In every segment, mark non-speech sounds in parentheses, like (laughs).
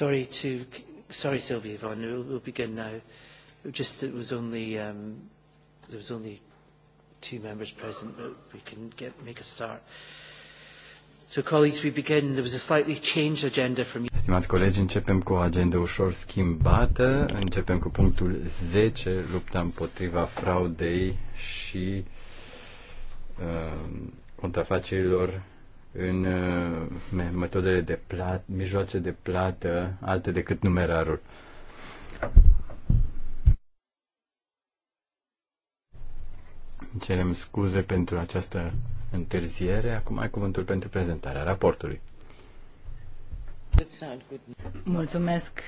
Sorry to, sorry Sylvia Yvonne, we'll, we'll begin now. Just it was only, um, there was only two members present, but we can get, make a start. So colleagues, we begin. There was a slightly changed agenda from... Stimați colegi, începem cu o agendă ușor schimbată. Începem cu punctul 10, lupta împotriva fraudei și uh, contrafacerilor în uh, metodele de plată, mijloace de plată alte decât numerarul. Cerem scuze pentru această întârziere. Acum ai cuvântul pentru prezentarea raportului. Mulțumesc,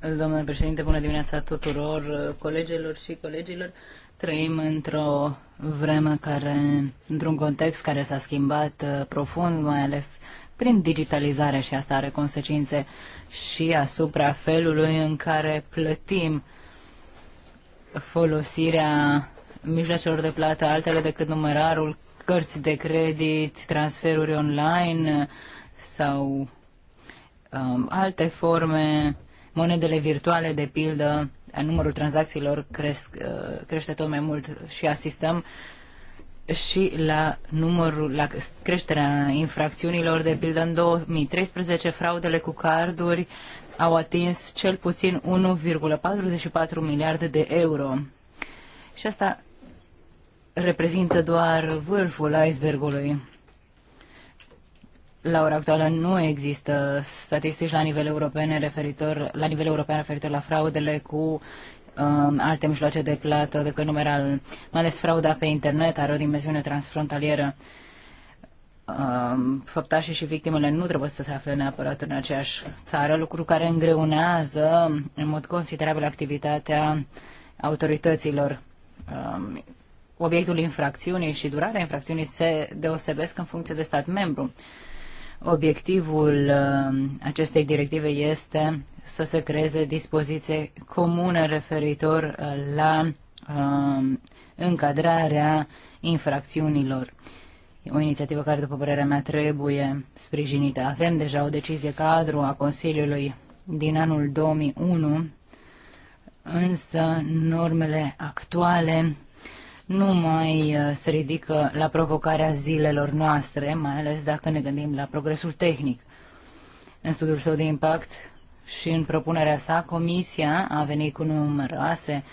domnule președinte, bună dimineața tuturor uh, colegilor și colegilor. Trăim într-o vreme care, într-un context care s-a schimbat uh, profund, mai ales prin digitalizare și asta are consecințe și asupra felului în care plătim folosirea mijloacelor de plată altele decât numerarul, cărți de credit, transferuri online uh, sau um, alte forme, monedele virtuale de pildă numărul tranzacțiilor cresc, uh, crește tot mai mult și asistăm și la numărul, la creșterea infracțiunilor, de pildă în 2013, fraudele cu carduri au atins cel puțin 1,44 miliarde de euro. Și asta reprezintă doar vârful icebergului. La ora actuală nu există statistici la nivel european referitor la nivel european referitor la fraudele cu um, alte mijloace de plată decât numeral, mai ales frauda pe internet are o dimensiune transfrontalieră. Um, făptașii și victimele nu trebuie să se afle neapărat în aceeași țară, lucru care îngreunează în mod considerabil activitatea autorităților. Um, obiectul infracțiunii și durarea infracțiunii se deosebesc în funcție de stat membru. Uh, Obiectivul uh, acestei directive este să se creeze dispoziție comune referitor uh, la uh, încadrarea infracțiunilor. E o inițiativă care, după părerea mea, trebuie sprijinită. Avem deja o decizie cadru a Consiliului din anul 2001, însă normele actuale nu mai uh, se ridică la provocarea zilelor noastre, mai ales dacă ne gândim la progresul tehnic. În studiul său de impact și în propunerea sa, Comisia a venit cu numeroase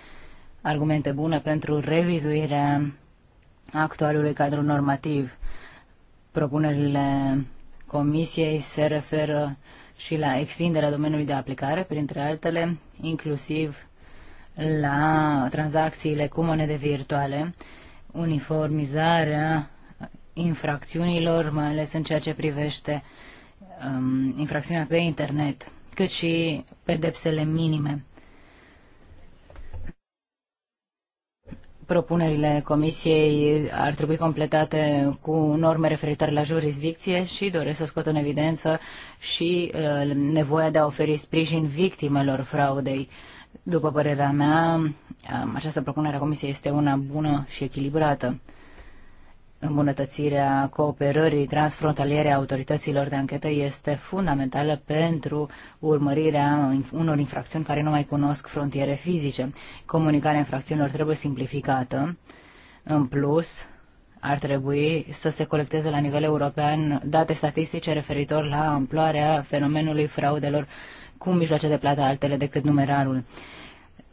argumente bune pentru revizuirea actualului cadru normativ. Propunerile Comisiei se referă și la extinderea domeniului de aplicare, printre altele, inclusiv la tranzacțiile cu monede virtuale, uniformizarea infracțiunilor, mai ales în ceea ce privește um, infracțiunea pe internet, cât și pedepsele minime. Propunerile Comisiei ar trebui completate cu norme referitoare la jurisdicție și doresc să scot în evidență și uh, nevoia de a oferi sprijin victimelor fraudei. Uh, după părerea mea, această propunere a Comisiei este una bună și echilibrată. Îmbunătățirea cooperării transfrontaliere a autorităților de anchetă este fundamentală pentru urmărirea unor infracțiuni care nu mai cunosc frontiere fizice. Comunicarea infracțiunilor trebuie simplificată. În plus, ar trebui să se colecteze la nivel european date statistice referitor la amploarea fenomenului fraudelor cu mijloace de plată altele decât numerarul.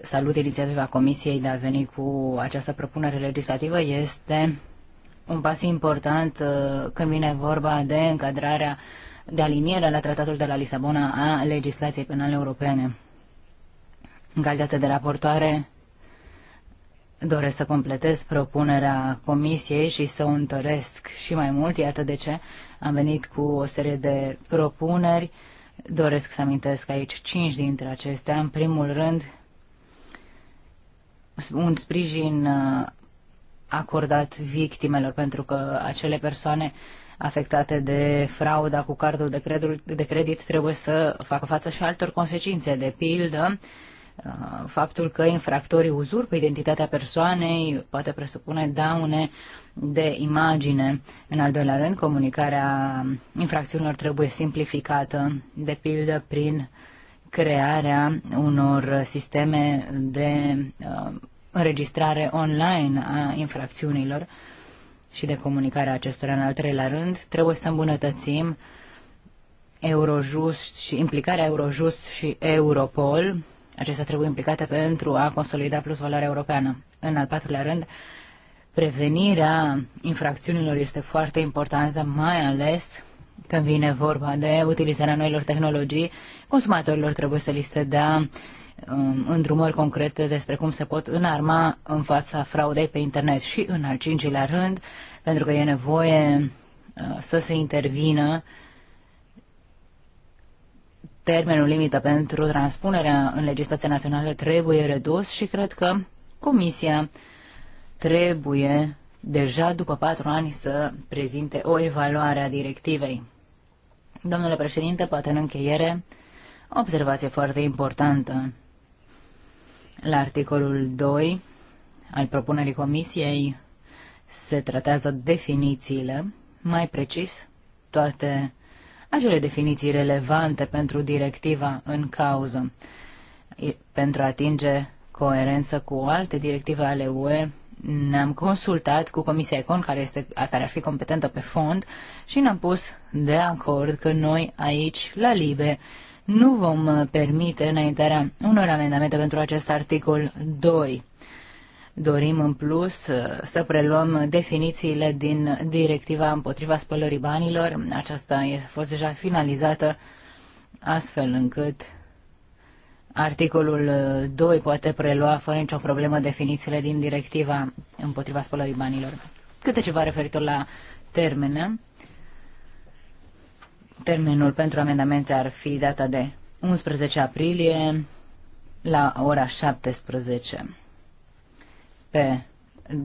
Salut inițiativa Comisiei de a veni cu această propunere legislativă. Este un pas important uh, când vine vorba de încadrarea, de alinierea la Tratatul de la Lisabona a legislației penale europene. În calitate de raportoare, doresc să completez propunerea comisiei și să o întăresc și mai mult. Iată de ce am venit cu o serie de propuneri Doresc să amintesc aici cinci dintre acestea. În primul rând, un sprijin uh, acordat victimelor, pentru că acele persoane afectate de frauda cu cardul de, credul, de credit trebuie să facă față și altor consecințe, de pildă Uh, faptul că infractorii uzurpă identitatea persoanei poate presupune daune de imagine. În al doilea rând, comunicarea infracțiunilor trebuie simplificată, de pildă prin crearea unor sisteme de uh, înregistrare online a infracțiunilor și de comunicare a acestora. În al treilea rând, trebuie să îmbunătățim Eurojust și implicarea Eurojust și Europol Acestea trebuie implicate pentru a consolida plus valoarea europeană. În al patrulea rând, prevenirea infracțiunilor este foarte importantă, mai ales când vine vorba de utilizarea noilor tehnologii, consumatorilor trebuie să li se dea um, îndrumări concrete despre cum se pot înarma în fața fraudei pe internet. Și în al cincilea rând, pentru că e nevoie uh, să se intervină uh, termenul limită pentru transpunerea în legislația națională trebuie redus și cred că Comisia trebuie deja după patru ani să prezinte o evaluare a directivei. Domnule președinte, poate în încheiere, observație foarte importantă. La articolul 2 al propunerii comisiei se tratează definițiile, mai precis toate acele definiții relevante pentru directiva în cauză, pentru a atinge coerență cu alte directive ale UE ne-am consultat cu Comisia Econ, care, este, care ar fi competentă pe fond, și ne-am pus de acord că noi aici, la LIBE, nu vom permite înaintarea unor amendamente pentru acest articol 2. Dorim în plus să preluăm definițiile din directiva împotriva spălării banilor. Aceasta a fost deja finalizată astfel încât articolul 2 poate prelua fără nicio problemă definițiile din directiva împotriva spălării banilor. Câte ceva referitor la termene. Termenul pentru amendamente ar fi data de 11 aprilie la ora 17 pe 25-26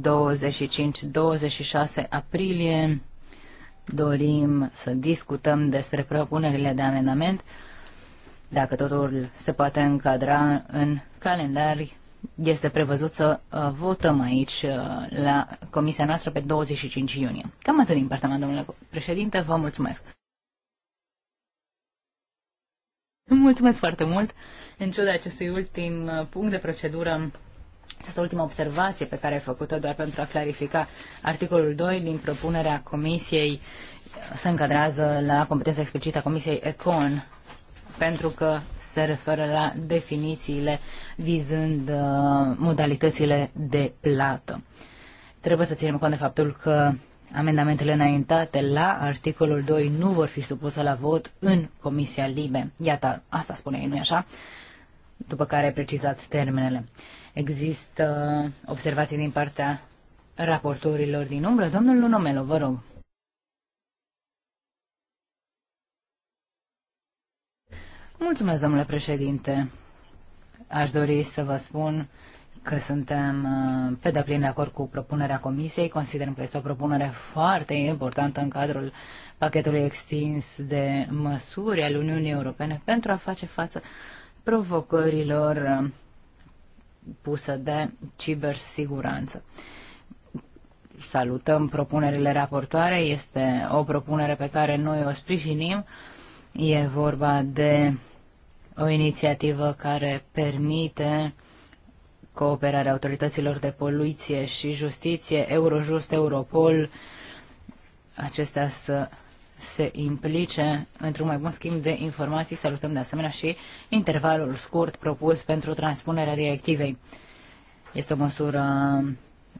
aprilie dorim să discutăm despre propunerile de amendament, dacă totul se poate încadra în calendar, este prevăzut să uh, votăm aici uh, la comisia noastră pe 25 iunie. Cam atât din partea mea, domnule președinte, vă mulțumesc. Mulțumesc foarte mult. În ciuda acestui ultim uh, punct de procedură, această ultimă observație pe care ai făcut-o doar pentru a clarifica articolul 2 din propunerea Comisiei se încadrează la competența explicită a Comisiei ECON pentru că se referă la definițiile vizând uh, modalitățile de plată. Trebuie să ținem cont de faptul că amendamentele înaintate la articolul 2 nu vor fi supuse la vot în Comisia Libe. Iată, asta spune ei, nu-i așa? După care precizați termenele. Uh, Există observații din partea raportorilor din umbră. Domnul Lunomelo, vă rog. Mulțumesc, domnule președinte. Aș dori să vă spun că suntem uh, pe deplin de acord cu propunerea Comisiei. Considerăm că este o propunere foarte importantă în cadrul pachetului extins de măsuri al Uniunii Europene pentru a face față provocărilor uh, pusă de cibersiguranță. Salutăm propunerile raportoare, este o propunere pe care noi o sprijinim. E vorba de o inițiativă care permite cooperarea autorităților de poliție și justiție, Eurojust, Europol, acestea să se implice într-un mai bun schimb de informații. Salutăm de asemenea și intervalul scurt propus pentru transpunerea directivei. Este o măsură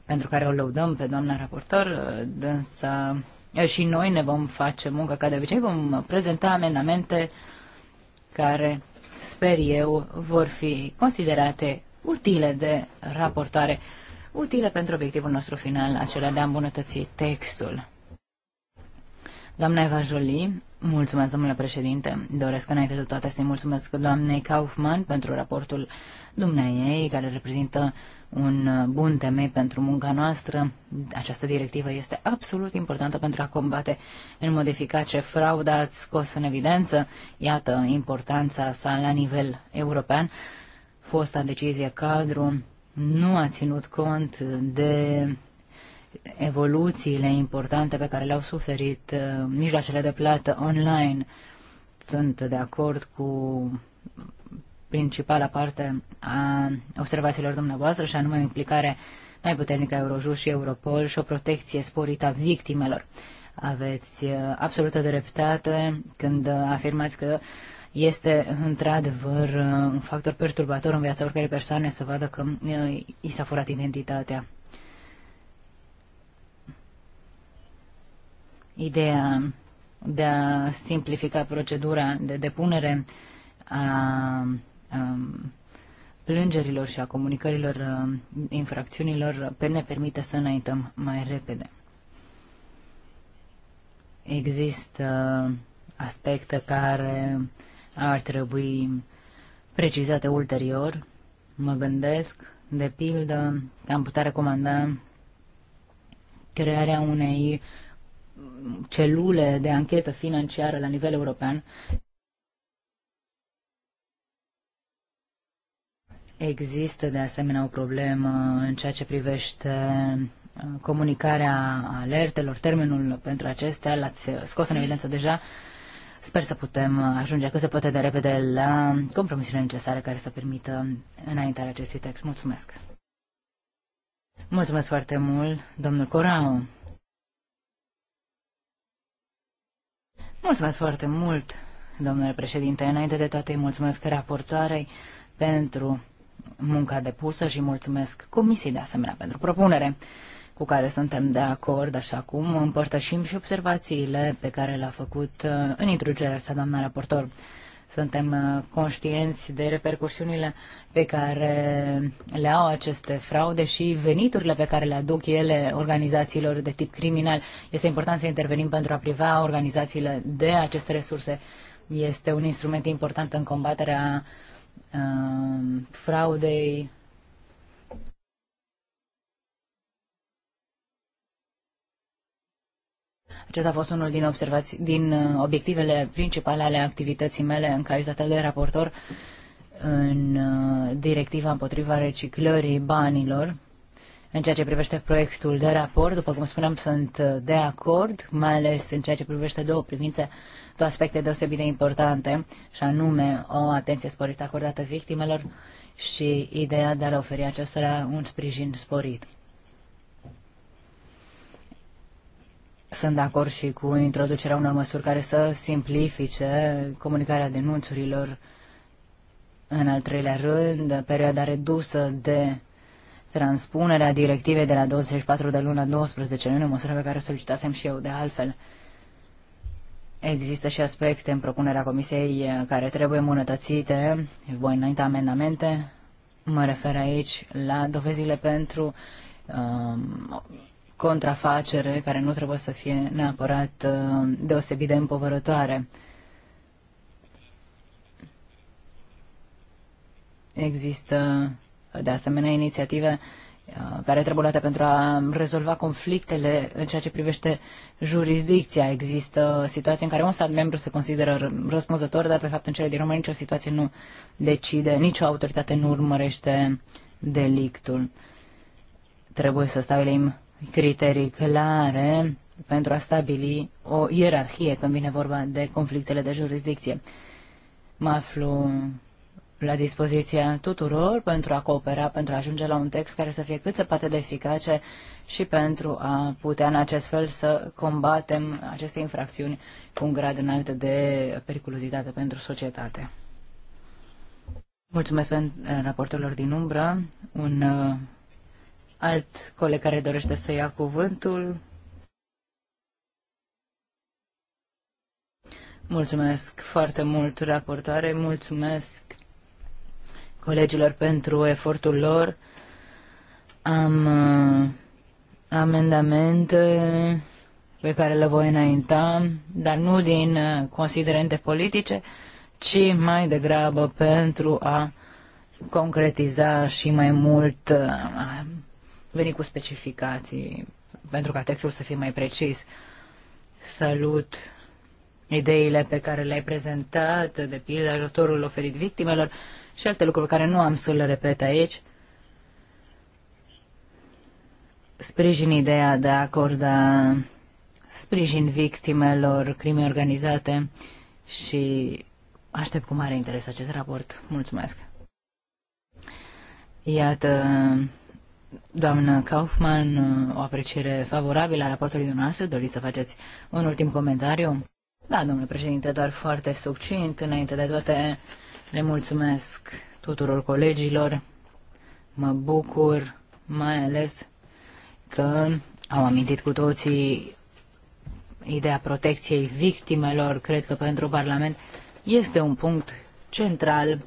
pentru care o lăudăm pe doamna raportor, însă și noi ne vom face muncă ca de obicei, vom prezenta amendamente care, sper eu, vor fi considerate utile de raportare, utile pentru obiectivul nostru final, acela de a îmbunătăți textul. Doamna Eva Jolie, mulțumesc, domnule președinte. Doresc înainte de toate să-i mulțumesc doamnei Kaufman pentru raportul dumneai care reprezintă un bun temei pentru munca noastră. Această directivă este absolut importantă pentru a combate în mod eficace frauda, ați scos în evidență, iată, importanța sa la nivel european. Fosta decizie cadru nu a ținut cont de evoluțiile importante pe care le-au suferit uh, mijloacele de plată online. Sunt de acord cu principala parte a observațiilor dumneavoastră și anume o implicare mai puternică a Eurojust și Europol și o protecție sporită a victimelor. Aveți uh, absolută dreptate când uh, afirmați că este într-adevăr un factor perturbator în viața oricărei persoane să vadă că i s-a furat identitatea. ideea de a simplifica procedura de depunere a, a plângerilor și a comunicărilor a, infracțiunilor ne permite să înaintăm mai repede. Există aspecte care ar trebui precizate ulterior. Mă gândesc, de pildă, că am putea recomanda crearea unei celule de anchetă financiară la nivel european. Există de asemenea o problemă în ceea ce privește uh, comunicarea alertelor, termenul pentru acestea, l-ați scos în evidență deja. Sper să putem uh, ajunge cât se poate de repede la compromisurile necesare care să permită înaintarea acestui text. Mulțumesc! Mulțumesc foarte mult, domnul Corau! Mulțumesc foarte mult, domnule președinte. Înainte de toate, mulțumesc raportoarei pentru munca depusă și mulțumesc comisiei de asemenea pentru propunere cu care suntem de acord, așa cum împărtășim și observațiile pe care le-a făcut uh, în introducerea sa doamna raportor. Suntem uh, conștienți de repercursiunile pe care le au aceste fraude și veniturile pe care le aduc ele organizațiilor de tip criminal. Este important să intervenim pentru a priva organizațiile de aceste resurse. Este un instrument important în combaterea uh, fraudei Acesta a fost unul din, observații, din uh, obiectivele principale ale activității mele în calitate de raportor în uh, directiva împotriva reciclării banilor. În ceea ce privește proiectul de raport, după cum spuneam, sunt uh, de acord, mai ales în ceea ce privește două privințe, două aspecte deosebit de importante, și anume o atenție sporită acordată victimelor și ideea de a le oferi acestora un sprijin sporit. Sunt de acord și cu introducerea unor măsuri care să simplifice comunicarea denunțurilor. În al treilea rând, perioada redusă de transpunerea directivei de la 24 de luni la 12 luni, măsură pe care o solicitasem și eu de altfel. Există și aspecte în propunerea comisiei eh, care trebuie îmbunătățite, voi înainte amendamente. Mă refer aici la dovezile pentru um, contrafacere care nu trebuie să fie neapărat uh, deosebit de împovărătoare. Există, de asemenea, inițiative uh, care trebuie luate pentru a rezolva conflictele în ceea ce privește jurisdicția. Există situații în care un stat membru se consideră răspunzător, dar de fapt în cele din urmă nicio situație nu decide, nicio autoritate nu urmărește delictul. Trebuie să stabilim criterii clare pentru a stabili o ierarhie când vine vorba de conflictele de jurisdicție. Mă aflu la dispoziția tuturor pentru a coopera, pentru a ajunge la un text care să fie cât se poate de eficace și pentru a putea în acest fel să combatem aceste infracțiuni cu un grad înalt de periculozitate pentru societate. Mulțumesc pentru raportelor din umbră. Un uh, Alt coleg care dorește să ia cuvântul? Mulțumesc foarte mult, raportoare, mulțumesc colegilor pentru efortul lor. Am uh, amendamente pe care le voi înainta, dar nu din uh, considerente politice, ci mai degrabă pentru a concretiza și mai mult uh, veni cu specificații pentru ca textul să fie mai precis. Salut ideile pe care le-ai prezentat, de pildă ajutorul oferit victimelor și alte lucruri care nu am să le repet aici. Sprijin ideea de a acorda sprijin victimelor crime organizate și aștept cu mare interes acest raport. Mulțumesc! Iată Doamnă Kaufman, o apreciere favorabilă a raportului dumneavoastră. Doriți să faceți un ultim comentariu? Da, domnule președinte, doar foarte succint. Înainte de toate, le mulțumesc tuturor colegilor. Mă bucur mai ales că au amintit cu toții ideea protecției victimelor. Cred că pentru Parlament este un punct central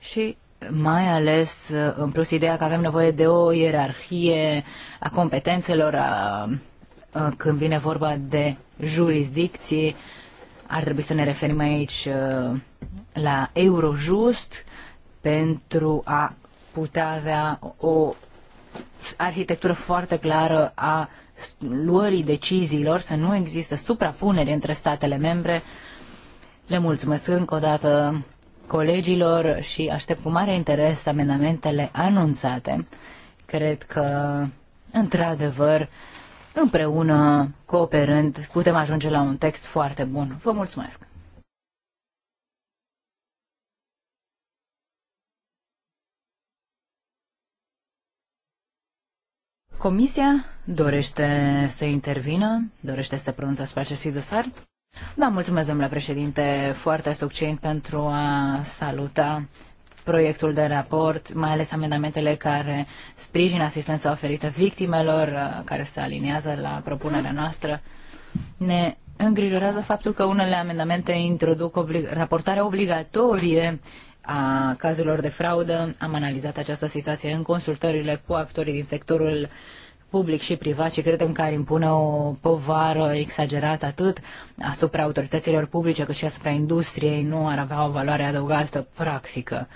și mai ales uh, în plus ideea că avem nevoie de o ierarhie a competențelor a, a, când vine vorba de jurisdicții. Ar trebui să ne referim aici a, uh, la Eurojust pentru a putea avea o arhitectură foarte clară a luării deciziilor, să nu există suprapuneri între statele membre. Le mulțumesc încă o dată colegilor și aștept cu mare interes amendamentele anunțate. Cred că, într-adevăr, împreună, cooperând, putem ajunge la un text foarte bun. Vă mulțumesc! Comisia dorește să intervină, dorește să pronunțe asupra acestui dosar. Da, mulțumesc, domnule președinte, foarte succint pentru a saluta proiectul de raport, mai ales amendamentele care sprijină asistența oferită victimelor, uh, care se aliniază la propunerea noastră. Ne îngrijorează faptul că unele amendamente introduc oblig- raportarea obligatorie a cazurilor de fraudă. Am analizat această situație în consultările cu actorii din sectorul public și privat și credem că ar impune o povară exagerată atât asupra autorităților publice cât și asupra industriei, nu ar avea o valoare adăugată practică.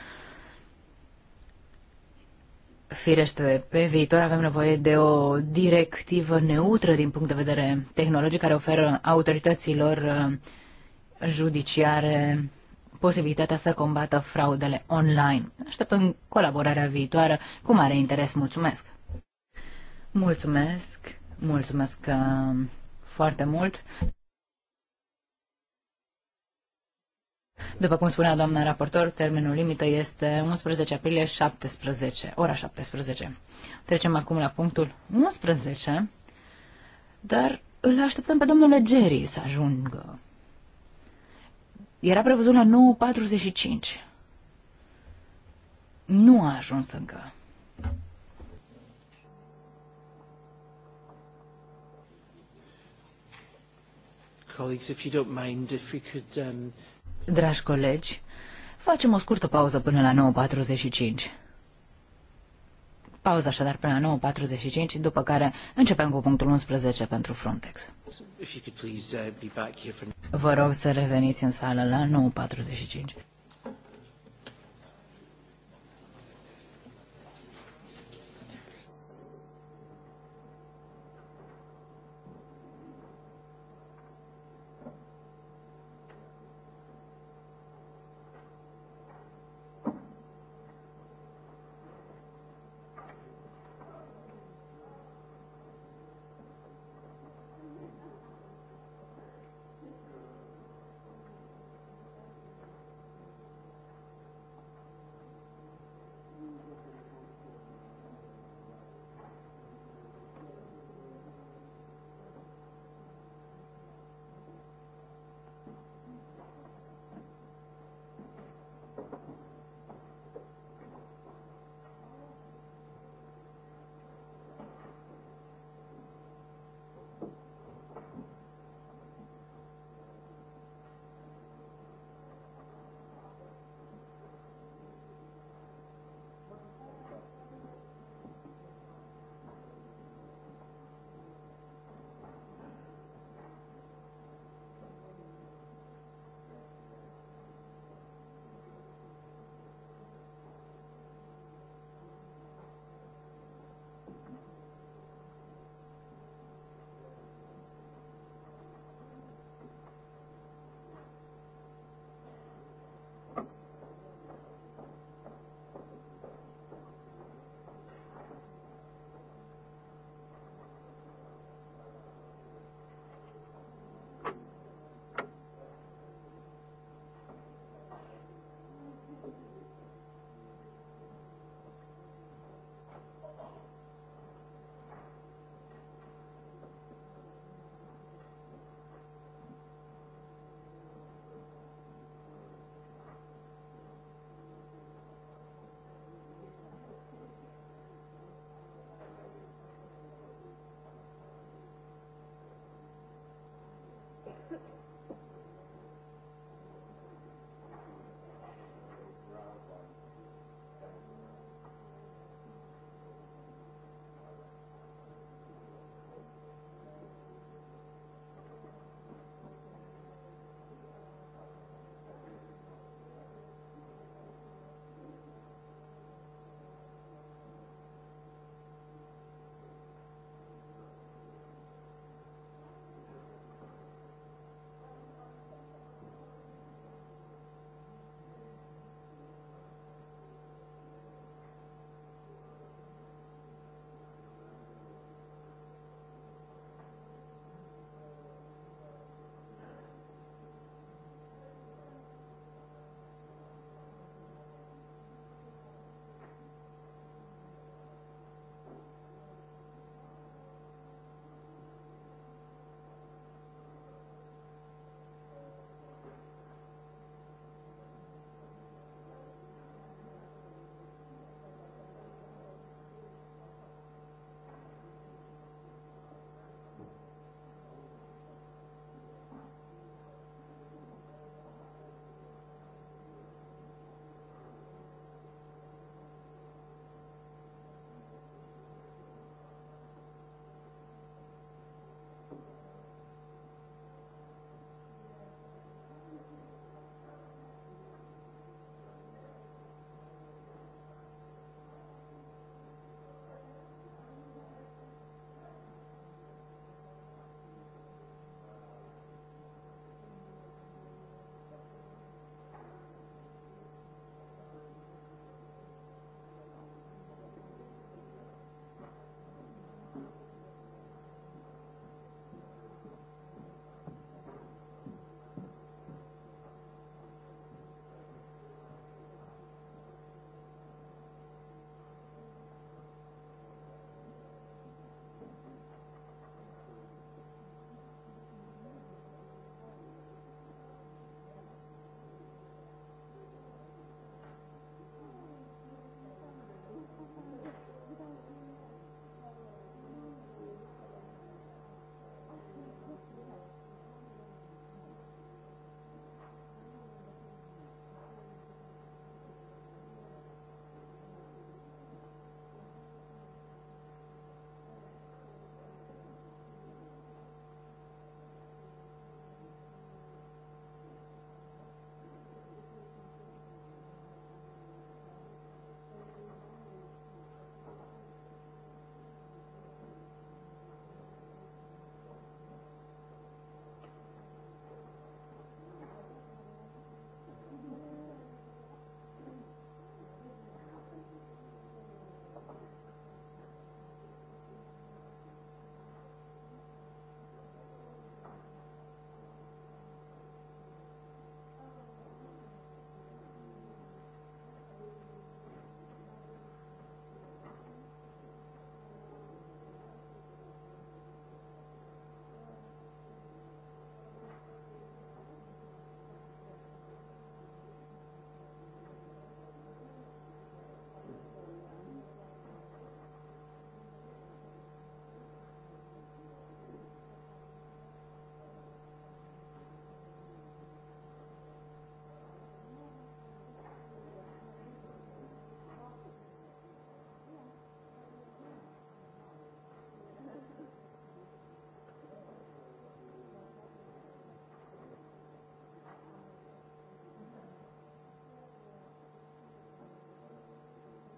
Firește, pe viitor avem nevoie de o directivă neutră din punct de vedere tehnologic care oferă autorităților uh, judiciare posibilitatea să combată fraudele online. Așteptăm colaborarea viitoare cu mare interes. Mulțumesc! Mulțumesc, mulțumesc uh, foarte mult. După cum spunea doamna raportor, termenul limită este 11 aprilie 17, ora 17. Trecem acum la punctul 11, dar îl așteptăm pe domnul Legeri să ajungă. Era prevăzut la 9.45. Nu a ajuns încă. Um, Dragi colegi, facem o scurtă pauză până la 9.45. Pauză așadar până la 9.45, după care începem cu punctul 11 pentru Frontex. Uh, Vă rog să reveniți în sală la 9.45.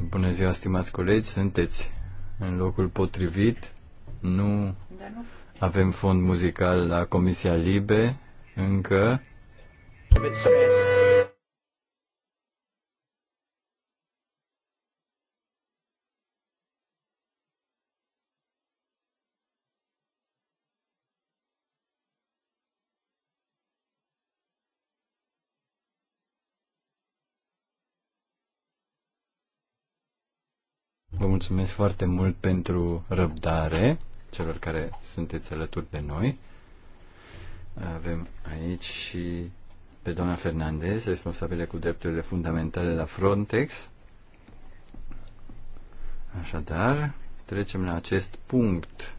Bună ziua, stimați colegi, sunteți în locul potrivit. Nu avem fond muzical la Comisia Libe încă. bit mulțumesc foarte mult pentru răbdare celor care sunteți alături de noi. Avem aici și pe doamna Fernandez, responsabilă cu drepturile fundamentale la Frontex. Așadar, trecem la acest punct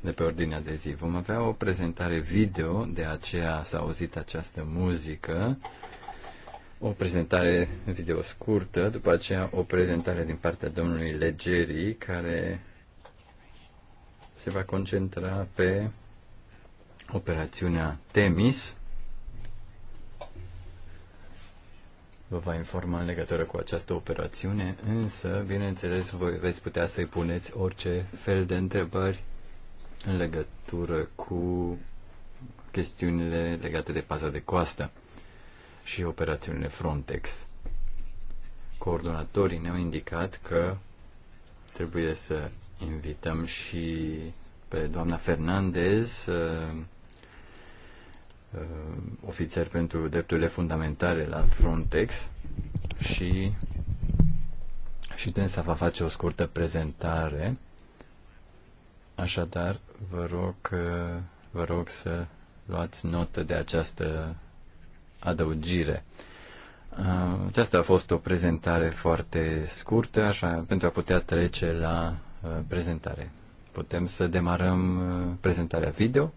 de pe ordinea de zi. Vom avea o prezentare video, de aceea s-a auzit această muzică o prezentare video scurtă, după aceea o prezentare din partea domnului legeri care se va concentra pe operațiunea Temis. Vă va informa în legătură cu această operațiune, însă, bineînțeles, voi veți putea să-i puneți orice fel de întrebări în legătură cu chestiunile legate de paza de coastă și operațiunile Frontex. Coordonatorii ne-au indicat că trebuie să invităm și pe doamna Fernandez, uh, uh, ofițer pentru drepturile fundamentale la Frontex și și să va face o scurtă prezentare. Așadar, vă rog, uh, vă rog să luați notă de această adăugire. Uh, aceasta a fost o prezentare foarte scurtă, așa, pentru a putea trece la uh, prezentare. Putem să demarăm uh, prezentarea video.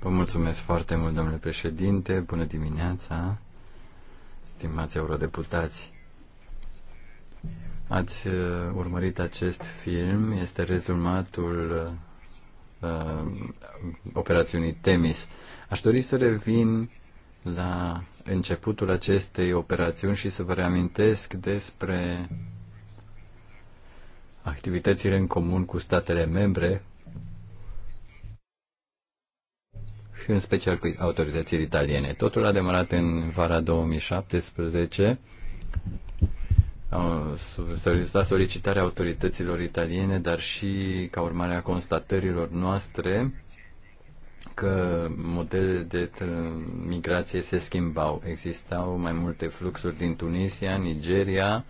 Vă mulțumesc foarte mult, domnule președinte. Bună dimineața, stimați eurodeputați. Ați uh, urmărit acest film, este rezumatul uh, operațiunii Temis. Aș dori să revin la începutul acestei operațiuni și să vă reamintesc despre activitățile în comun cu statele membre și în special cu autoritățile italiene. Totul a demarat în vara 2017. S-a solicitarea autorităților italiene, dar și ca urmare a constatărilor noastre că modelele de migrație se schimbau. Existau mai multe fluxuri din Tunisia, Nigeria,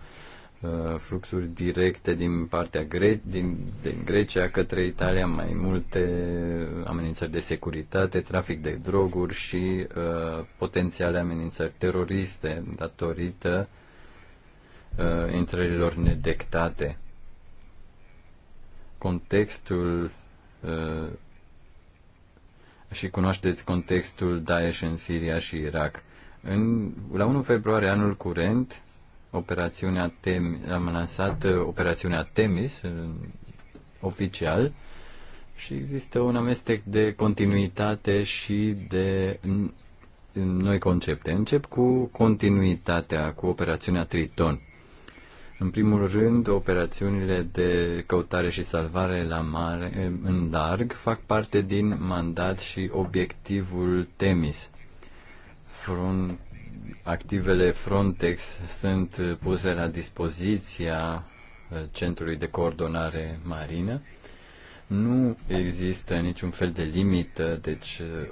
Uh, fluxuri directe din partea Gre- din, din Grecia către Italia, mai multe amenințări de securitate, trafic de droguri și uh, potențiale amenințări teroriste datorită uh, intrărilor nedectate. Contextul uh, și cunoașteți contextul Daesh în Siria și Irak. În, la 1 februarie anul curent, operațiunea Tem, am lansat uh, operațiunea Temis uh, oficial și există un amestec de continuitate și de noi concepte. Încep cu continuitatea, cu operațiunea Triton. În primul rând, operațiunile de căutare și salvare la mare, eh, în larg fac parte din mandat și obiectivul Temis. Front Activele Frontex sunt uh, puse la dispoziția uh, Centrului de Coordonare Marină. Nu există niciun fel de limită, deci uh,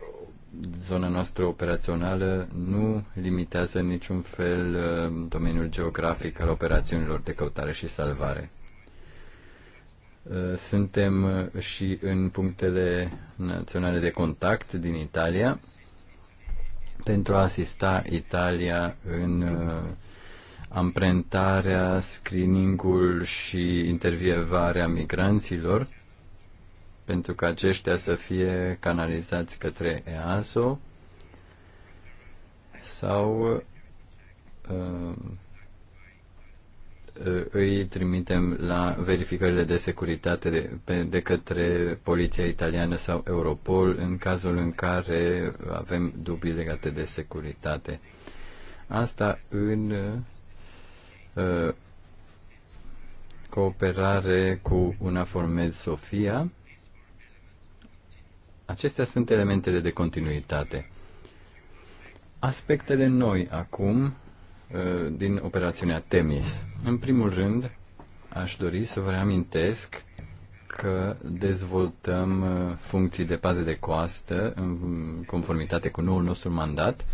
zona noastră operațională nu limitează niciun fel domeniul geografic al operațiunilor de căutare și salvare. Suntem și în punctele naționale de contact din Italia, pentru a asista Italia în uh, amprentarea, screeningul și intervievarea migranților pentru ca aceștia să fie canalizați către EASO sau uh, Uh, îi trimitem la verificările de securitate de, pe, de către poliția italiană sau Europol în cazul în care avem dubii legate de securitate. Asta în uh, cooperare cu una formez Sofia. Acestea sunt elementele de continuitate. Aspectele noi acum Uh, din operațiunea Temis. În primul rând, aș dori să vă reamintesc că dezvoltăm uh, funcții de pază de coastă în conformitate cu noul nostru mandat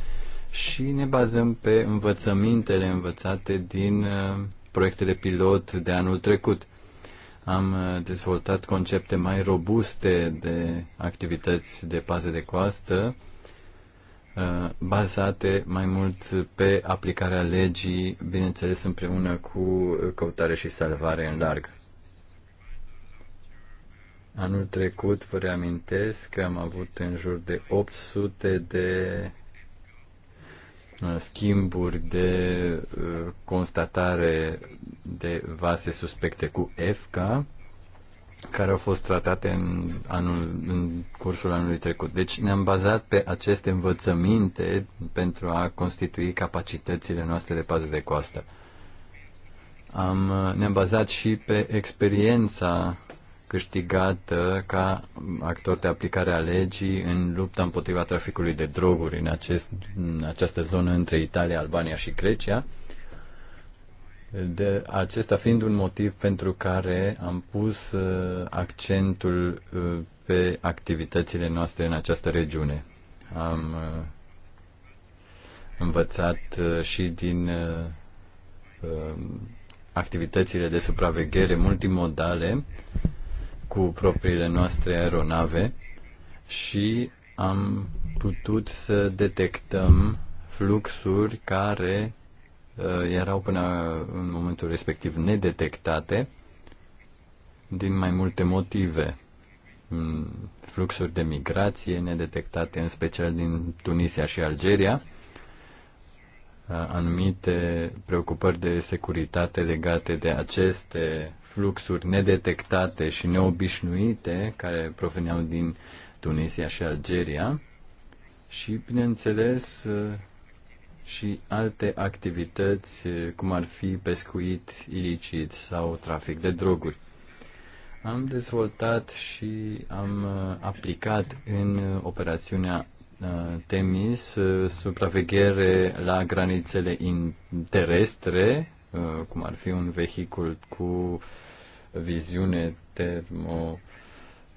și ne bazăm pe învățămintele învățate din uh, proiectele pilot de anul trecut. Am dezvoltat concepte mai robuste de activități de pază de coastă, Uh, bazate mai mult pe aplicarea legii, bineînțeles împreună cu căutare și salvare în larg. Anul trecut, vă reamintesc că am avut în jur de 800 de uh, schimburi de uh, constatare de vase suspecte cu FK care au fost tratate în, anul, în cursul anului trecut. Deci ne-am bazat pe aceste învățăminte pentru a constitui capacitățile noastre de pază de coastă. Am, ne-am bazat și pe experiența câștigată ca actor de aplicare a legii în lupta împotriva traficului de droguri în, acest, în această zonă între Italia, Albania și Grecia de acesta fiind un motiv pentru care am pus uh, accentul uh, pe activitățile noastre în această regiune. Am uh, învățat și din activitățile de supraveghere multimodale cu propriile noastre aeronave și am putut să detectăm fluxuri care Uh, erau până în momentul respectiv nedetectate din mai multe motive. Mm, fluxuri de migrație nedetectate, în special din Tunisia și Algeria, uh, anumite preocupări de securitate legate de aceste fluxuri nedetectate și neobișnuite care proveneau din Tunisia și Algeria și, bineînțeles, uh, și alte activități, eh, cum ar fi pescuit ilicit sau trafic de droguri. Am dezvoltat și am eh, aplicat în eh, operațiunea Temis supraveghere la granițele terestre, cum ar fi un vehicul cu viziune termo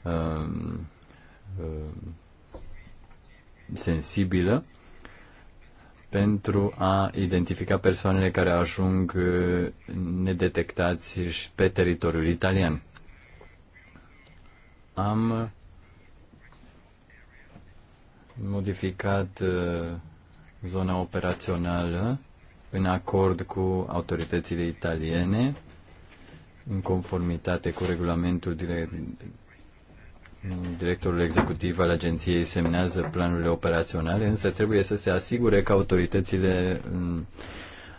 ehm, ehm, sensibilă pentru a identifica persoanele care ajung uh, nedetectați și pe teritoriul italian. Am modificat uh, zona operațională în acord cu autoritățile italiene, în conformitate cu regulamentul Directorul executiv al agenției semnează planurile operaționale, însă trebuie să se asigure că autoritățile mm,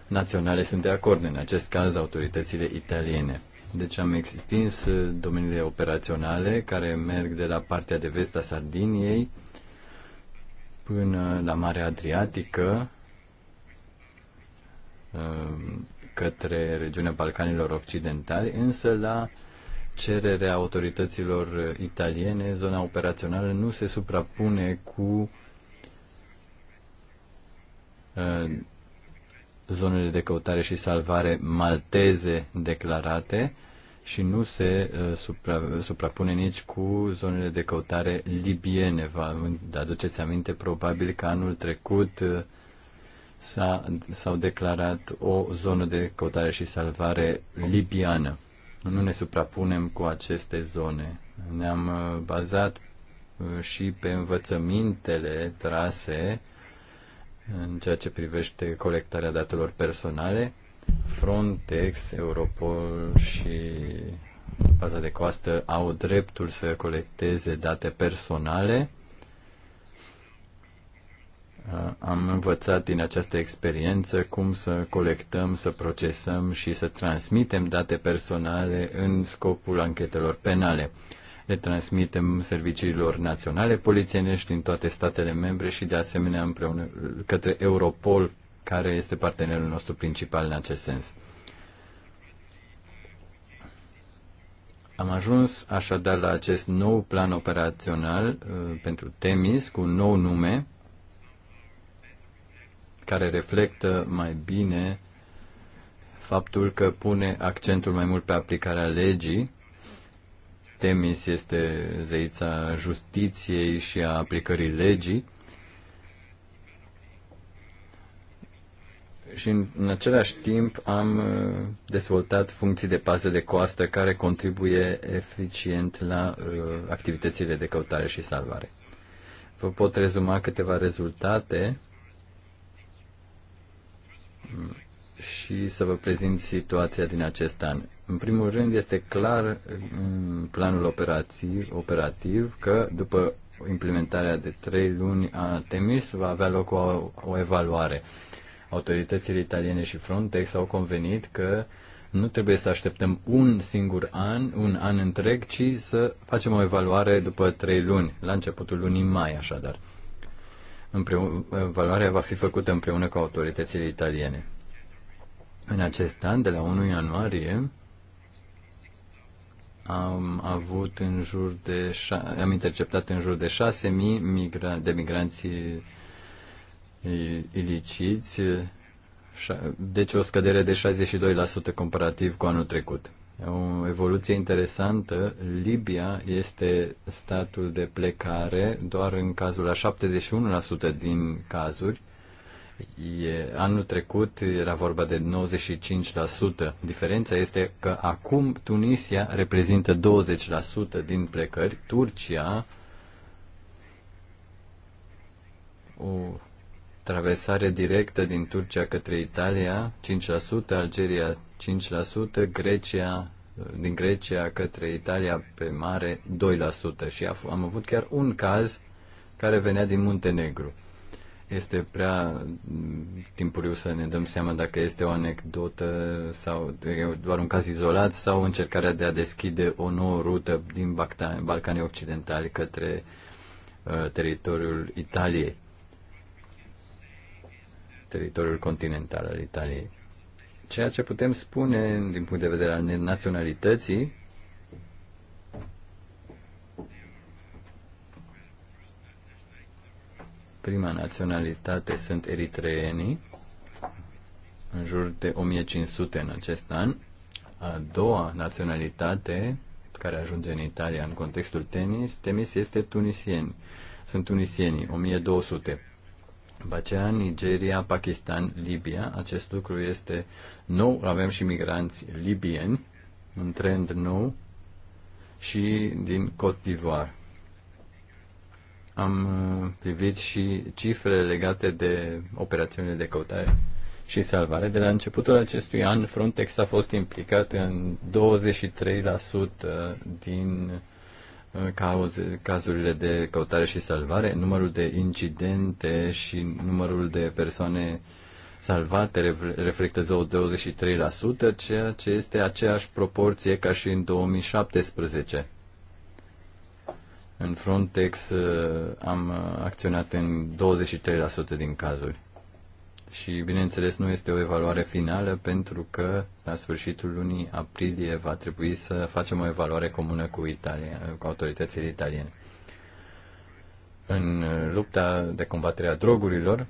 naționale sunt de acord, în acest caz autoritățile italiene. Deci am extins uh, domeniile operaționale care merg de la partea de vest a Sardiniei până la Marea Adriatică, uh, către regiunea Balcanilor Occidentali, însă la cererea autorităților italiene, zona operațională nu se suprapune cu uh, zonele de căutare și salvare malteze declarate și nu se uh, supra, suprapune nici cu zonele de căutare libiene. Vă aduceți aminte probabil că anul trecut uh, s-a, s-au declarat o zonă de căutare și salvare libiană nu ne suprapunem cu aceste zone. Ne-am uh, bazat uh, și pe învățămintele trase în ceea ce privește colectarea datelor personale, Frontex, Europol și baza de coastă au dreptul să colecteze date personale Uh, am învățat din această experiență cum să colectăm, să procesăm și să transmitem date personale în scopul anchetelor penale. Le transmitem serviciilor naționale polițienești din toate statele membre și de asemenea împreună către Europol, care este partenerul nostru principal în acest sens. Am ajuns așadar la acest nou plan operațional uh, pentru Temis cu un nou nume, care reflectă mai bine faptul că pune accentul mai mult pe aplicarea legii. Temis este zeița justiției și a aplicării legii. și în, în același timp am uh, dezvoltat funcții de pază de coastă care contribuie eficient la uh, activitățile de căutare și salvare. Vă pot rezuma câteva rezultate și să vă prezint situația din acest an. În primul rând, este clar în planul operativ, operativ că după implementarea de trei luni a Temis va avea loc o, o evaluare. Autoritățile italiene și Frontex au convenit că nu trebuie să așteptăm un singur an, un an întreg, ci să facem o evaluare după trei luni, la începutul lunii mai, așadar valoarea va fi făcută împreună cu autoritățile italiene. În acest an, de la 1 ianuarie, am avut în jur de, am interceptat în jur de 6.000 migra, de migranți iliciți, deci o scădere de 62% comparativ cu anul trecut o evoluție interesantă. Libia este statul de plecare doar în cazul la 71% din cazuri. E, anul trecut era vorba de 95%. Diferența este că acum Tunisia reprezintă 20% din plecări, Turcia o traversare directă din Turcia către Italia, 5%, Algeria 5%, Grecia din Grecia către Italia pe mare 2% și am avut chiar un caz care venea din Muntenegru. Este prea mm, timpuriu să ne dăm seama dacă este o anecdotă sau doar un caz izolat sau încercarea de a deschide o nouă rută din Balcanii Occidentali către uh, teritoriul Italiei teritoriul continental al Italiei. Ceea ce putem spune din punct de vedere al naționalității prima naționalitate sunt eritreenii, în jur de 1500 în acest an. A doua naționalitate care ajunge în Italia în contextul tenis, tenis este tunisieni. Sunt tunisienii, 1200. Bacea, Nigeria, Pakistan, Libia. Acest lucru este nou. Avem și migranți libieni, un trend nou, și din Côte d'Ivoire. Am uh, privit și cifrele legate de operațiunile de căutare și salvare. De la începutul acestui an, Frontex a fost implicat în 23% din cauze, cazurile de căutare și salvare, numărul de incidente și numărul de persoane salvate reflectă 23%, ceea ce este aceeași proporție ca și în 2017. În Frontex uh, am uh, acționat în 23% din cazuri și, bineînțeles, nu este o evaluare finală pentru că la sfârșitul lunii aprilie va trebui să facem o evaluare comună cu, Italia, cu autoritățile italiene. În lupta de combatere a drogurilor,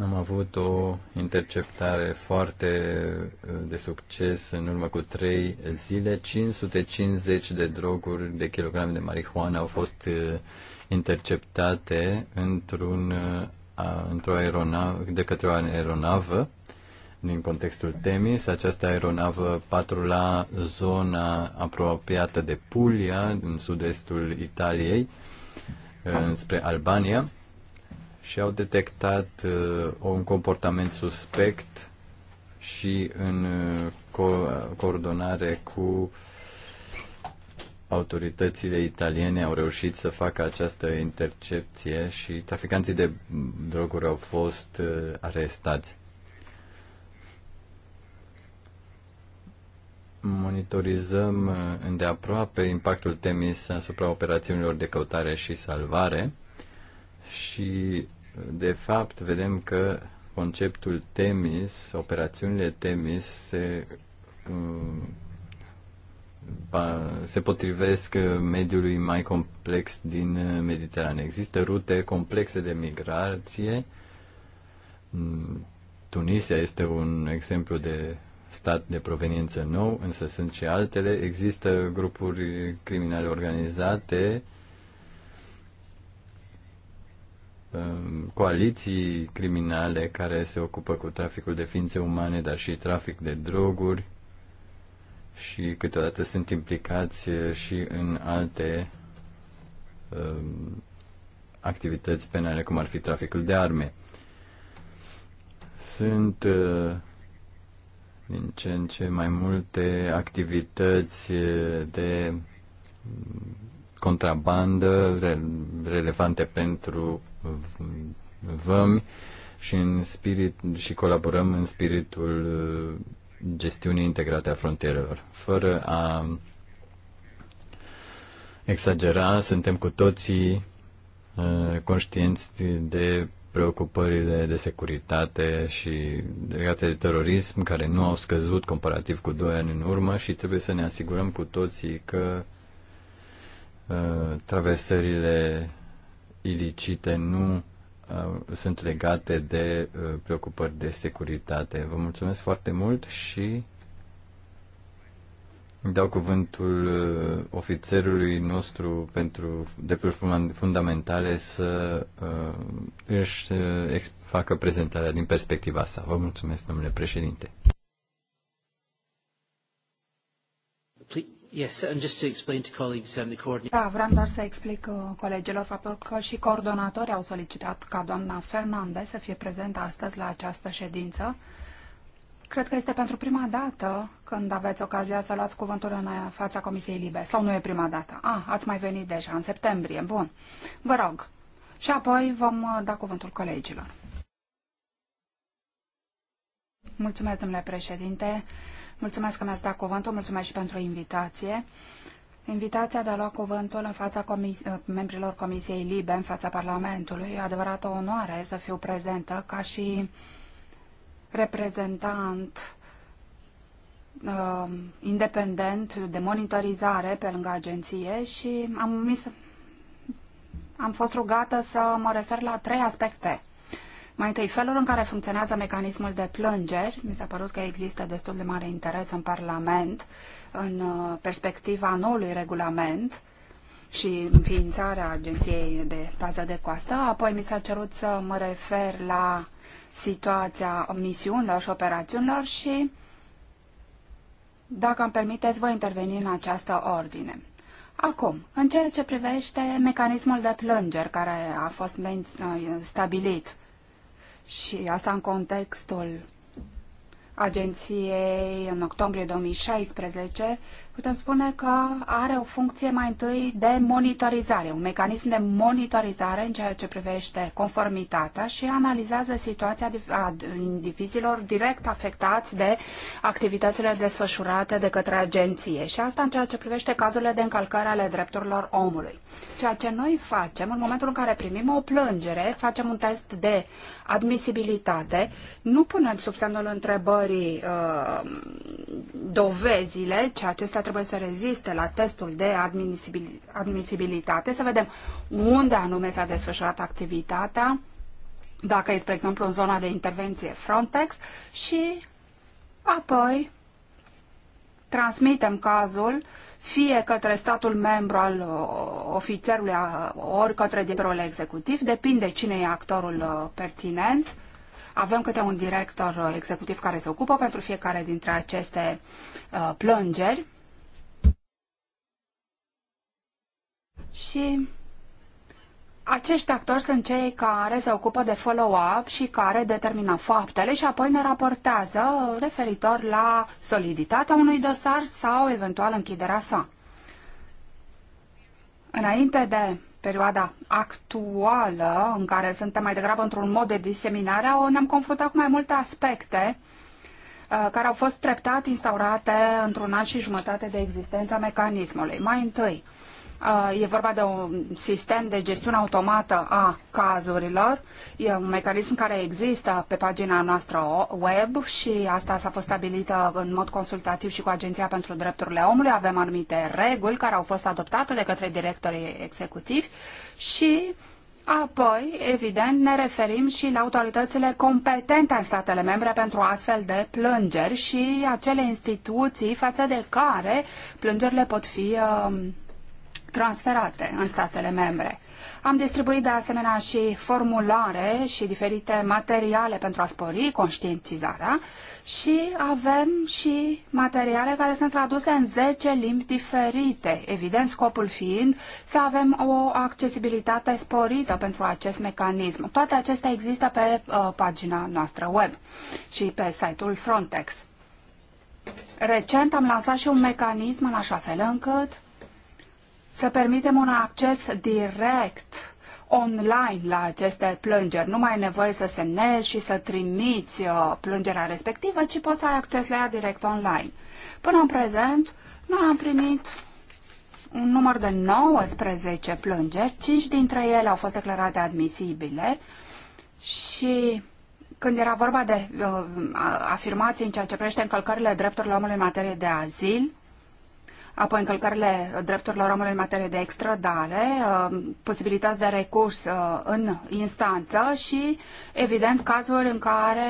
am avut o interceptare foarte uh, de succes în urmă cu trei zile. 550 de droguri de kilograme de marihuana au fost uh, interceptate într-un uh, într-o aeronavă, de către o aeronavă din contextul Temis. Această aeronavă patrula zona apropiată de Puglia, în sud-estul Italiei, spre Albania și au detectat un comportament suspect și în coordonare cu autoritățile italiene au reușit să facă această intercepție și traficanții de droguri au fost uh, arestați. Monitorizăm uh, îndeaproape impactul Temis asupra operațiunilor de căutare și salvare și, uh, de fapt, vedem că conceptul Temis, operațiunile Temis se se potrivesc uh, mediului mai complex din uh, Mediterană. Există rute complexe de migrație. Mm, Tunisia este un exemplu de stat de proveniență nou, însă sunt și altele. Există grupuri criminale organizate, um, coaliții criminale care se ocupă cu traficul de ființe umane, dar și trafic de droguri și câteodată sunt implicați și în alte um, activități penale, cum ar fi traficul de arme. Sunt uh, din ce în ce mai multe activități de contrabandă relevante pentru vămi și în spirit și colaborăm în spiritul gestiune integrate a frontierelor. Fără a exagera, suntem cu toții uh, conștienți de preocupările de securitate și legate de terorism care nu au scăzut comparativ cu 2 ani în urmă și trebuie să ne asigurăm cu toții că uh, traversările ilicite nu Uh, sunt legate de uh, preocupări de securitate. Vă mulțumesc foarte mult și dau cuvântul uh, ofițerului nostru pentru drepturi fundamentale să își facă prezentarea din perspectiva sa. Vă mulțumesc, domnule președinte. Yes, and just to explain to colleagues and um, the coordinator. Da, vreau doar să explic uh, colegilor faptul că și coordonatorii au solicitat ca doamna Fernandez să fie prezentă astăzi la această ședință. Cred că este pentru prima dată când aveți ocazia să luați cuvântul în uh, fața Comisiei Libe. Sau nu e prima dată? A, ah, ați mai venit deja, în septembrie. Bun. Vă rog. Și apoi vom uh, da cuvântul colegilor. Mulțumesc, domnule președinte. Mulțumesc că mi-ați dat cuvântul, mulțumesc și pentru invitație. Invitația de a lua cuvântul în fața comis eh, membrilor Comisiei Libe, în fața Parlamentului, e o onoare să fiu prezentă ca și reprezentant uh, independent de monitorizare pe lângă agenție și am, mis, am fost rugată să mă refer la trei aspecte mai întâi, felul în care funcționează mecanismul de plângeri. Mi s-a părut că există destul de mare interes în Parlament în uh, perspectiva noului regulament și înființarea Agenției de Pază de Coastă. Apoi mi s-a cerut să mă refer la situația misiunilor și operațiunilor și, dacă îmi permiteți, voi interveni în această ordine. Acum, în ceea ce privește mecanismul de plângeri care a fost uh, stabilit, și asta în contextul agenției în octombrie 2016 putem spune că are o funcție mai întâi de monitorizare, un mecanism de monitorizare în ceea ce privește conformitatea și analizează situația a indivizilor direct afectați de activitățile desfășurate de către agenție și asta în ceea ce privește cazurile de încălcare ale drepturilor omului. Ceea ce noi facem în momentul în care primim o plângere, facem un test de admisibilitate, nu punem sub semnul întrebării uh, dovezile, ceea ce este trebuie să reziste la testul de admisibilitate, să vedem unde anume s-a desfășurat activitatea, dacă este, spre exemplu, în zona de intervenție Frontex și apoi transmitem cazul fie către statul membru al uh, ofițerului, ori către directorul executiv, depinde cine e actorul uh, pertinent. Avem câte un director uh, executiv care se ocupă pentru fiecare dintre aceste plângeri Și acești actori sunt cei care se ocupă de follow-up și care determină faptele și apoi ne raportează referitor la soliditatea unui dosar sau eventual închiderea sa. Înainte de perioada actuală, în care suntem mai degrabă într-un mod de diseminare, ne-am confruntat cu mai multe aspecte uh, care au fost treptat instaurate într-un an și jumătate de existența mecanismului. Mai întâi, Uh, e vorba de un sistem de gestiune automată a cazurilor. E un mecanism care există pe pagina noastră web și asta s-a fost stabilită în mod consultativ și cu Agenția pentru Drepturile Omului. Avem anumite reguli care au fost adoptate de către directorii executivi și Apoi, evident, ne referim și la autoritățile competente în statele membre pentru astfel de plângeri și acele instituții față de care plângerile pot fi uh, transferate în statele membre. Am distribuit de asemenea și formulare și diferite materiale pentru a spori conștientizarea și avem și materiale care sunt traduse în 10 limbi diferite, evident scopul fiind să avem o accesibilitate sporită pentru acest mecanism. Toate acestea există pe uh, pagina noastră web și pe site-ul Frontex. Recent am lansat și un mecanism în așa fel încât să permitem un acces direct online la aceste plângeri. Nu mai ai nevoie să semnezi și să trimiți uh, plângerea respectivă, ci poți să ai acces la ea direct online. Până în prezent, noi am primit un număr de 19 plângeri, 5 dintre ele au fost declarate admisibile și când era vorba de uh, afirmații în ceea ce privește încălcările drepturilor omului în materie de azil, apoi încălcările drepturilor omului în materie de extradare, uh, posibilități de recurs uh, în instanță și, evident, cazuri în care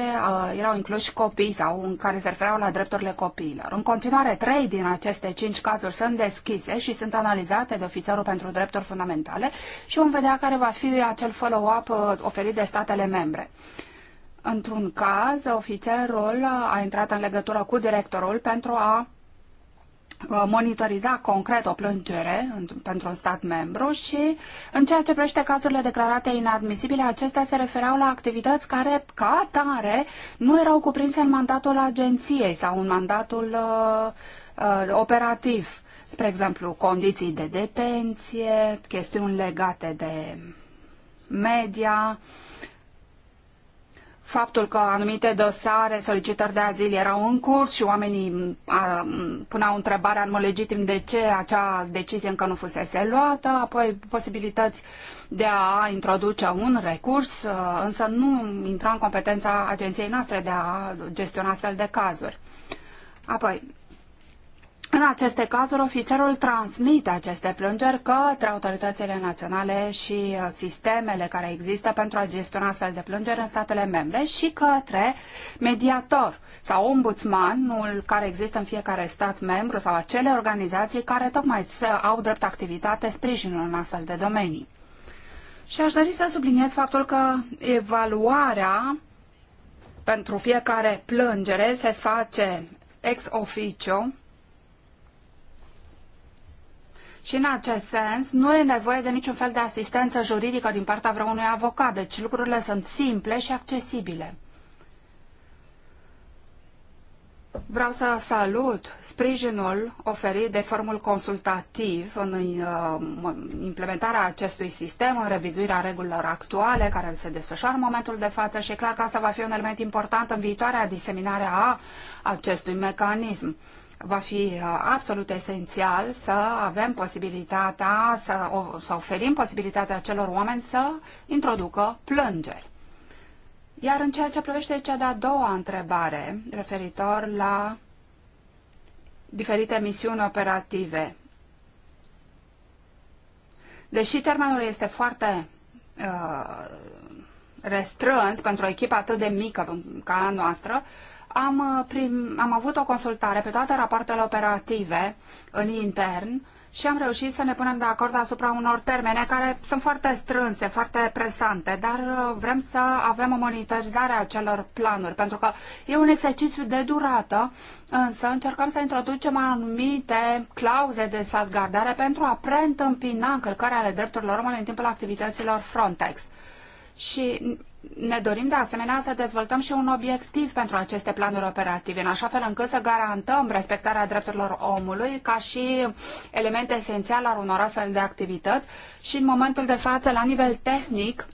uh, erau incluși copii sau în care se refereau la drepturile copiilor. În continuare, trei din aceste cinci cazuri sunt deschise și sunt analizate de ofițerul pentru drepturi fundamentale și vom vedea care va fi acel follow-up oferit de statele membre. Într-un caz, ofițerul a intrat în legătură cu directorul pentru a Uh, monitoriza concret o plângere pentru un stat membru și în ceea ce privește cazurile declarate inadmisibile, acestea se referau la activități care, ca atare, nu erau cuprinse în mandatul agenției sau în mandatul uh, uh, operativ. Spre exemplu, condiții de detenție, chestiuni legate de media, faptul că anumite dosare, solicitări de azil erau în curs și oamenii mm, a, mm, puneau întrebarea în mod legitim de ce acea decizie încă nu fusese luată, apoi posibilități de a introduce un recurs, uh, însă nu intra în competența agenției noastre de a gestiona astfel de cazuri. Apoi, în aceste cazuri, ofițerul transmite aceste plângeri către autoritățile naționale și uh, sistemele care există pentru a gestiona astfel de plângeri în statele membre și către mediator sau ombudsmanul care există în fiecare stat membru sau acele organizații care tocmai au drept activitate sprijinul în astfel de domenii. Și aș dori să subliniez faptul că evaluarea pentru fiecare plângere se face ex officio, și în acest sens nu e nevoie de niciun fel de asistență juridică din partea vreunui avocat, deci lucrurile sunt simple și accesibile. Vreau să salut sprijinul oferit de formul consultativ în uh, implementarea acestui sistem, în revizuirea regulilor actuale care se desfășoară în momentul de față și e clar că asta va fi un element important în viitoarea diseminare a acestui mecanism va fi uh, absolut esențial să avem posibilitatea, să, o, să oferim posibilitatea acelor oameni să introducă plângeri. Iar în ceea ce privește cea de-a doua întrebare, referitor la diferite misiuni operative, deși termenul este foarte uh, restrâns pentru o echipă atât de mică ca a noastră, uh, am, uh, prim, am avut o consultare pe toate rapoartele operative în intern și am reușit să ne punem de acord asupra unor termene care sunt foarte strânse, foarte presante, dar uh, vrem să avem o monitorizare a celor planuri, pentru că e un exercițiu de durată, însă încercăm să introducem anumite clauze de salvgardare pentru a preîntâmpina încălcări ale drepturilor omului în timpul activităților Frontex. Și ne dorim de asemenea să dezvoltăm și un obiectiv pentru aceste planuri operative, în așa fel încât să garantăm respectarea drepturilor omului ca și element esențial al unor astfel de activități și în momentul de față, la nivel tehnic,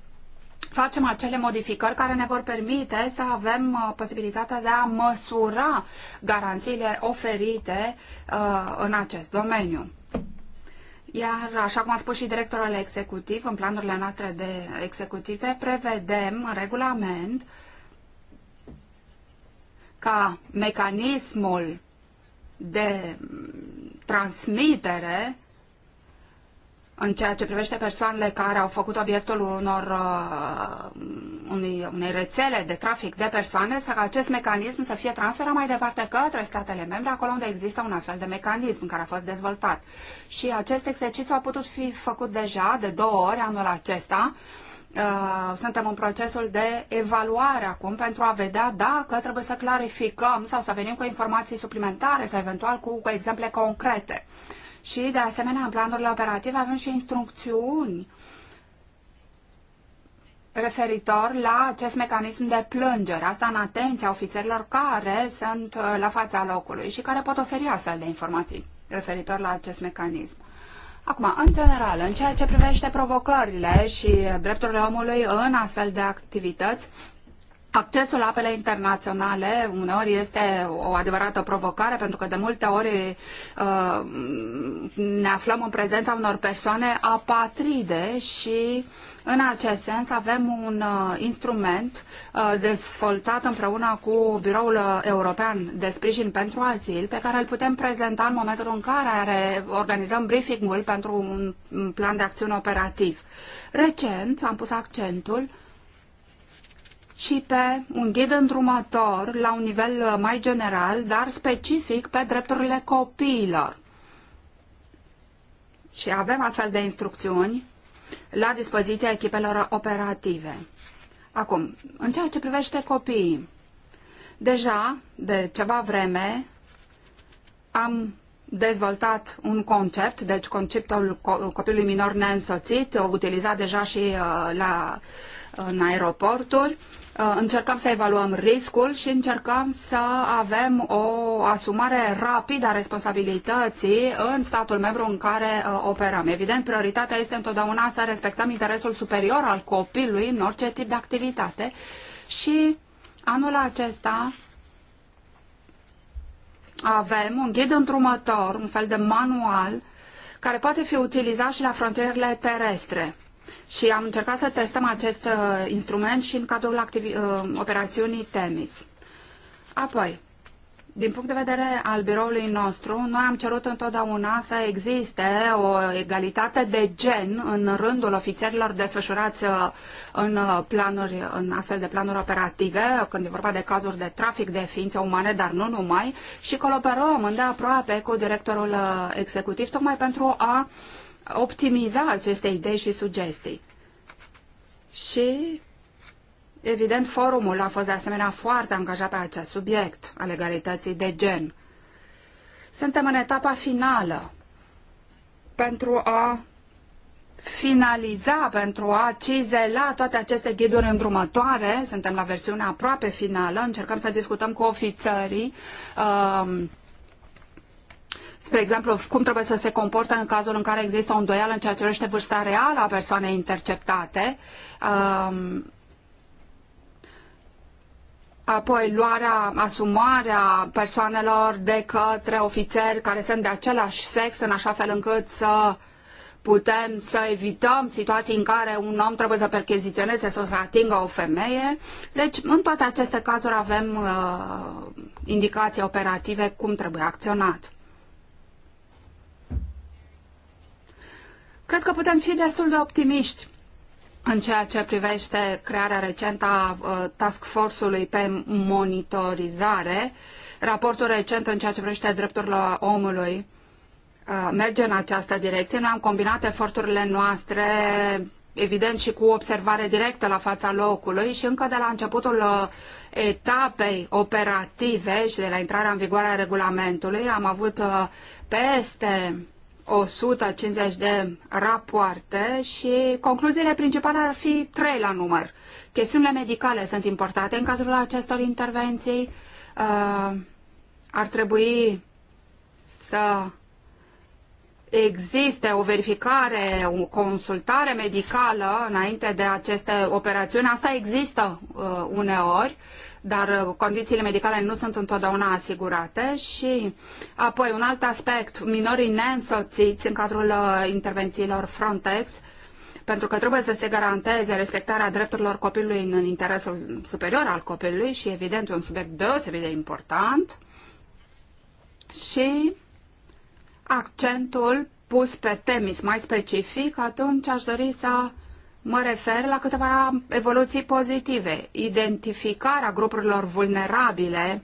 facem acele modificări care ne vor permite să avem uh, posibilitatea de a măsura garanțiile oferite uh, în acest domeniu. Iar, așa cum a spus și directorul executiv, în planurile noastre de executive, prevedem în regulament ca mecanismul de transmitere în ceea ce privește persoanele care au făcut obiectul unor, uh, unei, unei rețele de trafic de persoane, să acest mecanism să fie transferat mai departe către statele membre, acolo unde există un astfel de mecanism care a fost dezvoltat. Și acest exercițiu a putut fi făcut deja de două ori anul acesta, uh, suntem în procesul de evaluare acum pentru a vedea dacă trebuie să clarificăm sau să venim cu informații suplimentare sau eventual cu, cu exemple concrete. Uh, și, de asemenea, în planurile operative avem și instrucțiuni referitor la acest mecanism de plângere, asta în atenția ofițerilor care sunt uh, la fața locului și care pot oferi astfel de informații referitor la acest mecanism. Acum, în general, în ceea ce privește provocările și drepturile omului în astfel de activități, Accesul la apele internaționale uneori este o adevărată provocare pentru că de multe ori uh, ne aflăm în prezența unor persoane apatride și în acest sens avem un uh, instrument uh, dezvoltat împreună cu Biroul European de Sprijin pentru Azil pe care îl putem prezenta în momentul în care organizăm briefing-ul pentru un plan de acțiune operativ. Recent am pus accentul și pe un ghid îndrumător la un nivel uh, mai general, dar specific pe drepturile copiilor. Și avem astfel de instrucțiuni la dispoziția echipelor operative. Acum, în ceea ce privește copiii, deja de ceva vreme am dezvoltat un concept, deci conceptul copilului minor neînsoțit, utilizat deja și uh, la, în aeroporturi. Uh, încercăm să evaluăm riscul și încercăm să avem o asumare rapidă a responsabilității în statul membru în care uh, operăm. Evident, prioritatea este întotdeauna să respectăm interesul superior al copilului în orice tip de activitate și anul acesta avem un ghid întrumător, un fel de manual care poate fi utilizat și la frontierele terestre. Și am încercat să testăm acest uh, instrument și în cadrul activi- uh, operațiunii Temis. Apoi, din punct de vedere al biroului nostru, noi am cerut întotdeauna să existe o egalitate de gen în rândul ofițerilor desfășurați uh, în, uh, planuri, în astfel de planuri operative, când e vorba de cazuri de trafic de ființe umane, dar nu numai, și colaborăm îndeaproape cu directorul uh, executiv tocmai pentru a uh, optimiza aceste idei și sugestii. Și, evident, forumul a fost de asemenea foarte angajat pe acest subiect al legalității de gen. Suntem în etapa finală pentru a finaliza, pentru a cizela toate aceste ghiduri îndrumătoare. Suntem la versiunea aproape finală, încercăm să discutăm cu ofițării. Uh, um, spre exemplu, cum trebuie să se comporte în cazul în care există o îndoială în ceea ce privește vârsta reală a persoanei interceptate. Um, apoi luarea, asumarea persoanelor de către ofițeri care sunt de același sex, în așa fel încât să putem să evităm situații în care un om trebuie să percheziționeze sau să atingă o femeie. Deci, în toate aceste cazuri avem uh, indicații operative cum trebuie acționat. Cred că putem fi destul de optimiști în ceea ce privește crearea recentă a uh, task force-ului pe monitorizare, raportul recent în ceea ce privește drepturile omului uh, merge în această direcție. Noi am combinat eforturile noastre evident și cu observare directă la fața locului și încă de la începutul uh, etapei operative și de la intrarea în vigoare a regulamentului am avut peste 150 de rapoarte și concluziile principale ar fi trei la număr. Chestiunile medicale sunt importante în cadrul acestor intervenții. Uh, ar trebui să existe o verificare, o consultare medicală înainte de aceste operațiuni. Asta există uh, uneori dar uh, condițiile medicale nu sunt întotdeauna asigurate și apoi un alt aspect, minorii neînsoțiți în cadrul uh, intervențiilor Frontex, pentru că trebuie să se garanteze respectarea drepturilor copilului în interesul superior al copilului și evident un subiect deosebit de important și accentul pus pe temis mai specific, atunci aș dori să Mă refer la câteva evoluții pozitive. Identificarea grupurilor vulnerabile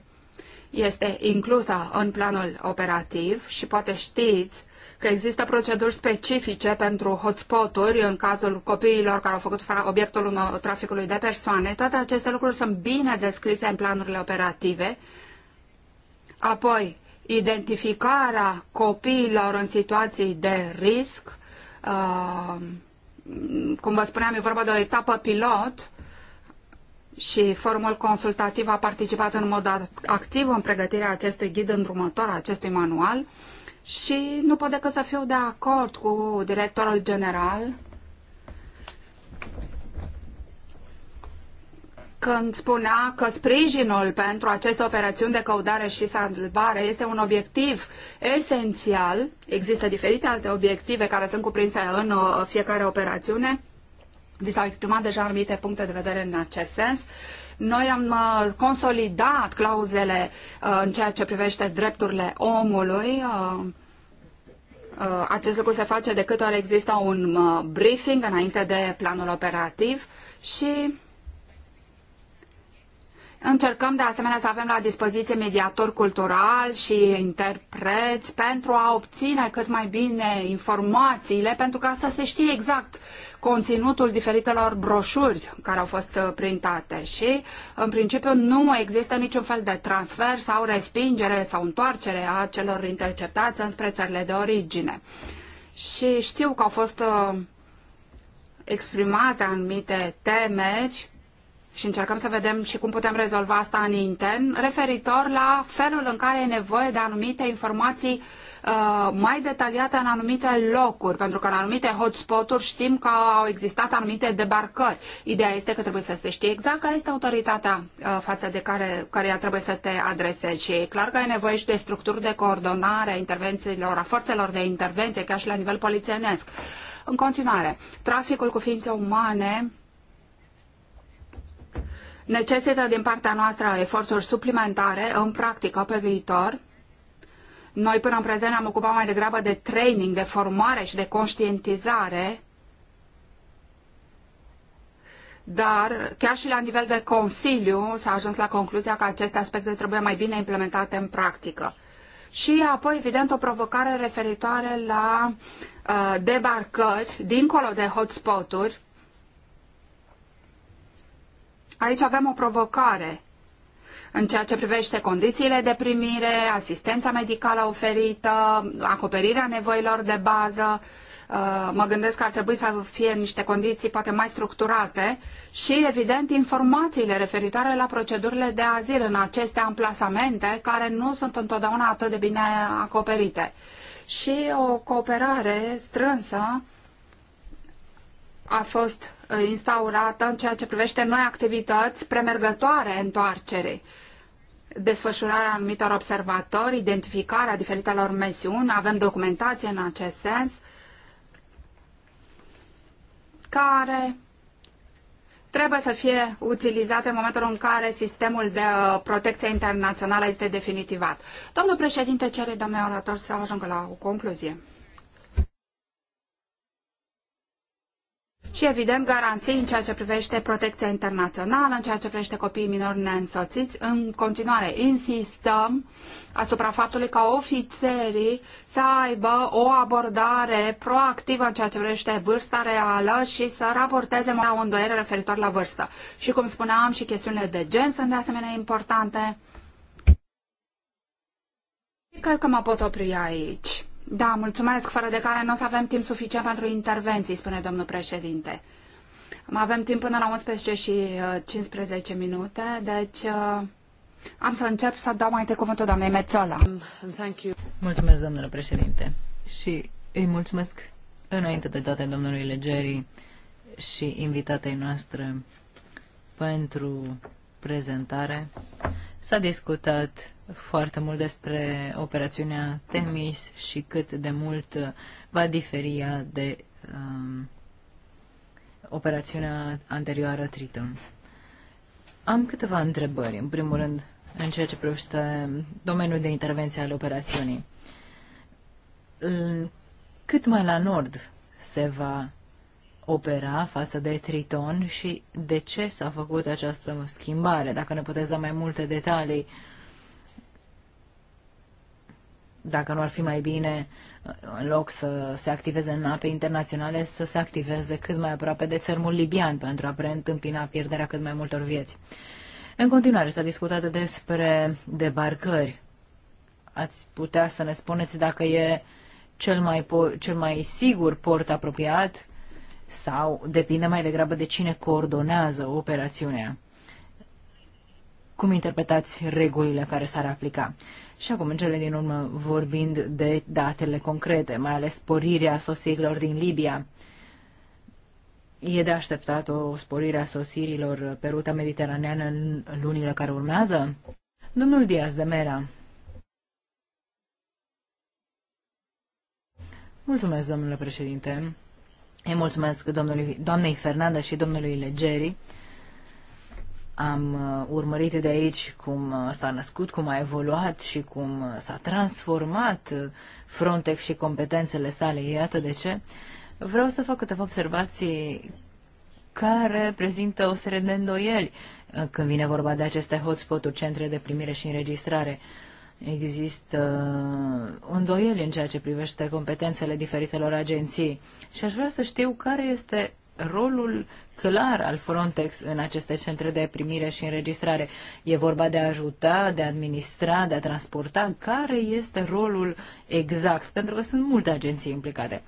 este inclusă în planul operativ și poate știți că există proceduri specifice pentru hotspoturi în cazul copiilor care au făcut obiectul traficului de persoane. Toate aceste lucruri sunt bine descrise în planurile operative. Apoi, identificarea copiilor în situații de risc, uh, cum vă spuneam, e vorba de o etapă pilot și forumul consultativ a participat în mod activ în pregătirea acestui ghid îndrumător, a acestui manual și nu pot decât să fiu de acord cu directorul general când spunea că sprijinul pentru aceste operațiuni de căutare și salvare este un obiectiv esențial. Există diferite alte obiective care sunt cuprinse în uh, fiecare operațiune. Vi s-au exprimat deja anumite puncte de vedere în acest sens. Noi am uh, consolidat clauzele uh, în ceea ce privește drepturile omului acest lucru se face de câte ori există un briefing înainte de planul operativ și Încercăm de asemenea să avem la dispoziție mediatori culturali și interpreți pentru a obține cât mai bine informațiile, pentru ca să se știe exact conținutul diferitelor broșuri care au fost uh, printate și, în principiu, nu există niciun fel de transfer sau respingere sau întoarcere a celor interceptați înspre țările de origine. Și știu că au fost uh, exprimate anumite temeri și încercăm să vedem și cum putem rezolva asta în intern, referitor la felul în care e nevoie de anumite informații uh, mai detaliate în anumite locuri, pentru că în anumite hotspot-uri știm că au existat anumite debarcări. Ideea este că trebuie să se știe exact care este autoritatea uh, față de care, care ea trebuie să te adresezi și e clar că e nevoie și de structuri de coordonare a intervențiilor, a forțelor de intervenție, chiar și la nivel polițienesc. În continuare, traficul cu ființe umane necesită din partea noastră eforturi suplimentare în practică pe viitor. Noi până în prezent am ocupat mai degrabă de training, de formare și de conștientizare dar chiar și la nivel de Consiliu s-a ajuns la concluzia că aceste aspecte trebuie mai bine implementate în practică. Și apoi, evident, o provocare referitoare la uh, debarcări dincolo de hotspot-uri, Aici avem o provocare în ceea ce privește condițiile de primire, asistența medicală oferită, acoperirea nevoilor de bază. Uh, mă gândesc că ar trebui să fie niște condiții poate mai structurate și, evident, informațiile referitoare la procedurile de azil în aceste amplasamente care nu sunt întotdeauna atât de bine acoperite. Și o cooperare strânsă a fost instaurată în ceea ce privește noi activități premergătoare întoarcerei desfășurarea anumitor observatori, identificarea diferitelor mesiuni, avem documentație în acest sens, care trebuie să fie utilizate în momentul în care sistemul de uh, protecție internațională este definitivat. Domnul președinte cere doamnei orator să ajungă la o concluzie. și, evident, garanții în ceea ce privește protecția internațională, în ceea ce privește copiii minori neînsoțiți. În continuare, insistăm asupra faptului ca ofițerii să aibă o abordare proactivă în ceea ce privește vârsta reală și să raporteze la o îndoiere referitor la vârstă. Și, cum spuneam, și chestiunile de gen sunt de asemenea importante. Cred că mă pot opri aici. Da, mulțumesc, fără de care nu o să avem timp suficient pentru intervenții, spune domnul președinte. Mai Avem timp până la 11 și 15 uh, minute, deci uh, am să încep să dau mai întâi cuvântul doamnei Mețola. Um, mulțumesc, domnule președinte, și îi mulțumesc înainte de toate domnului Legeri și invitatei noastre pentru prezentare. S-a discutat foarte mult despre operațiunea Temis și cât de mult va diferi ea de um, operațiunea anterioară Triton. Am câteva întrebări. În primul rând, în ceea ce privește domeniul de intervenție al operațiunii. Cât mai la nord se va opera față de Triton și de ce s-a făcut această schimbare? Dacă ne puteți da mai multe detalii uh, dacă nu ar fi mai bine, în loc să se activeze în ape internaționale, să se activeze cât mai aproape de țărmul libian pentru a preîntâmpina pierderea cât mai multor vieți. În continuare, s-a discutat despre debarcări. Ați putea să ne spuneți dacă e cel mai, cel mai sigur port apropiat sau depinde mai degrabă de cine coordonează operațiunea. Cum interpretați regulile care s-ar aplica? Și acum, în cele din urmă, vorbind de datele concrete, mai ales sporirea sosirilor din Libia. E de așteptat o sporire a sosirilor pe ruta mediteraneană în lunile care urmează? Domnul Diaz de Mera. Mulțumesc, domnule președinte. Îi mulțumesc domnului, doamnei Fernanda și domnului Legeri am uh, urmărit de aici cum uh, s-a născut, cum a evoluat și cum uh, s-a transformat Frontex și competențele sale. Iată de ce. Vreau să fac câteva observații care prezintă o serie de îndoieli când vine vorba de aceste hotspot-uri, centre de primire și înregistrare. Există îndoieli în ceea ce privește competențele diferitelor agenții și aș vrea să știu care este rolul clar al Frontex în aceste centre de primire și înregistrare. E vorba de a ajuta, de a administra, de a transporta. Care este rolul exact? Pentru că sunt multe agenții implicate.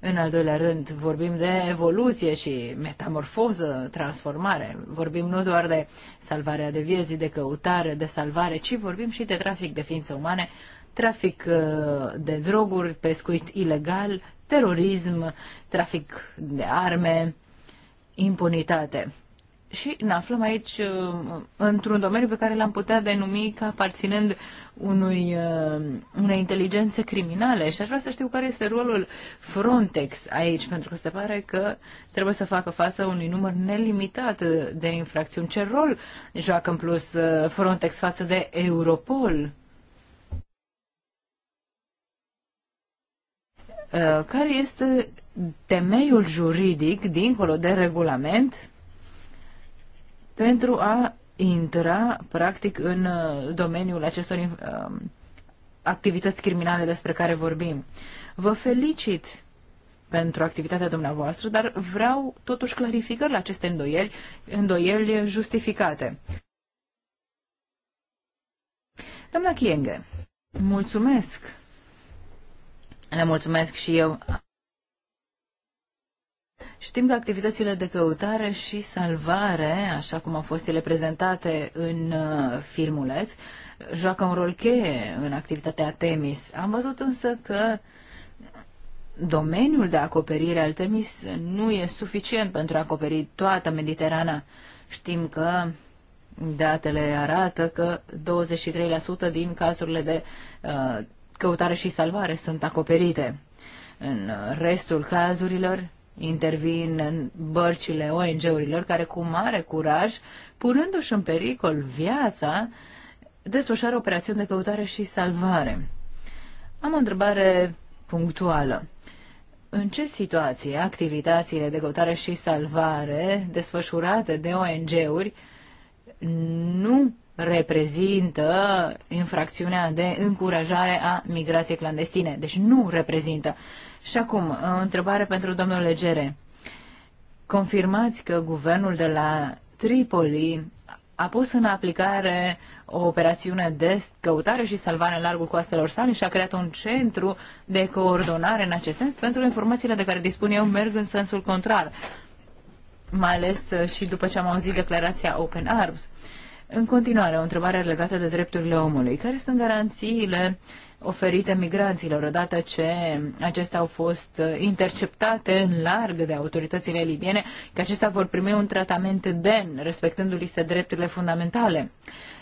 În al doilea rând, vorbim de evoluție și metamorfoză, transformare. Vorbim nu doar de salvarea de vieți, de căutare, de salvare, ci vorbim și de trafic de ființe umane, trafic uh, de droguri, pescuit ilegal, terorism, trafic de arme, impunitate. Și ne aflăm aici uh, într-un domeniu pe care l-am putea denumi ca aparținând unui, uh, unei inteligențe criminale și aș vrea să știu care este rolul Frontex aici, pentru că se pare că trebuie să facă față unui număr nelimitat de infracțiuni. Ce rol joacă în plus uh, Frontex față de Europol? Uh, care este temeiul juridic, dincolo de regulament, pentru a intra, practic, în uh, domeniul acestor um, activități criminale despre care vorbim. Vă felicit pentru activitatea dumneavoastră, dar vreau totuși clarificări la aceste îndoieli, îndoieli justificate. Doamna Chienge, mulțumesc le mulțumesc și eu. Știm că activitățile de căutare și salvare, așa cum au fost ele prezentate în uh, filmuleț, joacă un rol cheie în activitatea Temis. Am văzut însă că domeniul de acoperire al Temis nu e suficient pentru a acoperi toată Mediterana. Știm că datele arată că 23% din cazurile de uh, căutare și salvare sunt acoperite. În restul cazurilor intervin în bărcile ONG-urilor care cu mare curaj, punându-și în pericol viața, desfășoară operațiuni de căutare și salvare. Am o întrebare punctuală. În ce situație activitățile de căutare și salvare desfășurate de ONG-uri nu reprezintă infracțiunea de încurajare a migrației clandestine. Deci nu reprezintă. Și acum, o întrebare pentru domnul Legere. Confirmați că guvernul de la Tripoli a pus în aplicare o operațiune de căutare și salvare în largul coastelor sale și a creat un centru de coordonare în acest sens pentru informațiile de care dispun eu merg în sensul contrar, mai ales și după ce am auzit declarația Open Arms. Uh, în continuare, o întrebare legată de drepturile omului. Care sunt garanțiile oferite migranților odată ce acestea au fost interceptate în larg de autoritățile libiene, că acestea vor primi un tratament demn, respectându-li se drepturile fundamentale.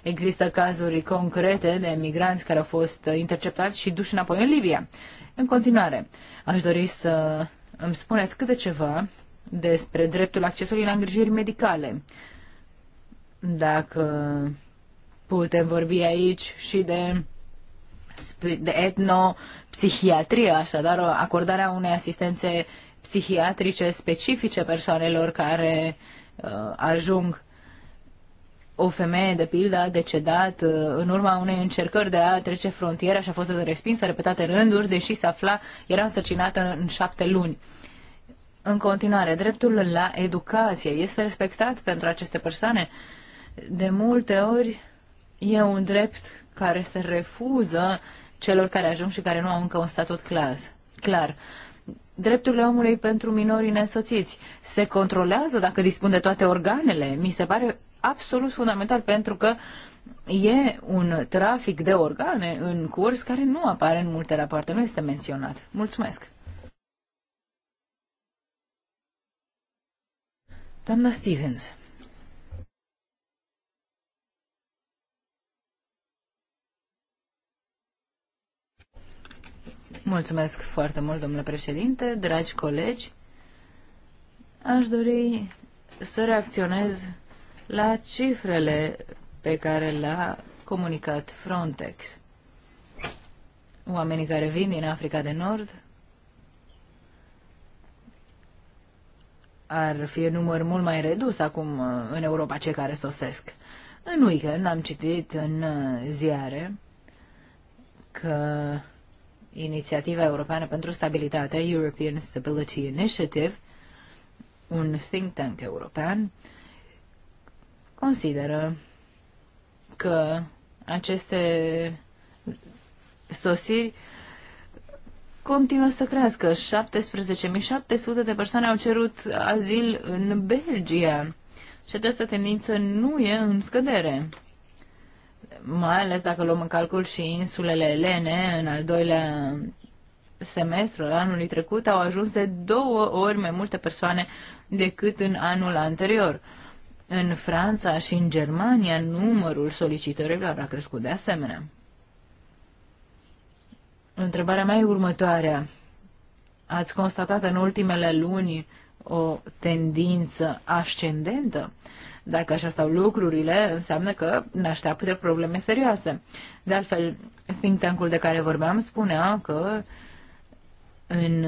Există cazuri concrete de migranți care au fost interceptați și duși înapoi în Libia. În continuare, aș dori să îmi spuneți câte ceva despre dreptul accesului la îngrijiri medicale dacă putem vorbi aici și de, de etnopsihiatrie, așadar acordarea unei asistențe psihiatrice specifice persoanelor care uh, ajung o femeie, de pildă, a decedat uh, în urma unei încercări de a trece frontiera și a fost respinsă repetate rânduri, deși se afla, era însărcinată în, în șapte luni. În continuare, dreptul la educație este respectat pentru aceste persoane. Uh, de multe ori e un drept care se refuză celor care ajung și care nu au încă un statut clas, clar. Drepturile omului pentru minorii nesoțiți se controlează dacă dispun de toate organele. Mi se pare absolut fundamental pentru că e un trafic de organe în curs care nu apare în multe rapoarte, nu este menționat. Mulțumesc! Doamna Stevens. Mulțumesc foarte mult, domnule președinte, dragi colegi. Aș dori să reacționez la cifrele pe care le-a comunicat Frontex. Oamenii care vin din Africa de Nord ar fi un număr mult mai redus acum uh, în Europa cei care sosesc. În weekend am citit în uh, ziare că Inițiativa Europeană pentru Stabilitate, European Stability Initiative, un think tank european, consideră că aceste sosiri continuă să crească. 17.700 de persoane au cerut azil în Belgia și această tendință nu e în scădere mai ales dacă luăm în calcul și insulele elene, în al doilea semestru al anului trecut au ajuns de două ori mai multe persoane decât în anul anterior. În Franța și în Germania numărul solicitărilor a crescut de asemenea. Întrebarea mea e următoarea. Ați constatat în ultimele luni o tendință ascendentă? Uh, dacă așa stau lucrurile, înseamnă că ne așteaptă probleme serioase. De altfel, think tank-ul de care vorbeam spunea că în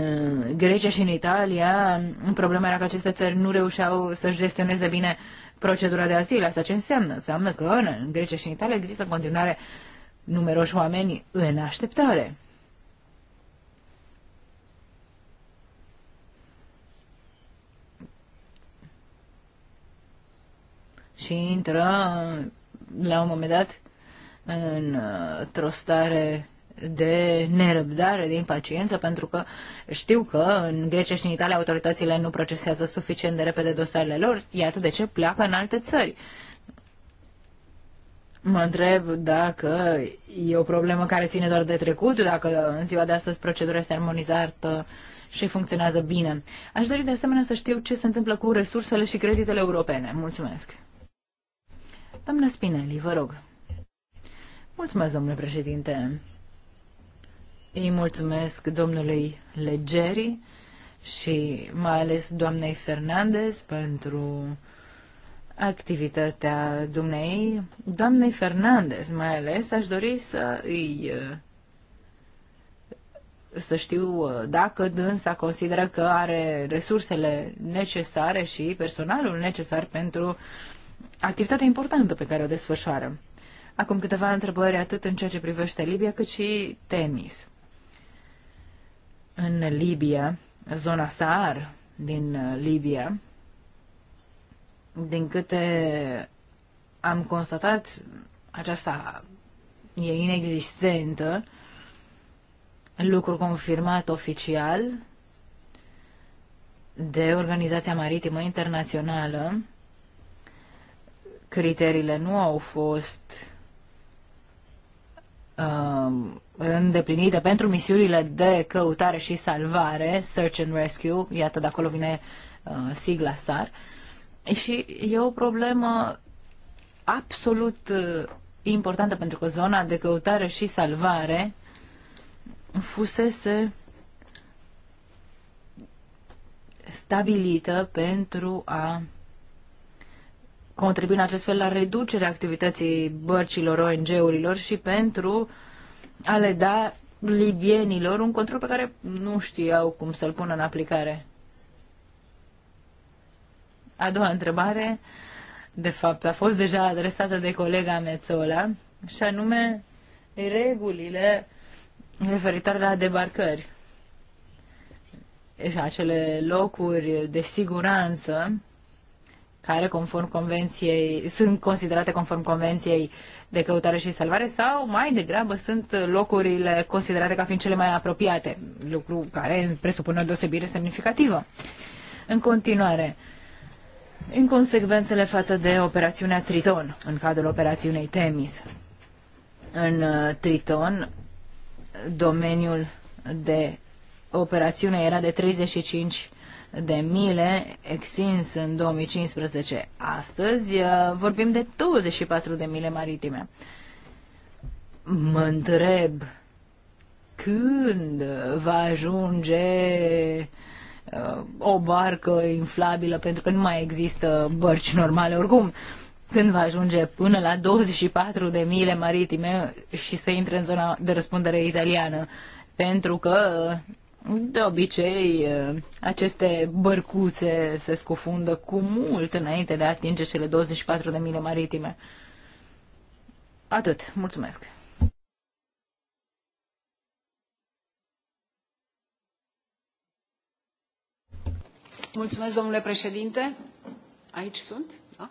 Grecia și în Italia problema era că aceste țări nu reușeau să-și gestioneze bine procedura de asil. Asta ce înseamnă? Înseamnă că în Grecia și în Italia există în continuare numeroși oameni în așteptare. și intră la un moment dat într-o stare de nerăbdare, de impaciență, pentru că știu că în Grecia și în Italia autoritățile nu procesează suficient de repede dosarele lor, iată de ce pleacă în alte țări. Mă întreb dacă e o problemă care ține doar de trecut, dacă în ziua de astăzi procedura este armonizată și funcționează bine. Aș dori de asemenea să știu ce se întâmplă cu resursele și creditele europene. Mulțumesc! Doamna Spinelli, vă rog. Mulțumesc, domnule președinte. Îi mulțumesc domnului Legeri și mai ales doamnei Fernandez pentru activitatea dumnei. Doamnei Fernandez, mai ales, aș dori să îi să știu dacă dânsa consideră că are resursele necesare și personalul necesar pentru activitatea importantă pe care o desfășoară. Acum câteva întrebări atât în ceea ce privește Libia, cât și Temis. În Libia, zona Sahar din Libia, din câte am constatat, aceasta e inexistentă, lucru confirmat oficial de Organizația Maritimă Internațională, criteriile nu au fost uh, îndeplinite pentru misiunile de căutare și salvare, Search and Rescue, iată de acolo vine uh, sigla SAR, și e o problemă absolut uh, importantă pentru că zona de căutare și salvare fusese stabilită pentru a contribuind acest fel la reducerea activității bărcilor ONG-urilor și pentru a le da libienilor un control pe care nu știau cum să-l pună în aplicare. A doua întrebare, de fapt, a fost deja adresată de colega Mețola, și anume regulile referitoare la debarcări. Deci, acele locuri de siguranță care conform convenției, sunt considerate conform convenției de căutare și salvare sau mai degrabă sunt locurile considerate ca fiind cele mai apropiate, lucru care presupune o deosebire semnificativă. În continuare, consecvențele față de operațiunea Triton în cadrul operațiunei Temis. În uh, Triton, domeniul de operațiune era de 35 de mile extins în 2015. Astăzi uh, vorbim de 24 de mile maritime. Mă întreb când va ajunge uh, o barcă inflabilă, pentru că nu mai există bărci normale oricum, când va ajunge până la 24 de mile maritime și să intre în zona de răspundere italiană. Pentru că de obicei, eh, aceste bărcuțe se scufundă cu mult înainte de a atinge cele 24 de mile maritime. Atât. Mulțumesc. Mulțumesc, domnule președinte. Aici sunt. Da?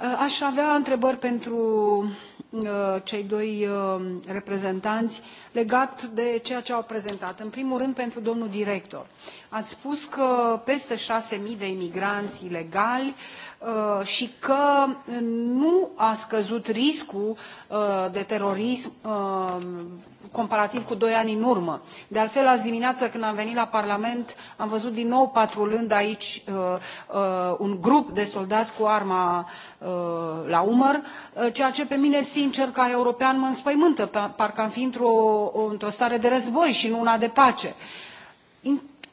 Eh, aș avea întrebări pentru Uh, cei doi uh, reprezentanți legat de ceea ce au prezentat. În primul rând, pentru domnul director. Ați spus că peste șase mii de imigranți ilegali uh, și că nu a scăzut riscul de terorism comparativ cu doi ani în urmă. De altfel, azi dimineață când am venit la Parlament, am văzut din nou patrulând aici un grup de soldați cu arma la umăr, ceea ce pe mine, sincer, sincer, ca european, mă înspăimântă, parcă am fi într-o, într-o stare de război și nu una de pace.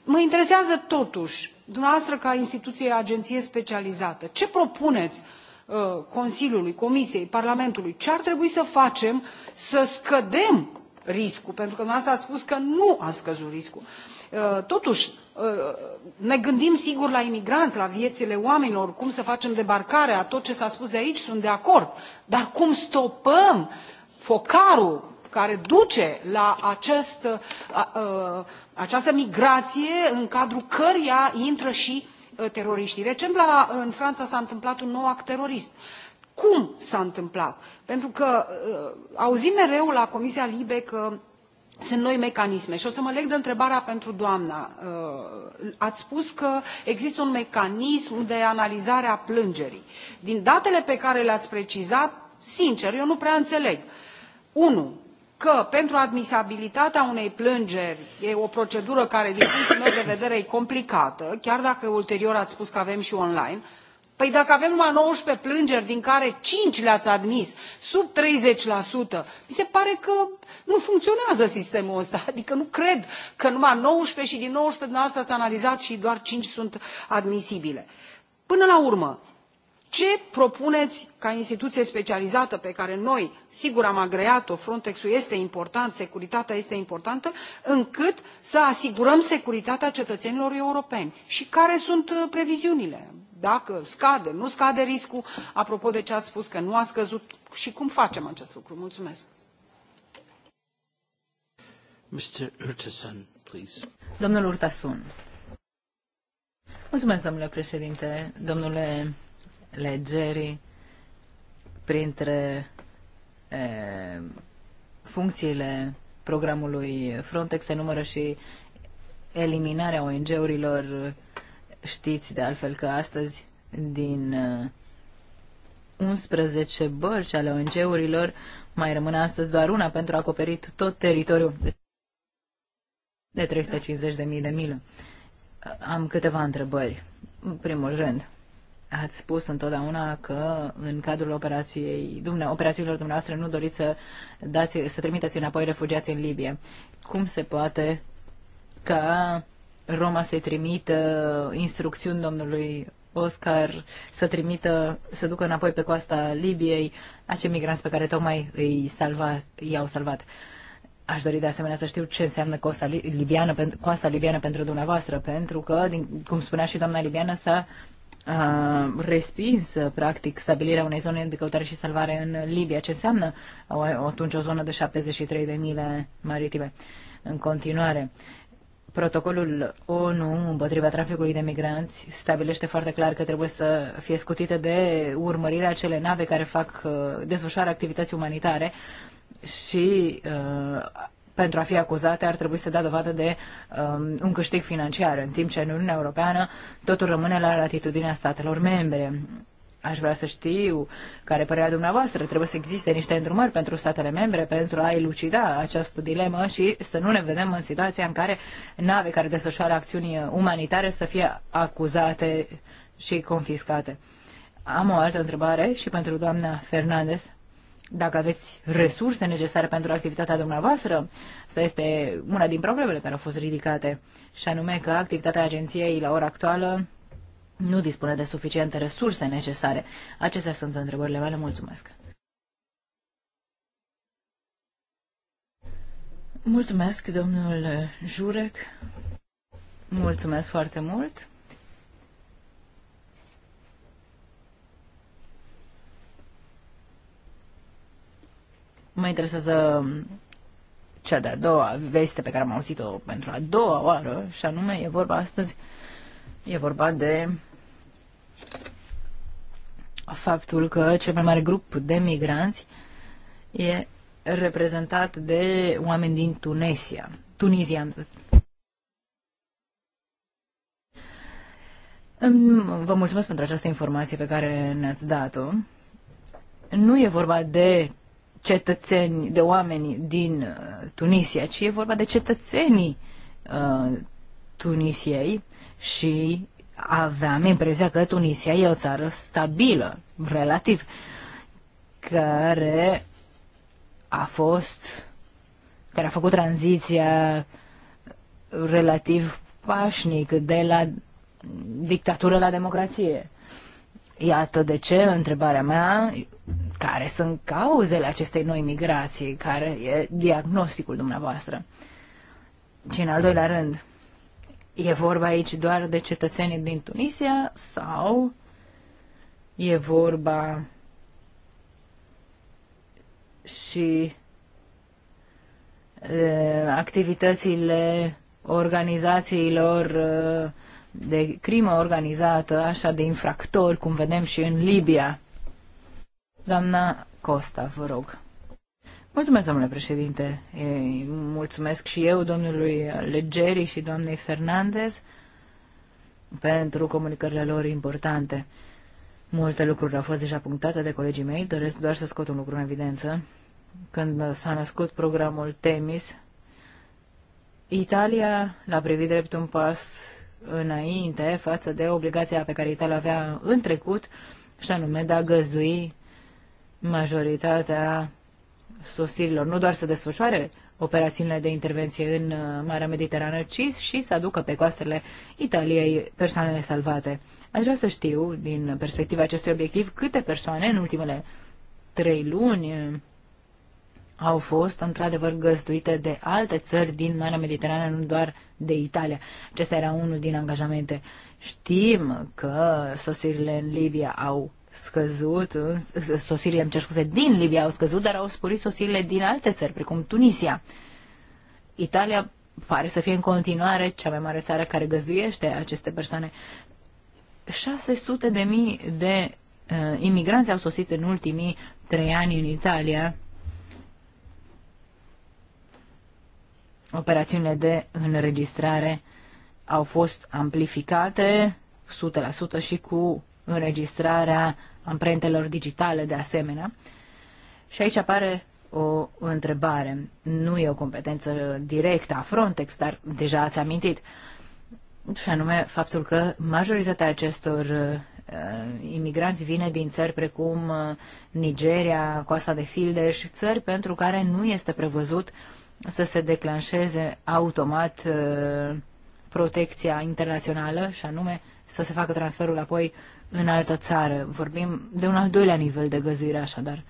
Mă interesează totuși, dumneavoastră ca instituție, agenție specializată, ce propuneți uh, Consiliului, Comisiei, Parlamentului, ce ar trebui să facem să scădem riscul, pentru că dumneavoastră a spus că nu a scăzut riscul. Uh, totuși, Ă, ne gândim sigur la imigranți la viețile oamenilor cum să facem debarcarea tot ce s a spus de aici sunt de acord dar cum stopăm focarul care duce la acest, ă, ă, această migrație în cadrul căreia intră și teroriștii. recent la, în franța s a întâmplat un nou act terorist. cum s a întâmplat? pentru că auzim mereu la comisia libe că sunt noi mecanisme și o să mă leg de întrebarea pentru doamna uh, ați spus că există un mecanism de analizare a plângerii. din datele pe care le ați precizat sincer eu nu prea înțeleg unu că pentru admisibilitatea unei plângeri e o procedură care din punctul meu de vedere e complicată chiar dacă ulterior ați spus că avem și online păi dacă avem numai nouăsprezece plângeri din care cinci le ați admis sub treizeci mi se pare că nu funcționează sistemul ăsta (laughs) adică nu cred că numai nouăsprezece și din nouăsprezece dumneavoastră ați analizat și doar cinci sunt admisibile. până la urmă ce propuneți ca instituție specializată pe care noi sigur am agreat o frontex ul este important securitatea este importantă încât să asigurăm securitatea cetățenilor europeni și care sunt uh, previziunile? dacă scade nu scade riscul apropo de ce ați spus că nu a scăzut și cum facem acest lucru? mulțumesc. Mr. Urtasun, please. Domnul Urtasun. Mulțumesc, domnule președinte. Domnule Legeri, printre e, funcțiile programului Frontex se numără și eliminarea ONG-urilor Știți de altfel că astăzi din 11 uh, bărci ale ONG-urilor mai rămâne astăzi doar una pentru a acoperi tot teritoriul de 350.000 de milă. Am câteva întrebări. În primul rând, ați spus întotdeauna că în cadrul operației, dumne, operațiilor dumneavoastră nu doriți să, dați, să trimiteți înapoi refugiații în Libie. Cum se poate ca Roma să-i trimită instrucțiuni domnului Oscar să trimită, să ducă înapoi pe coasta Libiei acei migranți pe care tocmai îi salva, i-au salvat. Aș dori de asemenea să știu ce înseamnă coasta libiană, coasta libiană pentru dumneavoastră, pentru că, din, cum spunea și doamna libiană, s-a a respins, practic, stabilirea unei zone de căutare și salvare în Libia. Ce înseamnă o atunci o zonă de 73 de mile maritime? În continuare, protocolul ONU împotriva traficului de migranți stabilește foarte clar că trebuie să fie scutite de urmărirea acele nave care fac uh, desfășoară activități umanitare și uh, pentru a fi acuzate ar trebui să dea dovadă de um, un câștig financiar, în timp ce în Uniunea Europeană totul rămâne la latitudinea statelor membre. Aș vrea să știu care părerea dumneavoastră. Trebuie să existe niște îndrumări pentru statele membre pentru a elucida această dilemă și să nu ne vedem în situația în care nave care desfășoară acțiuni umanitare să fie acuzate și confiscate. Am o altă întrebare și pentru doamna Fernandez. Dacă aveți resurse necesare pentru activitatea dumneavoastră, asta este una din problemele care au fost ridicate, și anume că activitatea agenției la ora actuală nu dispune de suficiente resurse necesare. Acestea sunt întrebările mele. Mulțumesc! Mulțumesc, domnul Jurec. Mulțumesc foarte mult. Mă interesează cea de-a doua veste pe care am auzit-o pentru a doua oară, și anume e vorba astăzi, e vorba de faptul că cel mai mare grup de migranți e reprezentat de oameni din Tunisia. Tunisia. Vă mulțumesc pentru această informație pe care ne-ați dat-o. Nu e vorba de cetățeni, de oameni din uh, Tunisia, ci e vorba de cetățenii uh, Tunisiei și aveam impresia că Tunisia e o țară stabilă, relativ, care a fost, care a făcut tranziția relativ pașnic de la dictatură la democrație. Iată de ce întrebarea mea, care sunt cauzele acestei noi migrații, care e diagnosticul dumneavoastră. Și în al doilea rând, E vorba aici doar de cetățenii din Tunisia sau e vorba și activitățile organizațiilor de crimă organizată, așa de infractori, cum vedem și în Libia. Doamna Costa, vă rog. Mulțumesc, domnule președinte. Mulțumesc și eu domnului Legeri și doamnei Fernandez pentru comunicările lor importante. Multe lucruri au fost deja punctate de colegii mei, doresc doar să scot un lucru în evidență. Când s-a născut programul Temis, Italia l-a privit drept un pas înainte față de obligația pe care Italia avea în trecut, și anume de a găzdui majoritatea sosirilor, nu doar să desfășoare operațiunile de intervenție în uh, Marea Mediterană, ci și să aducă pe coastele Italiei persoanele salvate. Aș vrea să știu, din perspectiva acestui obiectiv, câte persoane în ultimele trei luni uh, au fost într-adevăr găzduite de alte țări din Marea Mediterană, nu doar de Italia. Acesta era unul din angajamente. Știm că sosirile în Libia au scăzut, sosirile, îmi cer scuze, din Libia au scăzut, dar au sporit sosirile din alte țări, precum Tunisia. Italia pare să fie în continuare cea mai mare țară care găzduiește aceste persoane. 600 de mii de uh, imigranți au sosit în ultimii trei ani în Italia. Operațiunile de înregistrare au fost amplificate 100% și cu înregistrarea amprentelor digitale de asemenea. Și aici apare o întrebare. Nu e o competență directă a Frontex, dar deja ați amintit. Și anume faptul că majoritatea acestor uh, imigranți vine din țări precum uh, Nigeria, Coasa de Fildeș, țări pentru care nu este prevăzut să se declanșeze automat uh, protecția internațională și anume să se facă transferul apoi în altă țară. Vorbim de un al doilea nivel de găzuire, așadar.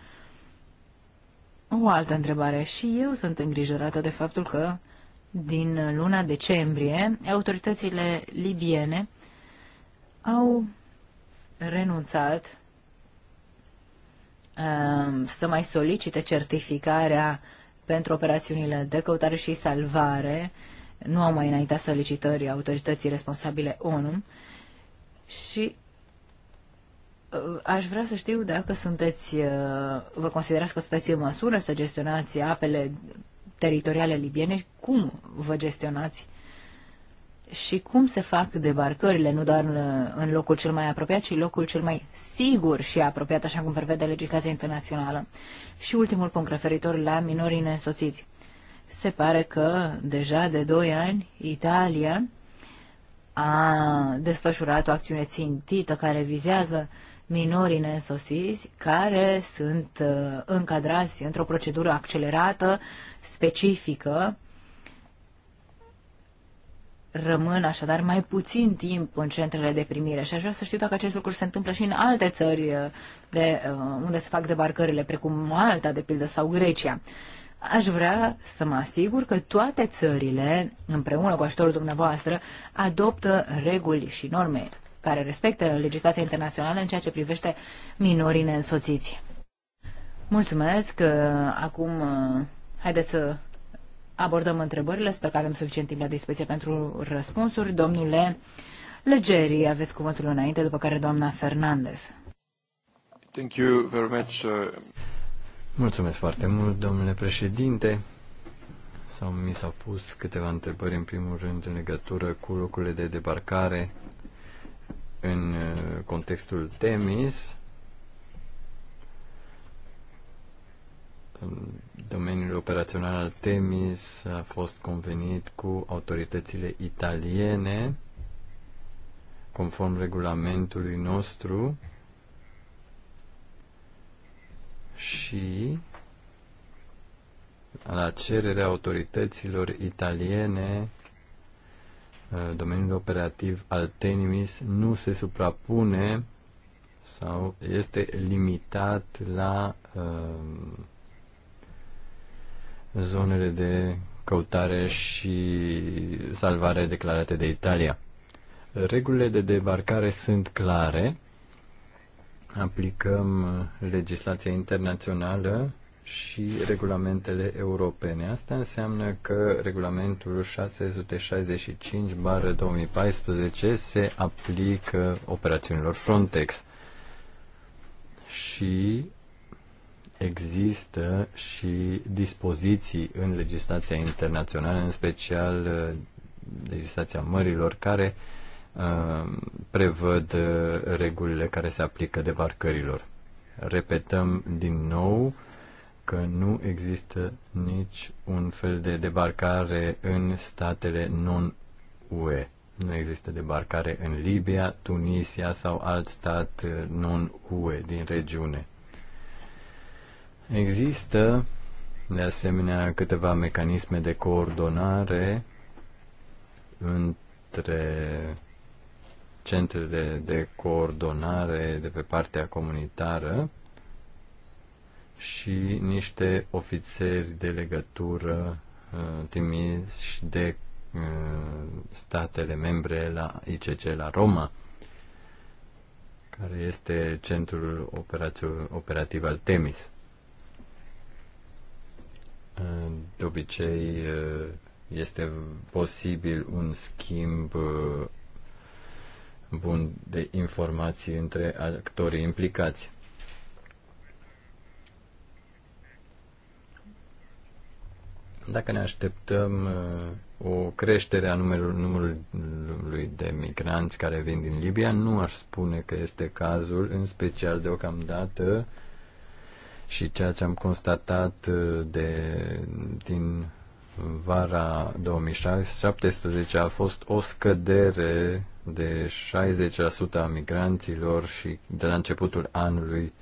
O altă întrebare. Și eu sunt îngrijorată de faptul că din luna decembrie autoritățile libiene au renunțat uh, să mai solicite certificarea pentru operațiunile de căutare și salvare. Nu au mai înaintat solicitării autorității responsabile ONU și Uh, aș vrea să știu dacă sunteți, uh, vă considerați că sunteți în măsură să gestionați apele teritoriale libiene, cum vă gestionați și cum se fac debarcările, nu doar uh, în locul cel mai apropiat, ci locul cel mai sigur și apropiat, așa cum prevede legislația internațională. Și ultimul punct referitor la minorii neînsoțiți. Se pare că deja de 2 ani Italia a desfășurat o acțiune țintită care vizează uh, minorii nesosiți care sunt uh, încadrați într-o procedură accelerată, specifică, rămân așadar mai puțin timp în centrele de primire și aș vrea să știu dacă acest lucru se întâmplă și în alte țări uh, de, uh, unde se fac debarcările, precum Malta, de pildă, sau Grecia. Aș vrea să mă asigur că toate țările, împreună cu ajutorul dumneavoastră, adoptă reguli și norme care respectă legislația internațională în ceea ce privește minorii neînsoțiți. Mulțumesc. Uh, acum uh, haideți să abordăm întrebările. Sper că avem suficient timp la dispoziție pentru răspunsuri. Domnule Legeri, aveți cuvântul înainte, după care doamna Fernandez. Thank you very much. Uh, Mulțumesc foarte mult, domnule președinte. Sau mi s-au pus câteva întrebări, în primul rând, în legătură cu locurile de debarcare în uh, contextul Temis, domeniul operațional al Temis a fost convenit cu autoritățile italiene conform regulamentului nostru și la cererea autorităților italiene Uh, domeniul operativ al Tenimis nu se suprapune sau este limitat la uh, zonele de căutare și salvare declarate de Italia. Regulile de debarcare sunt clare. Aplicăm legislația internațională și regulamentele europene. Asta înseamnă că regulamentul 665-2014 se aplică operațiunilor Frontex și există și dispoziții în legislația internațională, în special uh, legislația mărilor, care uh, prevăd uh, regulile care se aplică debarcărilor. Repetăm din nou, uh, că nu există nici un fel de debarcare în statele non-UE. Nu există debarcare în Libia, Tunisia sau alt stat uh, non-UE din regiune. Există, de asemenea, câteva mecanisme de coordonare între centrele de coordonare de pe partea comunitară și niște ofițeri de legătură uh, trimiși de uh, statele membre la ICC la Roma, care este centrul operativ al Temis. Uh, de obicei este posibil un schimb bun de informații între actorii implicați. Dacă ne așteptăm uh, o creștere a numărului de migranți care vin din Libia, nu aș spune că este cazul, în special deocamdată, și ceea ce am constatat uh, de, din vara 2017 a fost o scădere de 60% a migranților și de la începutul anului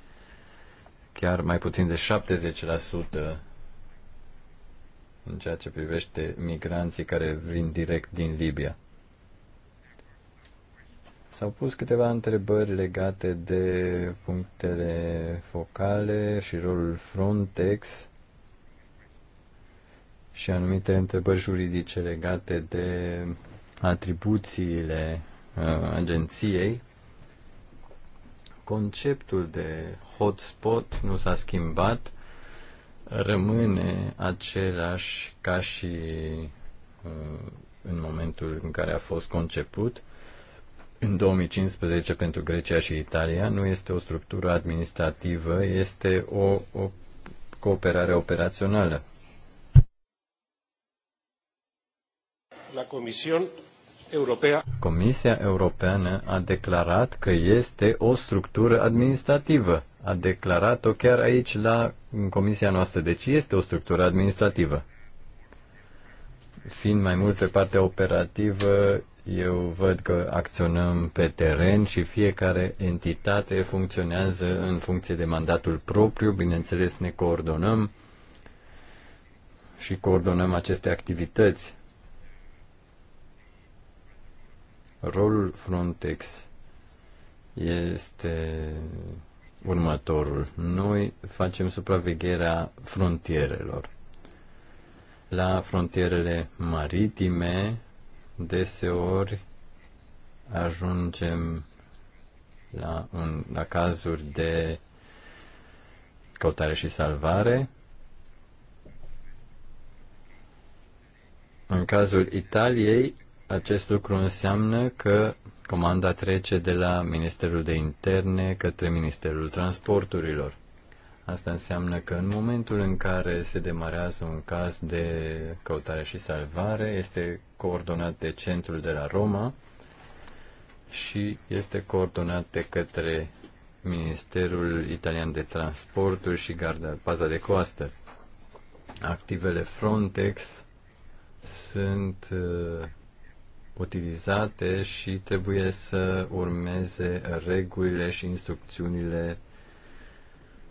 chiar mai puțin de 70% în ceea ce privește migranții care vin direct din Libia. S-au pus câteva întrebări legate de punctele focale și rolul Frontex și anumite întrebări juridice legate de atribuțiile uh, agenției. Conceptul de hotspot nu s-a schimbat rămâne același ca și uh, în momentul în care a fost conceput. În 2015 pentru Grecia și Italia nu este o structură administrativă, este o, o cooperare operațională. La Comisión Europea. Comisia Europeană a declarat că este o structură administrativă a declarat-o chiar aici la comisia noastră. Deci este o structură administrativă. Fiind mai mult pe partea operativă, eu văd că acționăm pe teren și fiecare entitate funcționează în funcție de mandatul propriu. Bineînțeles, ne coordonăm și coordonăm aceste activități. Rolul Frontex este următorul. Noi facem supravegherea frontierelor. La frontierele maritime, deseori ajungem la, un, la cazuri de căutare și salvare. În cazul Italiei, acest lucru înseamnă că Comanda trece de la Ministerul de Interne către Ministerul Transporturilor. Asta înseamnă că în momentul în care se demarează un caz de căutare și salvare, este coordonat de centrul de la Roma și este coordonat de către Ministerul Italian de Transporturi și Garda Paza de Coastă. Activele Frontex sunt uh, utilizate și trebuie să urmeze regulile și instrucțiunile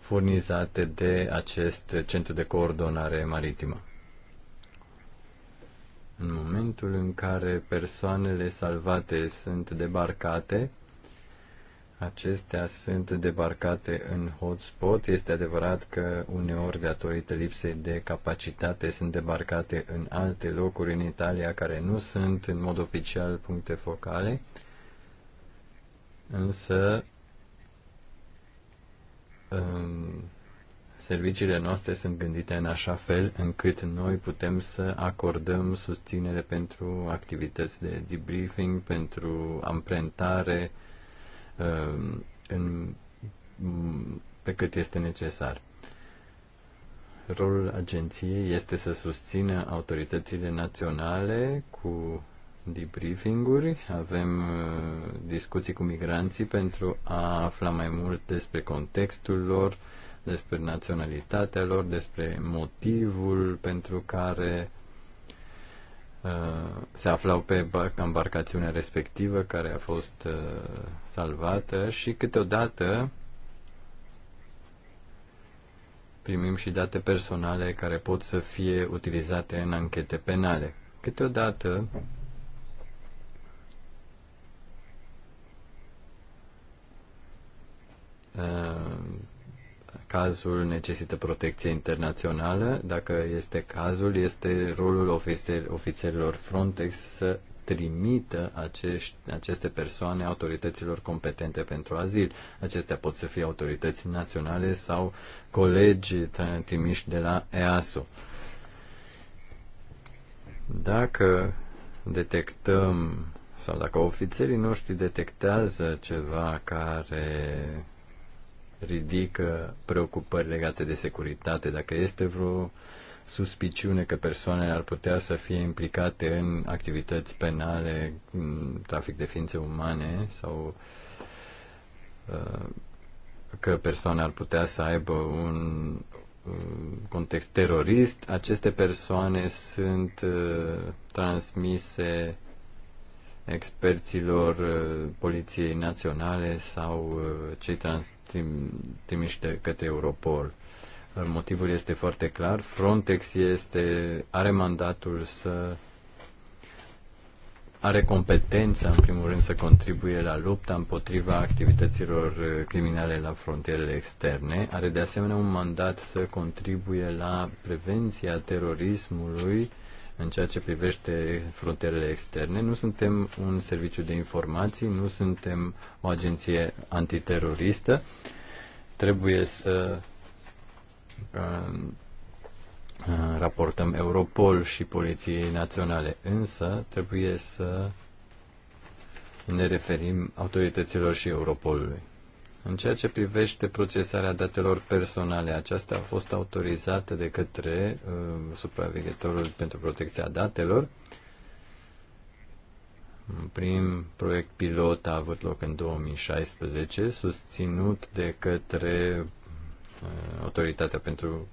furnizate de acest centru de coordonare maritimă. În momentul în care persoanele salvate sunt debarcate, acestea sunt debarcate în hotspot. Este adevărat că uneori, datorită lipsei de capacitate, sunt debarcate în alte locuri în Italia care nu sunt în mod oficial puncte focale, însă în um, serviciile noastre sunt gândite în așa fel încât noi putem să acordăm susținere pentru activități de debriefing, pentru amprentare, Uh, în, mm, pe cât este necesar. Rolul agenției este să susțină autoritățile naționale cu debriefing-uri, avem uh, discuții cu migranții pentru a afla mai mult despre contextul lor, despre naționalitatea lor, despre motivul pentru care Uh, se aflau pe embarcațiunea respectivă care a fost uh, salvată și câteodată primim și date personale care pot să fie utilizate în anchete penale. Câteodată uh, cazul necesită protecție internațională, dacă este cazul, este rolul ofițer, ofițerilor Frontex să trimită acești, aceste persoane autorităților competente pentru azil. Acestea pot să fie autorități naționale sau colegi trimiși de la EASO. Dacă detectăm sau dacă ofițerii noștri detectează ceva care ridică preocupări legate de securitate. Dacă este vreo suspiciune că persoanele ar putea să fie implicate în activități penale, în trafic de ființe umane sau uh, că persoane ar putea să aibă un context terorist, aceste persoane sunt uh, transmise experților uh, Poliției Naționale sau uh, cei trans- trimiși de către Europol. Uh, motivul este foarte clar. Frontex este, are mandatul să are competența, în primul rând, să contribuie la lupta împotriva activităților criminale la frontierele externe. Are de asemenea un mandat să contribuie la prevenția terorismului în ceea ce privește frontierele externe, nu suntem un serviciu de informații, nu suntem o agenție antiteroristă. Trebuie să uh, uh, raportăm Europol și Poliției Naționale, însă trebuie să ne referim autorităților și Europolului. În ceea ce privește procesarea datelor personale, aceasta a fost autorizată de către uh, supraveghetorul pentru protecția datelor. Un prim proiect pilot a avut loc în 2016, susținut de către uh, Autoritatea pentru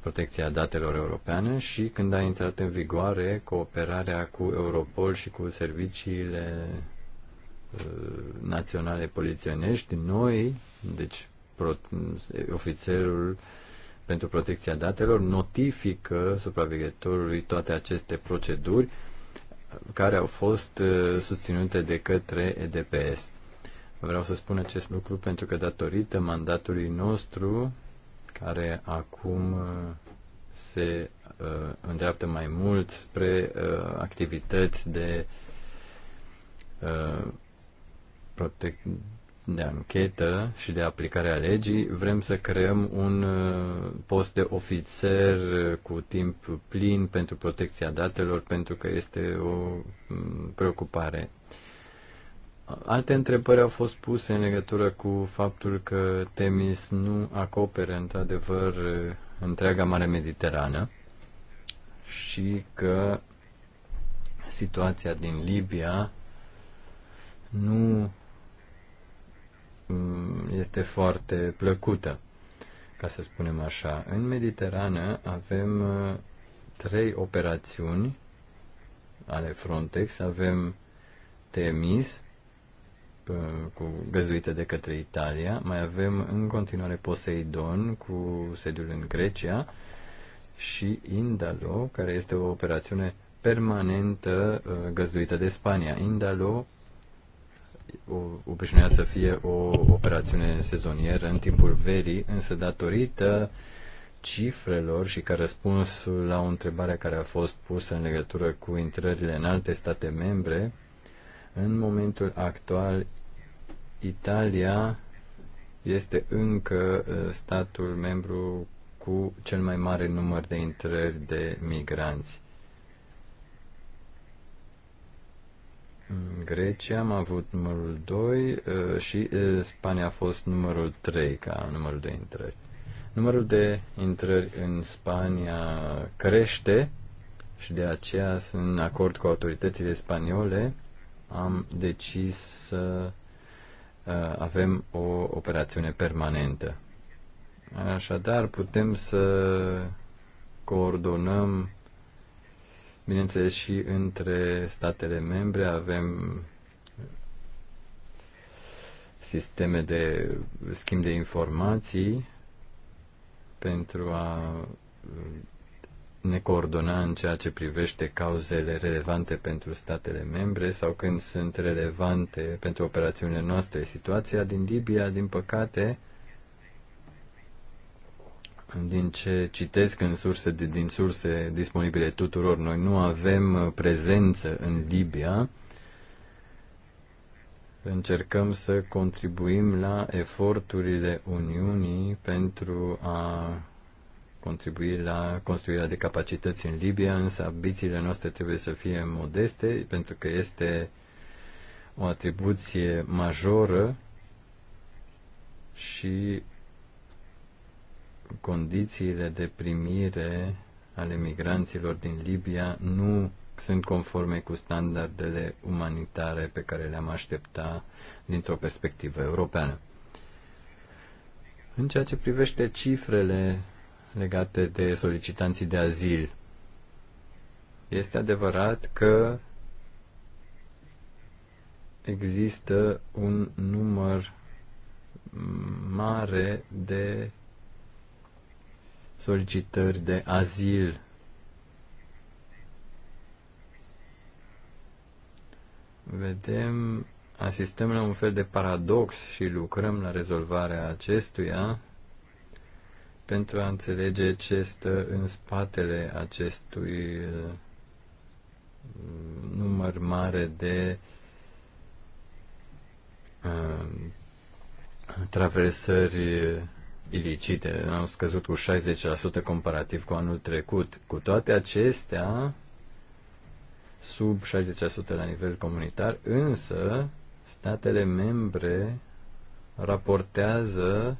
protecția datelor europeană și când a intrat în vigoare cooperarea cu Europol și cu serviciile Uh, naționale polițienești, noi, deci pro, ofițerul pentru protecția datelor, notifică supraveghetorului toate aceste proceduri care au fost uh, susținute de către EDPS. Vreau să spun acest lucru pentru că datorită mandatului nostru, care acum uh, se uh, îndreaptă mai mult spre uh, activități de uh, protec- de anchetă și de aplicare a legii, vrem să creăm un uh, post de ofițer cu timp plin pentru protecția datelor, pentru că este o mm, preocupare. Alte întrebări au fost puse în legătură cu faptul că Temis nu acoperă într-adevăr întreaga Mare Mediterană și că situația din Libia nu Mm, este foarte plăcută, ca să spunem așa. În Mediterană avem uh, trei operațiuni ale Frontex. Avem Temis, uh, cu găzuită de către Italia, mai avem în continuare Poseidon cu sediul în Grecia și Indalo, care este o operațiune permanentă uh, găzduită de Spania. Indalo o, obișnuia să fie o operațiune sezonieră în timpul verii, însă datorită cifrelor și ca răspuns la o întrebare care a fost pusă în legătură cu intrările în alte state membre, în momentul actual Italia este încă ă, statul membru cu cel mai mare număr de intrări de migranți. Grecia am avut numărul 2 uh, și uh, Spania a fost numărul 3 ca numărul de intrări. Numărul de intrări în Spania crește și de aceea în acord cu autoritățile spaniole. Am decis să uh, avem o operațiune permanentă. Așadar, putem să coordonăm Bineînțeles, și între statele membre avem sisteme de schimb de informații pentru a ne coordona în ceea ce privește cauzele relevante pentru statele membre sau când sunt relevante pentru operațiunile noastre. Situația din Libia, din păcate, din ce citesc în surse, din surse disponibile tuturor, noi nu avem uh, prezență în Libia. Încercăm să contribuim la eforturile Uniunii pentru a contribui la construirea de capacități în Libia, însă ambițiile noastre trebuie să fie modeste, pentru că este o atribuție majoră și condițiile de primire ale migranților din Libia nu sunt conforme cu standardele umanitare pe care le-am aștepta dintr-o perspectivă europeană. În ceea ce privește cifrele legate de solicitanții de azil, este adevărat că există un număr mare de solicitări de azil. Vedem, asistăm la un fel de paradox și lucrăm la rezolvarea acestuia pentru a înțelege ce stă în spatele acestui uh, număr mare de uh, traversări ilicite au scăzut cu 60% comparativ cu anul trecut. Cu toate acestea, sub 60% la nivel comunitar, însă statele membre raportează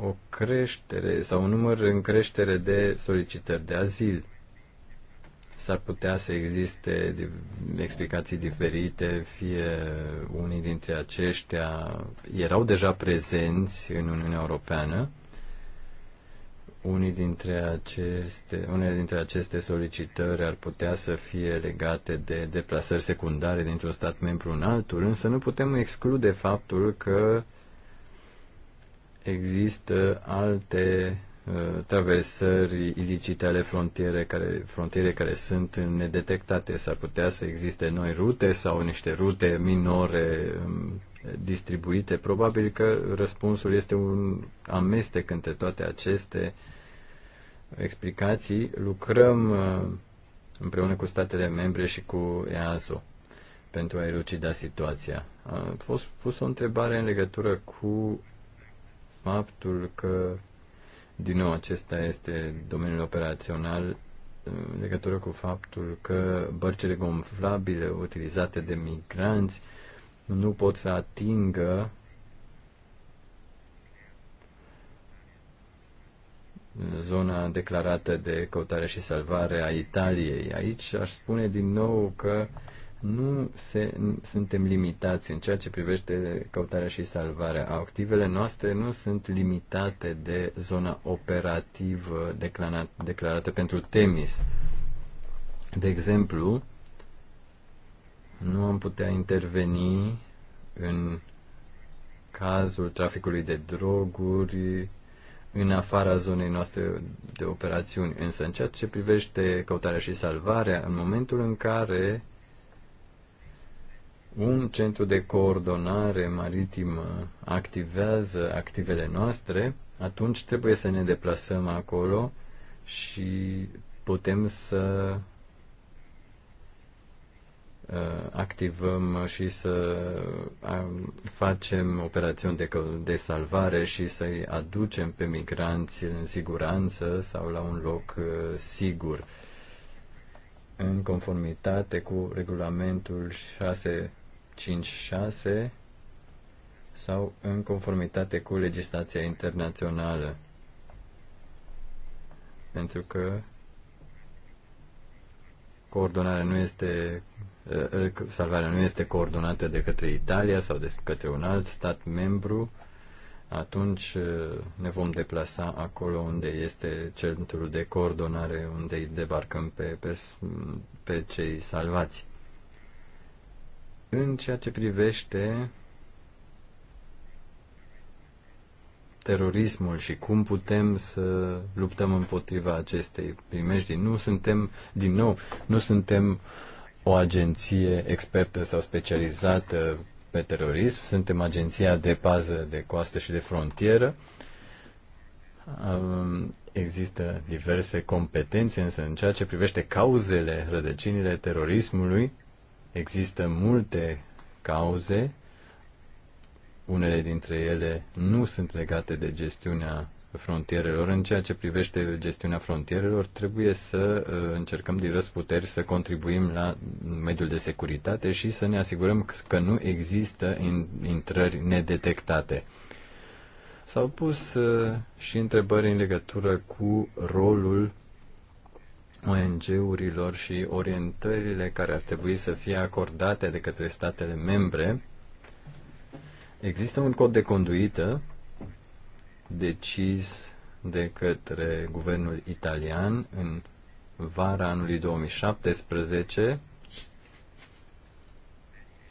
o creștere sau un număr în creștere de solicitări de azil s-ar putea să existe explicații diferite, fie unii dintre aceștia erau deja prezenți în Uniunea Europeană, unii dintre aceste, unele dintre aceste solicitări ar putea să fie legate de deplasări secundare dintr-un stat membru în altul, însă nu putem exclude faptul că există alte Uh, traversări ilicite ale frontiere care, frontiere care sunt nedetectate. S-ar putea să existe noi rute sau niște rute minore um, distribuite. Probabil că răspunsul este un amestec între toate aceste explicații. Lucrăm uh, împreună cu statele membre și cu EASO pentru a elucida situația. A fost pus o întrebare în legătură cu faptul că din nou, acesta este domeniul operațional uh, în legătură cu faptul că bărcile gonflabile utilizate de migranți nu pot să atingă zona declarată de căutare și salvare a Italiei. Aici aș spune din nou că uh, nu se, suntem limitați în ceea ce privește căutarea și salvarea. Activele noastre nu sunt limitate de zona operativă declarat, declarată pentru Temis. De exemplu, nu am putea interveni în cazul traficului de droguri în afara zonei noastre de operațiuni. Însă, în ceea ce privește căutarea și salvarea, în momentul în care un centru de coordonare maritimă activează activele noastre, atunci trebuie să ne deplasăm acolo și putem să uh, activăm și să uh, facem operațiuni de, de salvare și să-i aducem pe migranți în siguranță sau la un loc uh, sigur în conformitate cu regulamentul 6 5-6 sau în conformitate cu legislația internațională. Pentru că coordonarea nu este uh, uh, salvarea nu este coordonată de către Italia sau de către un alt stat membru, atunci uh, ne vom deplasa acolo unde este centrul de coordonare, unde îi debarcăm pe, pe, pe cei salvați. În ceea ce privește terorismul și cum putem să luptăm împotriva acestei primejdii. Nu suntem, din nou, nu suntem o agenție expertă sau specializată pe terorism, suntem agenția de pază de coastă și de frontieră. Există diverse competențe, însă în ceea ce privește cauzele, rădăcinile terorismului, Există multe cauze, unele dintre ele nu sunt legate de gestiunea frontierelor. În ceea ce privește gestiunea frontierelor, trebuie să uh, încercăm din răsputeri să contribuim la mediul de securitate și să ne asigurăm că nu există intrări nedetectate. S-au pus uh, și întrebări în legătură cu rolul ONG-urilor și orientările care ar trebui să fie acordate de către statele membre. Există un cod de conduită decis de către guvernul italian în vara anului 2017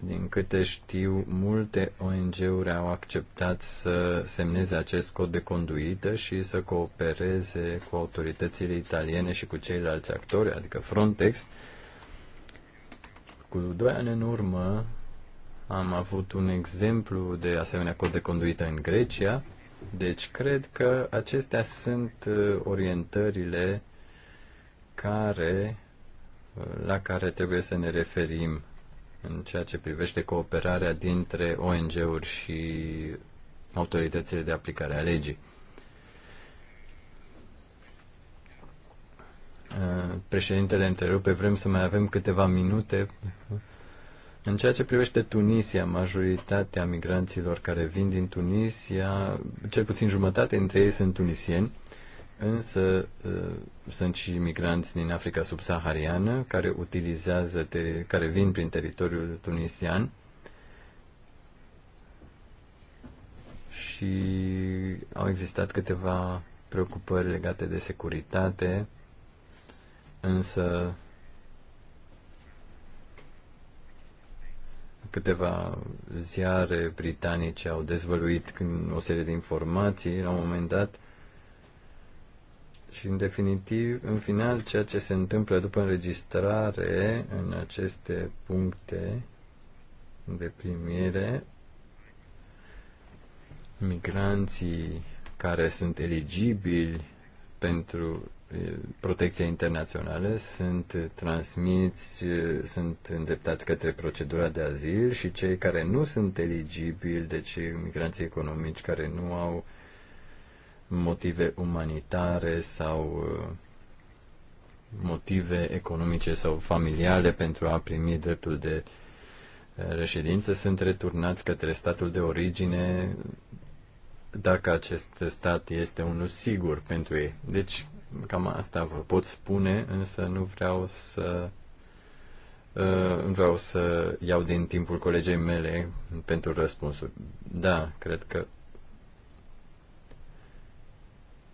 din câte știu, multe ONG-uri au acceptat să semneze acest cod de conduită și să coopereze cu autoritățile italiene și cu ceilalți actori, adică Frontex. Cu doi ani în urmă am avut un exemplu de asemenea cod de conduită în Grecia, deci cred că acestea sunt uh, orientările care, uh, la care trebuie să ne referim în ceea ce privește cooperarea dintre ONG-uri și autoritățile de aplicare a legii. Uh, președintele întrerupe, vrem să mai avem câteva minute. În ceea ce privește Tunisia, majoritatea migranților care vin din Tunisia, cel puțin jumătate dintre ei sunt tunisieni, Însă uh, sunt și migranți din Africa subsahariană care utilizează, care vin prin teritoriul tunisian și au existat câteva preocupări legate de securitate, însă câteva ziare britanice au dezvăluit o serie de informații la un moment dat și, în definitiv, în final, ceea ce se întâmplă după înregistrare în aceste puncte de primire, migranții care sunt eligibili pentru protecția internațională sunt transmiți, sunt îndreptați către procedura de azil și cei care nu sunt eligibili, deci migranții economici care nu au uh, motive umanitare sau uh, motive economice sau familiale pentru a primi dreptul de uh, reședință sunt returnați către statul de origine dacă acest stat este unul sigur pentru ei. Deci, cam asta vă pot spune, însă nu vreau să uh, nu vreau să iau din timpul colegei mele pentru răspunsuri. Da, cred că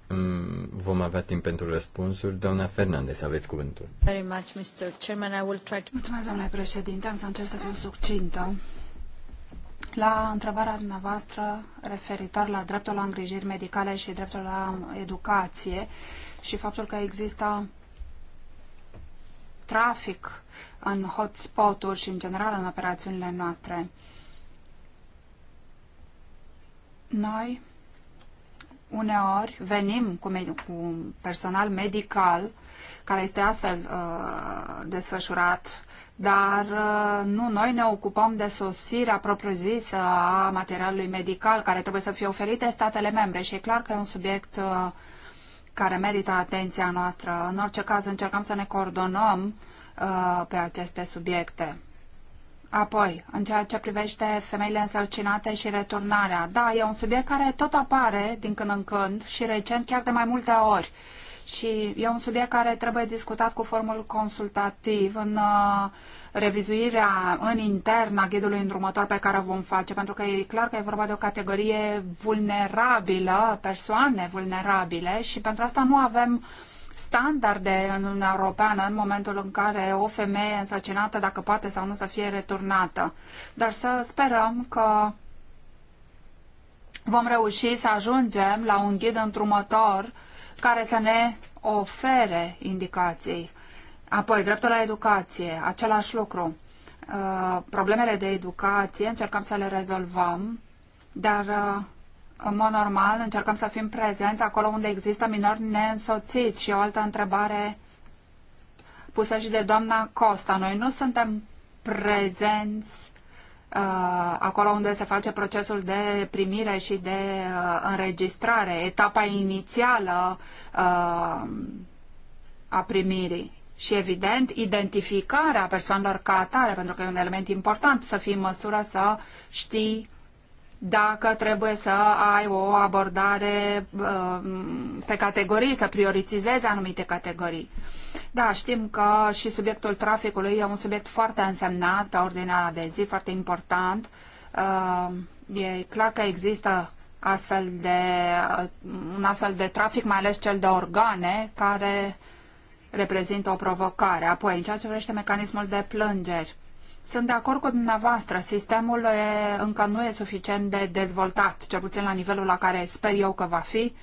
Mm, vom avea timp pentru răspunsuri. Doamna Fernandez, aveți cuvântul. Very much, Mr. Chairman. I will try to... Mulțumesc, doamna președinte. Am să încerc să fiu succintă. La întrebarea dumneavoastră referitor la dreptul la îngrijiri medicale și dreptul la educație și faptul că există trafic în hotspot-uri și în general în operațiunile noastre. Noi uneori venim cu, cu personal medical care este astfel uh, desfășurat, dar uh, nu, noi ne ocupăm de sosirea propriu-zisă a materialului medical care trebuie să fie oferite statele membre și e clar că e un subiect uh, care merită atenția noastră. În orice caz, încercăm să ne coordonăm uh, pe aceste subiecte. Apoi, în ceea ce privește femeile însărcinate și returnarea, da, e un subiect care tot apare din când în când și recent chiar de mai multe ori. Și e un subiect care trebuie discutat cu formul consultativ în uh, revizuirea în intern a ghidului îndrumător pe care o vom face, pentru că e clar că e vorba de o categorie vulnerabilă, persoane vulnerabile și pentru asta nu avem uh, standarde în Uniunea Europeană în momentul în care o femeie însăcinată, dacă poate sau nu, să fie returnată. Dar să sperăm că vom reuși să ajungem la un ghid întrumător care să ne ofere indicații. Apoi, dreptul la educație, același lucru. Uh, problemele de educație încercăm să le rezolvăm, dar uh, în mod normal, încercăm să fim prezenți acolo unde există minori neînsoțiți. Și o altă întrebare pusă și de doamna Costa. Noi nu suntem prezenți uh, acolo unde se face procesul de primire și de uh, înregistrare, etapa inițială uh, a primirii. Și, evident, identificarea persoanelor ca atare, pentru că e un element important să fii în măsură să știi dacă trebuie să ai o abordare uh, pe categorii, să prioritizezi anumite categorii. Da, știm că și subiectul traficului e un subiect foarte însemnat pe ordinea de zi, foarte important. Uh, e clar că există astfel de, uh, un astfel de trafic, mai ales cel de organe, care reprezintă o provocare. Apoi, în ceea ce vrește mecanismul de plângeri, sunt de acord cu dumneavoastră. Sistemul e, încă nu e suficient de dezvoltat, cel puțin la nivelul la care sper eu că va fi.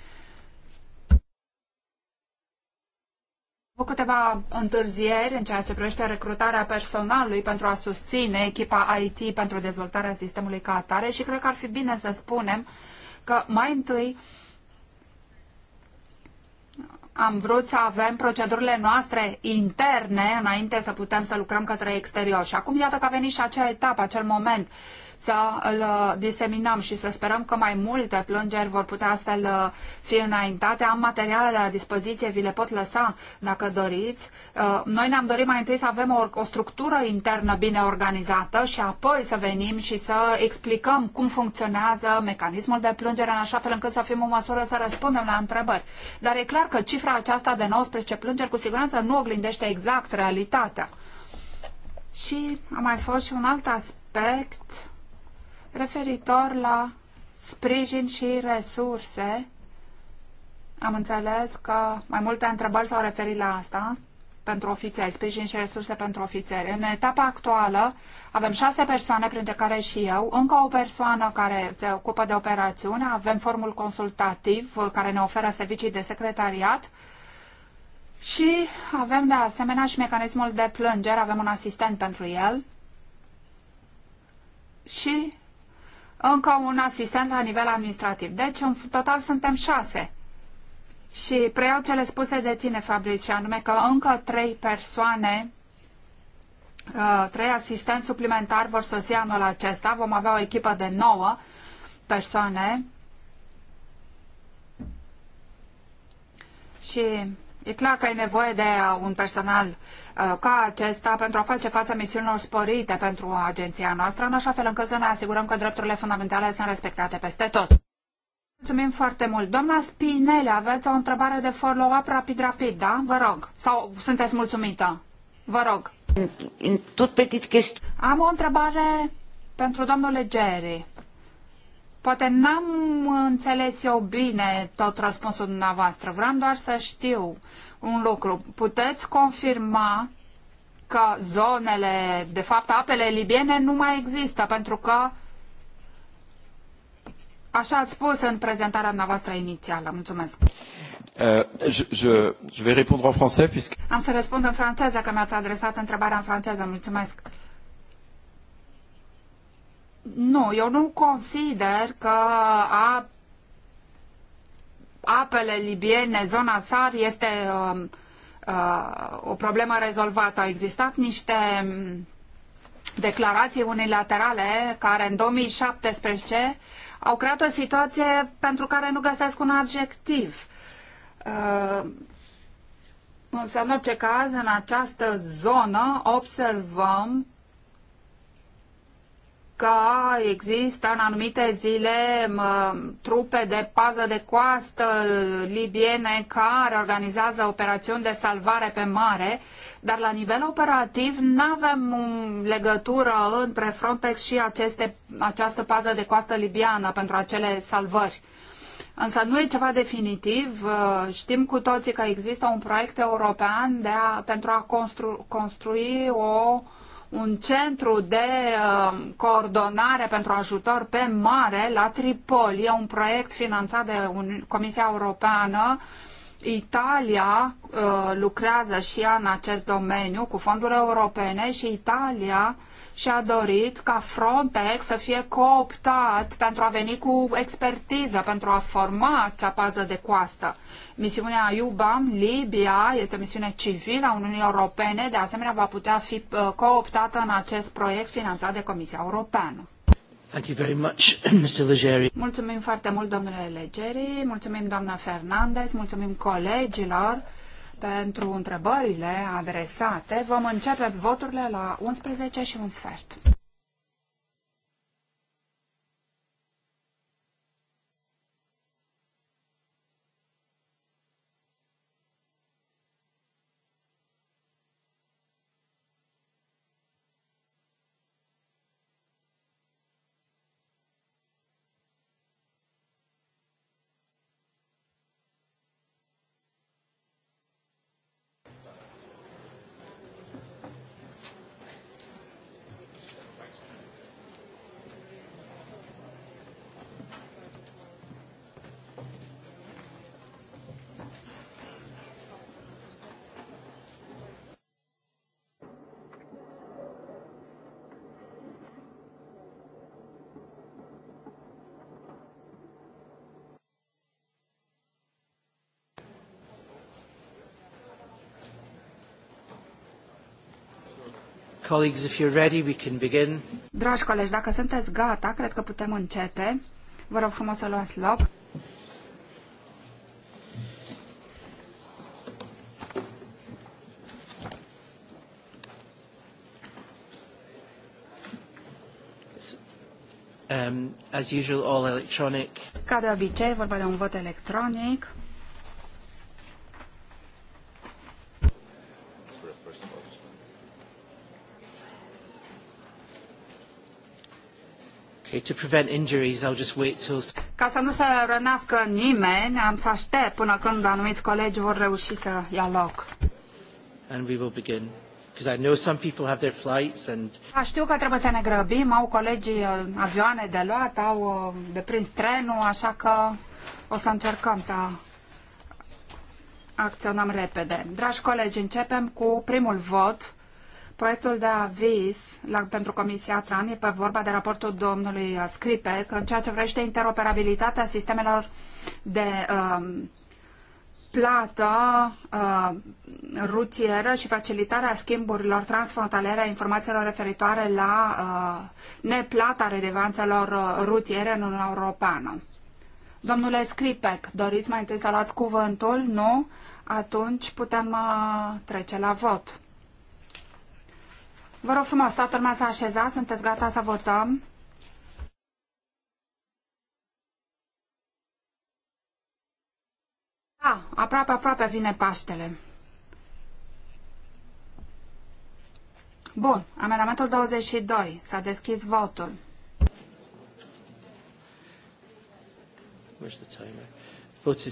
Cu câteva întârzieri în ceea ce privește recrutarea personalului pentru a susține echipa IT pentru dezvoltarea sistemului ca atare și cred că ar fi bine să spunem că mai întâi uh, am vrut să avem procedurile noastre interne înainte să putem să lucrăm către exterior. Și acum iată că a venit și acea etapă, acel moment să îl diseminăm și să sperăm că mai multe plângeri vor putea astfel uh, fi înaintate. Am materiale la dispoziție, vi le pot lăsa dacă doriți. Uh, noi ne-am dorit mai întâi să avem o, o structură internă bine organizată și apoi să venim și să explicăm cum funcționează mecanismul de plângere în așa fel încât să fim în măsură să răspundem la întrebări. Dar e clar că cifra aceasta de 19 plângeri cu siguranță nu oglindește exact realitatea. Și a mai fost și un alt aspect referitor la sprijin și resurse. Am înțeles că mai multe întrebări s-au referit la asta pentru ofițeri, sprijin și resurse pentru ofițeri. În etapa actuală avem șase persoane, printre care și eu, încă o persoană care se ocupă de operațiune, avem formul consultativ care ne oferă servicii de secretariat și avem de asemenea și mecanismul de plângeri, avem un asistent pentru el și încă un asistent la nivel administrativ. Deci, în total, suntem șase. Și preiau cele spuse de tine, Fabrice, și anume că încă trei persoane, uh, trei asistenți suplimentari vor sosi anul acesta. Vom avea o echipă de nouă persoane. Și E clar că e nevoie de uh, un personal uh, ca acesta pentru a face față misiunilor sporite pentru agenția noastră, în așa fel încât să ne asigurăm că drepturile fundamentale sunt respectate peste tot. Mulțumim foarte mult. Doamna Spinele, aveți o întrebare de follow-up rapid-rapid, da? Vă rog. Sau sunteți mulțumită? Vă rog. Tot petit Am o întrebare pentru domnul Legeri. Poate n-am înțeles eu bine tot răspunsul dumneavoastră. Vreau doar să știu un lucru. Puteți confirma că zonele, de fapt apele libiene nu mai există, pentru că așa ați spus în prezentarea noastră inițială. Mulțumesc. Uh, je, je, je vais en français puisque... Am să răspund în franceză, că mi-ați adresat întrebarea în franceză. Mulțumesc. Uh, nu, eu nu consider că a, apele libiene, zona SAR, este uh, uh, o problemă rezolvată. Au existat niște um, declarații unilaterale care în 2017 au creat o situație pentru care nu găsesc un adjectiv. Uh, însă, în orice caz, în această zonă observăm că există în anumite zile trupe de pază de coastă libiene care organizează operațiuni de salvare pe mare, dar la nivel operativ nu avem legătură între Frontex și aceste, această pază de coastă libiană pentru acele salvări. Însă nu e ceva definitiv. Uh, știm cu toții că există un proiect european de a, pentru a constru, construi o uh, un centru de um, coordonare pentru ajutor pe mare la Tripoli. E un proiect finanțat de Comisia Europeană Italia uh, lucrează și ea în acest domeniu cu fonduri europene și Italia și-a dorit ca Frontex să fie cooptat pentru a veni cu expertiză, pentru a forma acea pază de coastă. Misiunea IUBAM, Libia, este o misiune civilă a Uniunii Europene, de asemenea va putea fi uh, cooptată în acest proiect finanțat de Comisia Europeană. Thank you very much, (clears throat) Mr. Legeri. Mulțumim foarte mult, domnule Legeri, mulțumim, doamna Fernandez, mulțumim colegilor pentru întrebările adresate. Vom începe voturile la 11 și un sfert. colleagues, if you're ready, we can begin. Dragi colegi, dacă sunteți gata, cred că putem începe. Vă rog frumos să luați loc. Um, as usual, all electronic. Ca de obicei, vorba de un vot electronic. Ca să nu se rănească nimeni, am să aștept până când anumiți colegi vor reuși să ia loc. And we will begin. I know some people have their flights and... Da, știu că trebuie să ne grăbim, au colegii uh, avioane de luat, au uh, de prins trenul, așa că o să încercăm să acționăm repede. Dragi colegi, începem cu primul vot proiectul de aviz la, pentru Comisia TRAN e pe vorba de raportul domnului uh, Scripec în ceea ce vrește interoperabilitatea sistemelor de uh, plată uh, rutieră și facilitarea schimburilor transfrontaliere a informațiilor referitoare la uh, neplata redevanțelor uh, rutiere în Uniunea Europeană. Domnule Scripec, doriți mai întâi să luați cuvântul? Nu? Atunci putem uh, trece la vot. Vă rog frumos, toată lumea s-a așezat, sunteți gata să votăm? Da, aproape, aproape vine Paștele. Bun, amendamentul 22. S-a deschis votul.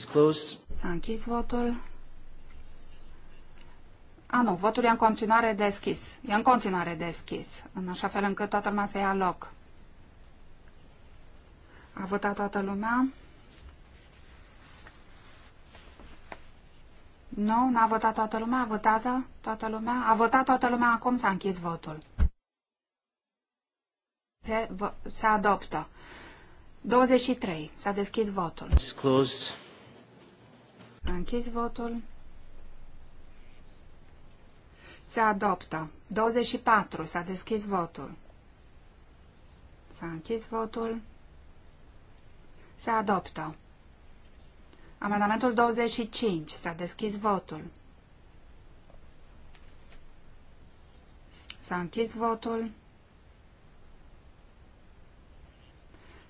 closed. S-a închis votul. A, nu, votul e în continuare deschis. E în continuare deschis, în așa fel încât toată lumea să ia loc. A votat toată lumea? Nu, n-a votat toată lumea? A votat toată lumea? A votat toată lumea, acum s-a închis votul. Se, se adoptă. 23. S-a deschis votul. S-a închis votul. Se adoptă. 24. S-a deschis votul. S-a închis votul. Se adoptă. Amendamentul 25. S-a deschis votul. S-a închis votul.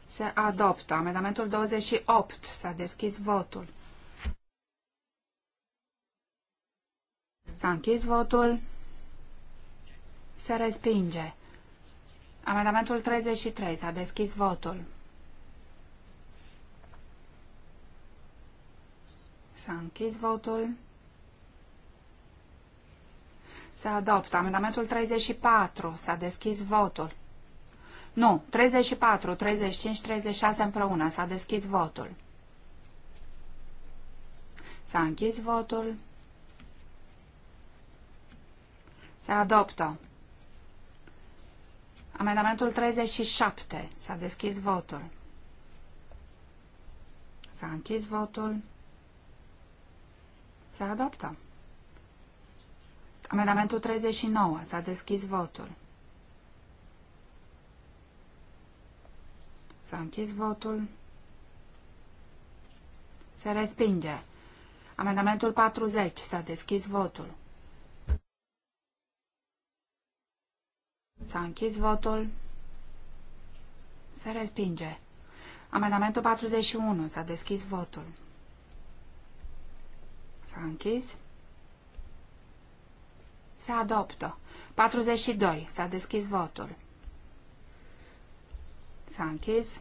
Se adoptă. Amendamentul 28. S-a deschis votul. S-a închis votul. Se respinge. Amendamentul 33. S-a deschis votul. S-a închis votul. Se adoptă. Amendamentul 34. S-a deschis votul. Nu. 34, 35, 36 împreună. S-a deschis votul. S-a închis votul. Se adoptă. Amendamentul 37. S-a deschis votul. S-a închis votul. Se adoptă. Amendamentul 39. S-a deschis votul. S-a închis votul. Se respinge. Amendamentul 40. S-a deschis votul. S-a închis votul. Se respinge. Amendamentul 41. S-a deschis votul. S-a închis. Se adoptă. 42. S-a deschis votul. S-a închis.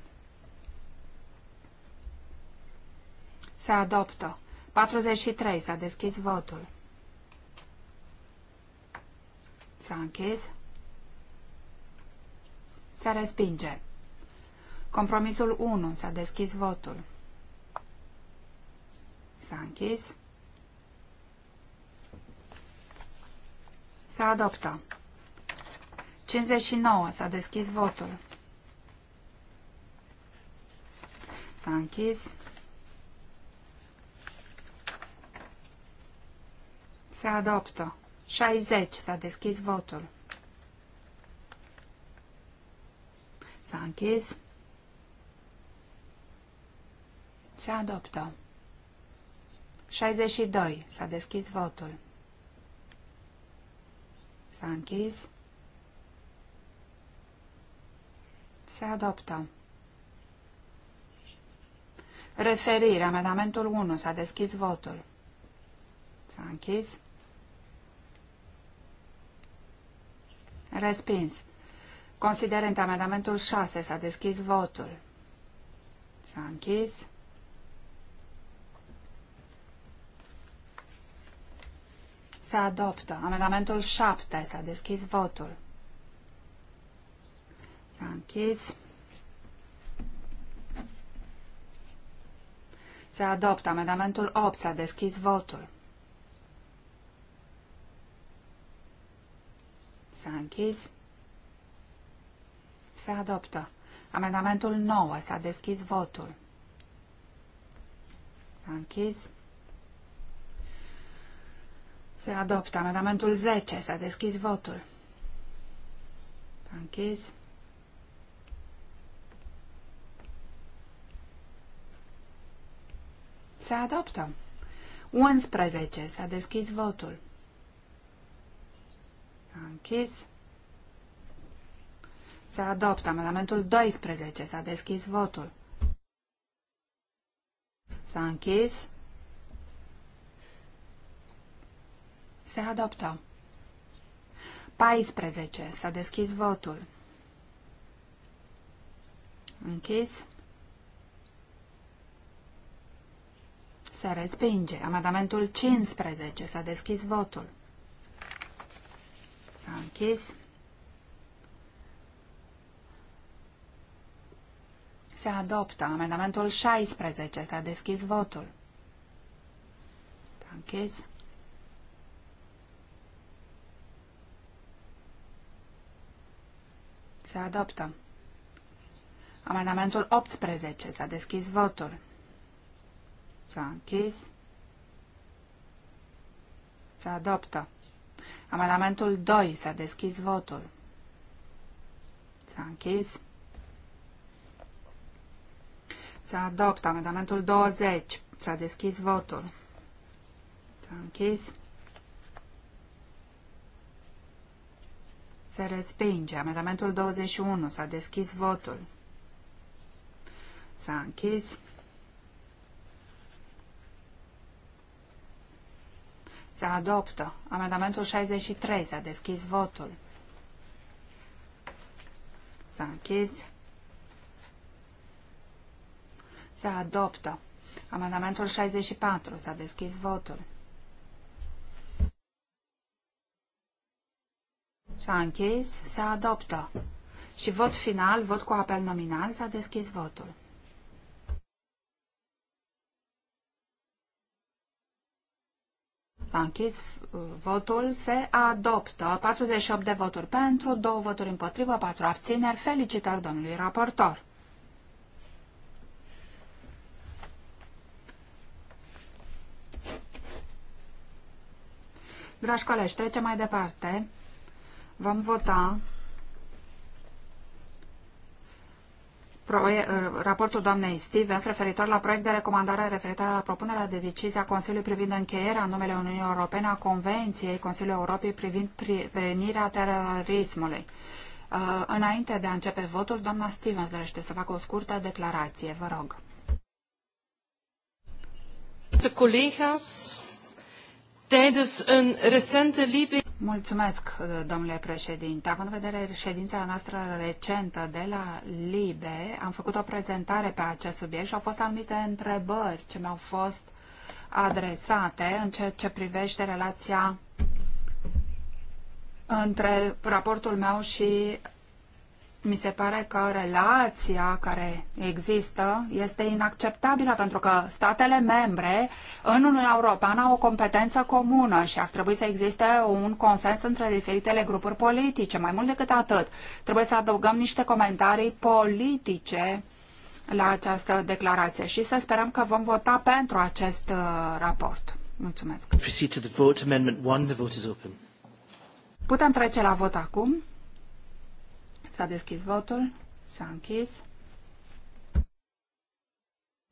Se adoptă. 43. S-a deschis votul. S-a închis. Se respinge. Compromisul 1. S-a deschis votul. S-a închis. S-a adoptat. 59. S-a deschis votul. S-a închis. Se adoptă. 60. S-a deschis votul. S-a închis. Se adoptă. 62. S-a deschis votul. S-a închis. Se adoptă. Referire. Amendamentul 1. S-a deschis votul. S-a închis. Respins. Considerente amendamentul 6. S-a deschis votul. S-a închis. Se adoptă. Amendamentul 7. S-a deschis votul. S-a închis. Se adoptă. Amendamentul 8. S-a deschis votul. S-a închis. Se adoptă. Amendamentul 9. S-a deschis votul. S-a închis. Se adoptă. Amendamentul 10. S-a deschis votul. S-a închis. Se adoptă. 11. S-a deschis votul. S-a închis. Se adoptă. Amendamentul 12. S-a deschis votul. S-a închis. Se adoptă. 14. S-a deschis votul. Închis. Se respinge. Amendamentul 15. S-a deschis votul. S-a închis. Se adoptă. Amendamentul 16. S-a deschis votul. S-a închis. Se adoptă. Amendamentul 18. S-a deschis votul. S-a închis. Se adoptă. Amendamentul 2. S-a deschis votul. S-a închis. Se adoptă amendamentul 20. S-a deschis votul. S-a închis. Se respinge. Amendamentul 21. S-a deschis votul. S-a închis. Se adoptă. Amendamentul 63. S-a deschis votul. S-a închis. Se adoptă. Amendamentul 64. S-a deschis votul. S-a închis. Se adoptă. Și vot final, vot cu apel nominal, s-a deschis votul. S-a închis uh, votul, se adoptă 48 de voturi pentru, 2 voturi împotrivă, 4 abțineri. Felicitări domnului raportor! Dragi colegi, trecem mai departe. Vom vota raportul doamnei Stevens referitor la proiect de recomandare referitor la propunerea de decizie a Consiliului privind încheierea în numele Uniunii Europene a Convenției Consiliului Europei privind prevenirea terorismului. Uh, înainte de a începe votul, doamna Stevens dorește să facă o scurtă declarație. Vă rog. Collega's, Mulțumesc, domnule președinte. Având în vedere ședința noastră recentă de la Libe, am făcut o prezentare pe acest subiect și au fost anumite întrebări ce mi-au fost adresate în ceea ce privește relația între raportul meu și mi se pare că relația care există este inacceptabilă pentru că statele membre în Uniunea Europeană au o competență comună și ar trebui să existe un consens între diferitele grupuri politice. Mai mult decât atât, trebuie să adăugăm niște comentarii politice la această declarație și să sperăm că vom vota pentru acest uh, raport. Mulțumesc. Putem trece la vot acum. S-a deschis votul. S-a închis.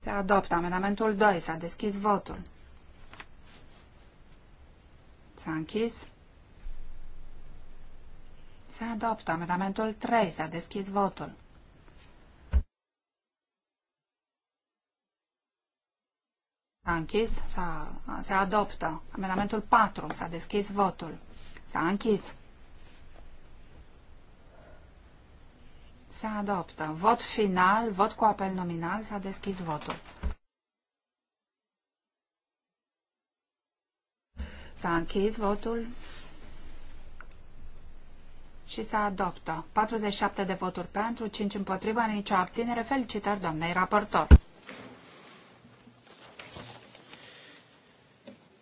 Se adoptă amendamentul 2. S-a deschis votul. S-a închis. Se adoptă amendamentul 3. S-a deschis votul. S-a închis. S-a, se adoptă amendamentul 4. S-a deschis votul. S-a închis. se adoptă. Vot final, vot cu apel nominal, s-a deschis votul. S-a închis votul și se adoptă. 47 de voturi pentru, 5 împotriva, nicio abținere. Felicitări doamnei raportor.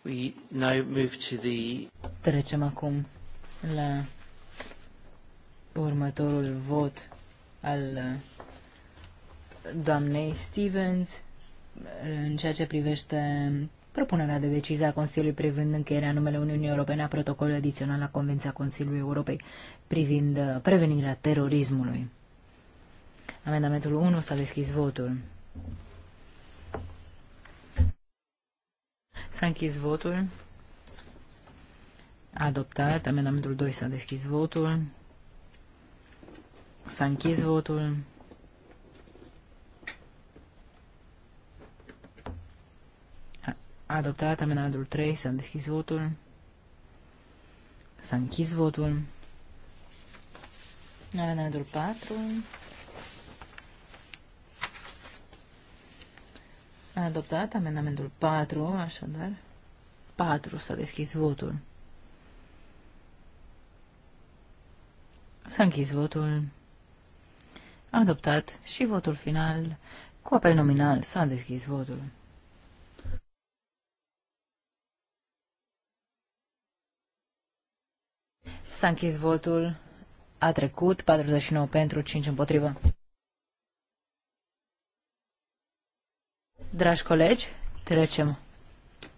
We now move to the... Trecem acum la următorul vot al doamnei Stevens în ceea ce privește propunerea de decizie a Consiliului privind încheierea numele Uniunii Europene a protocolului adițional la Convenția Consiliului Europei privind prevenirea terorismului. Amendamentul 1 s-a deschis votul. S-a închis votul. Adoptat. Amendamentul 2 s-a deschis votul. S-a închis votul. A adoptat amendamentul 3, s-a deschis votul. S-a închis votul. Amendamentul 4. A adoptat amendamentul 4, așadar. 4 s-a deschis votul. S-a închis votul adoptat și votul final cu apel nominal s-a deschis votul. S-a închis votul, a trecut 49 pentru, 5 împotrivă. Dragi colegi, trecem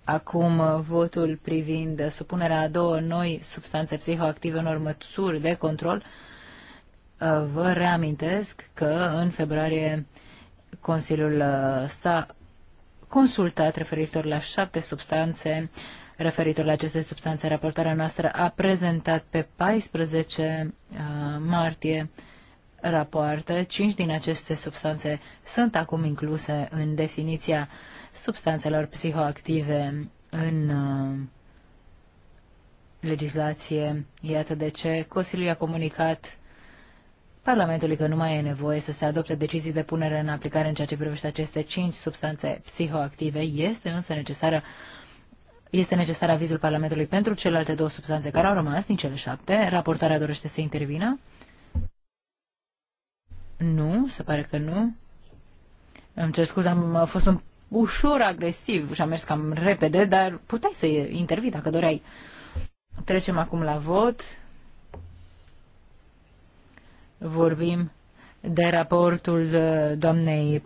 acum votul privind supunerea a două noi substanțe psihoactive în urmăsuri de control Uh, vă reamintesc că în februarie Consiliul uh, s-a consultat referitor la șapte substanțe. Referitor la aceste substanțe, raportarea noastră a prezentat pe 14 uh, martie rapoarte. Cinci din aceste substanțe sunt acum incluse în definiția substanțelor psihoactive în legislație. Iată de ce Consiliul a comunicat Parlamentului că nu mai e nevoie să se adopte decizii de punere în aplicare în ceea ce privește aceste cinci substanțe psihoactive, este însă necesară este necesar avizul Parlamentului pentru celelalte două substanțe care au rămas din cele șapte. Raportarea dorește să intervină? Nu, se pare că nu. Îmi cer scuze, am fost un ușor agresiv și am mers cam repede, dar puteai să intervii dacă doreai. Trecem acum la vot vorbim de raportul uh, doamnei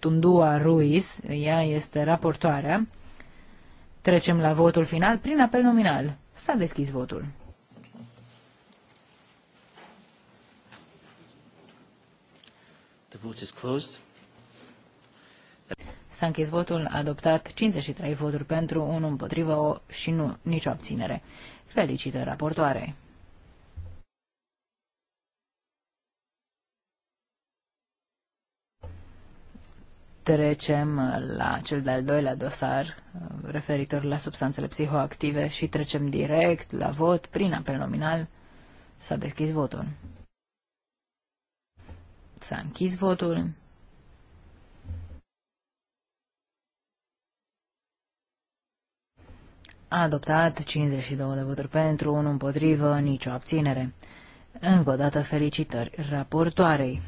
Tundua Ruiz, ea este raportoarea. Trecem la votul final prin apel nominal. S-a deschis votul. S-a închis votul, adoptat 53 voturi pentru, 1 împotrivă și nu nicio abținere. Felicită raportoare! trecem la cel de-al doilea dosar uh, referitor la substanțele psihoactive și trecem direct la vot prin apel nominal. S-a deschis votul. S-a închis votul. A adoptat 52 de voturi pentru, 1 împotrivă, nicio abținere. Încă o dată felicitări raportoarei.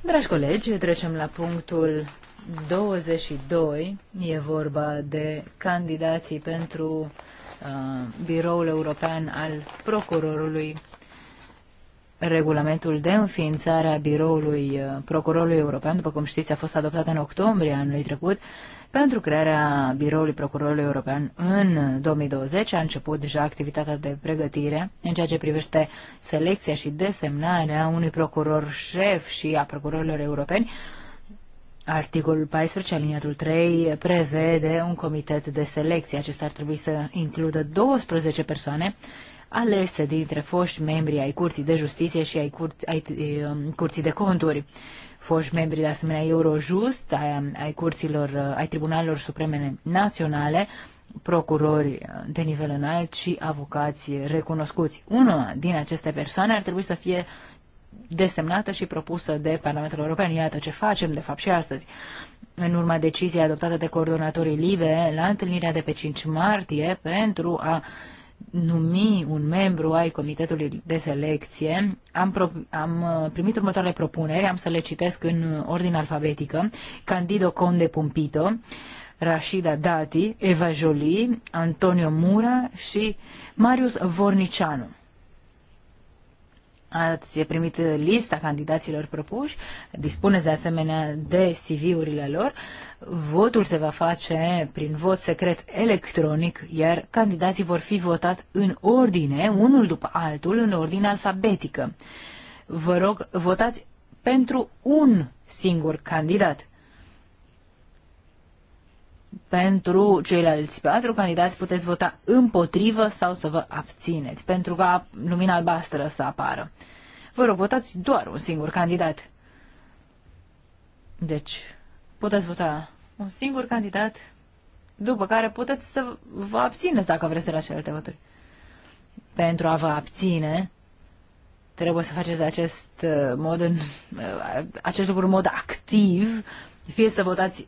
Dragi colegi, trecem la punctul 22. E vorba de candidații pentru uh, Biroul European al Procurorului Regulamentul de înființare a biroului uh, procurorului european, după cum știți, a fost adoptat în octombrie anului trecut, pentru crearea biroului procurorului european în 2020 a început deja activitatea de pregătire în ceea ce privește selecția și desemnarea unui procuror șef și a procurorilor europeni. Articolul 14, aliniatul 3, prevede un comitet de selecție. Acesta ar trebui să includă 12 persoane alese dintre foști membri ai Curții de Justiție și ai, cur- ai um, Curții de Conturi. Foști membri de asemenea Eurojust, ai, um, ai curților, uh, ai tribunalelor supreme naționale, procurori uh, de nivel înalt și avocați recunoscuți. Una din aceste persoane ar trebui să fie desemnată și propusă de Parlamentul European. Iată ce facem, de fapt, și astăzi. În urma deciziei adoptată de coordonatorii libere la întâlnirea de pe 5 martie pentru a numi un membru ai comitetului de selecție, am, pro, am uh, primit următoarele propuneri, am să le citesc în ordine alfabetică. Candido Conde Pumpito, Rashida Dati, Eva Jolie, Antonio Mura și Marius Vornicianu. Ați primit lista candidaților propuși, dispuneți de asemenea de CV-urile lor. Uh, Votul se va face prin vot secret electronic, iar candidații vor fi votat în ordine, unul după altul, în ordine alfabetică. Vă rog, votați pentru un singur candidat. Pentru ceilalți patru candidați puteți vota împotrivă sau să vă abțineți, pentru ca lumina albastră să apară. Vă rog, votați doar un singur candidat. Deci, puteți vota un singur candidat, după care puteți să vă abțineți dacă vreți de la celelalte voturi. Pentru a vă abține, trebuie să faceți acest, uh, mod în, uh, acest lucru în mod activ, fie să votați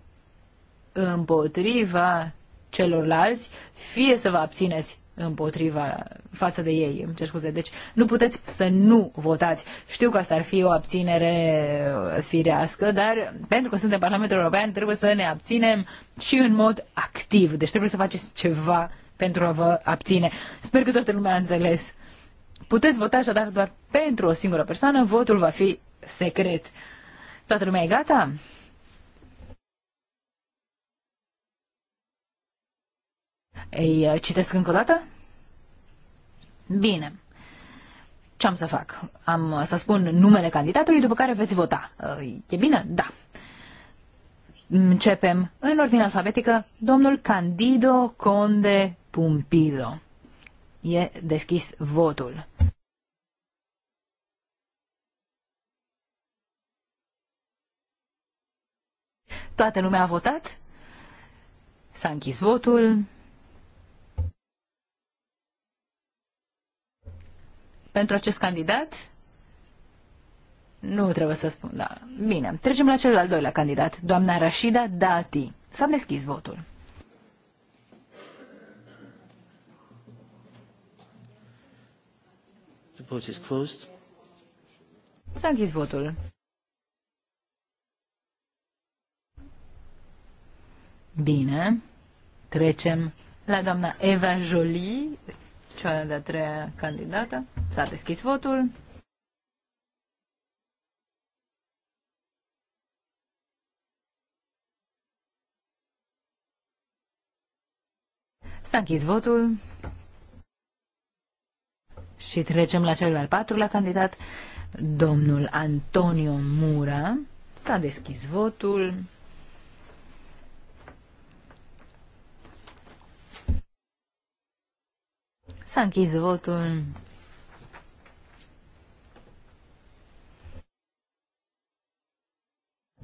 împotriva celorlalți, fie să vă abțineți împotriva față de ei, îmi cer scuze. Deci nu puteți să nu votați. Știu că asta ar fi o abținere firească, dar pentru că suntem Parlamentul European trebuie să ne abținem și în mod activ. Deci trebuie să faceți ceva pentru a vă abține. Sper că toată lumea a înțeles. Puteți vota așadar doar pentru o singură persoană, votul va fi secret. Toată lumea e gata? Ei uh, citesc încă o dată? Bine. Ce am să fac? Am uh, să spun numele candidatului, după care veți vota. Uh, e bine? Da. Începem în ordine alfabetică. Domnul Candido Conde Pumpido. E deschis votul. Toată lumea a votat? S-a închis votul. pentru acest candidat? Nu trebuie să spun, da. Bine, trecem la cel al doilea candidat, doamna Rashida Dati. S-a deschis votul. The vote is closed. S-a închis votul. Bine, trecem la doamna Eva Jolie, cea de-a treia candidată. S-a deschis votul. S-a închis votul. Și trecem la cel de-al patrulea candidat, domnul Antonio Mura. S-a deschis votul. S-a închis votul.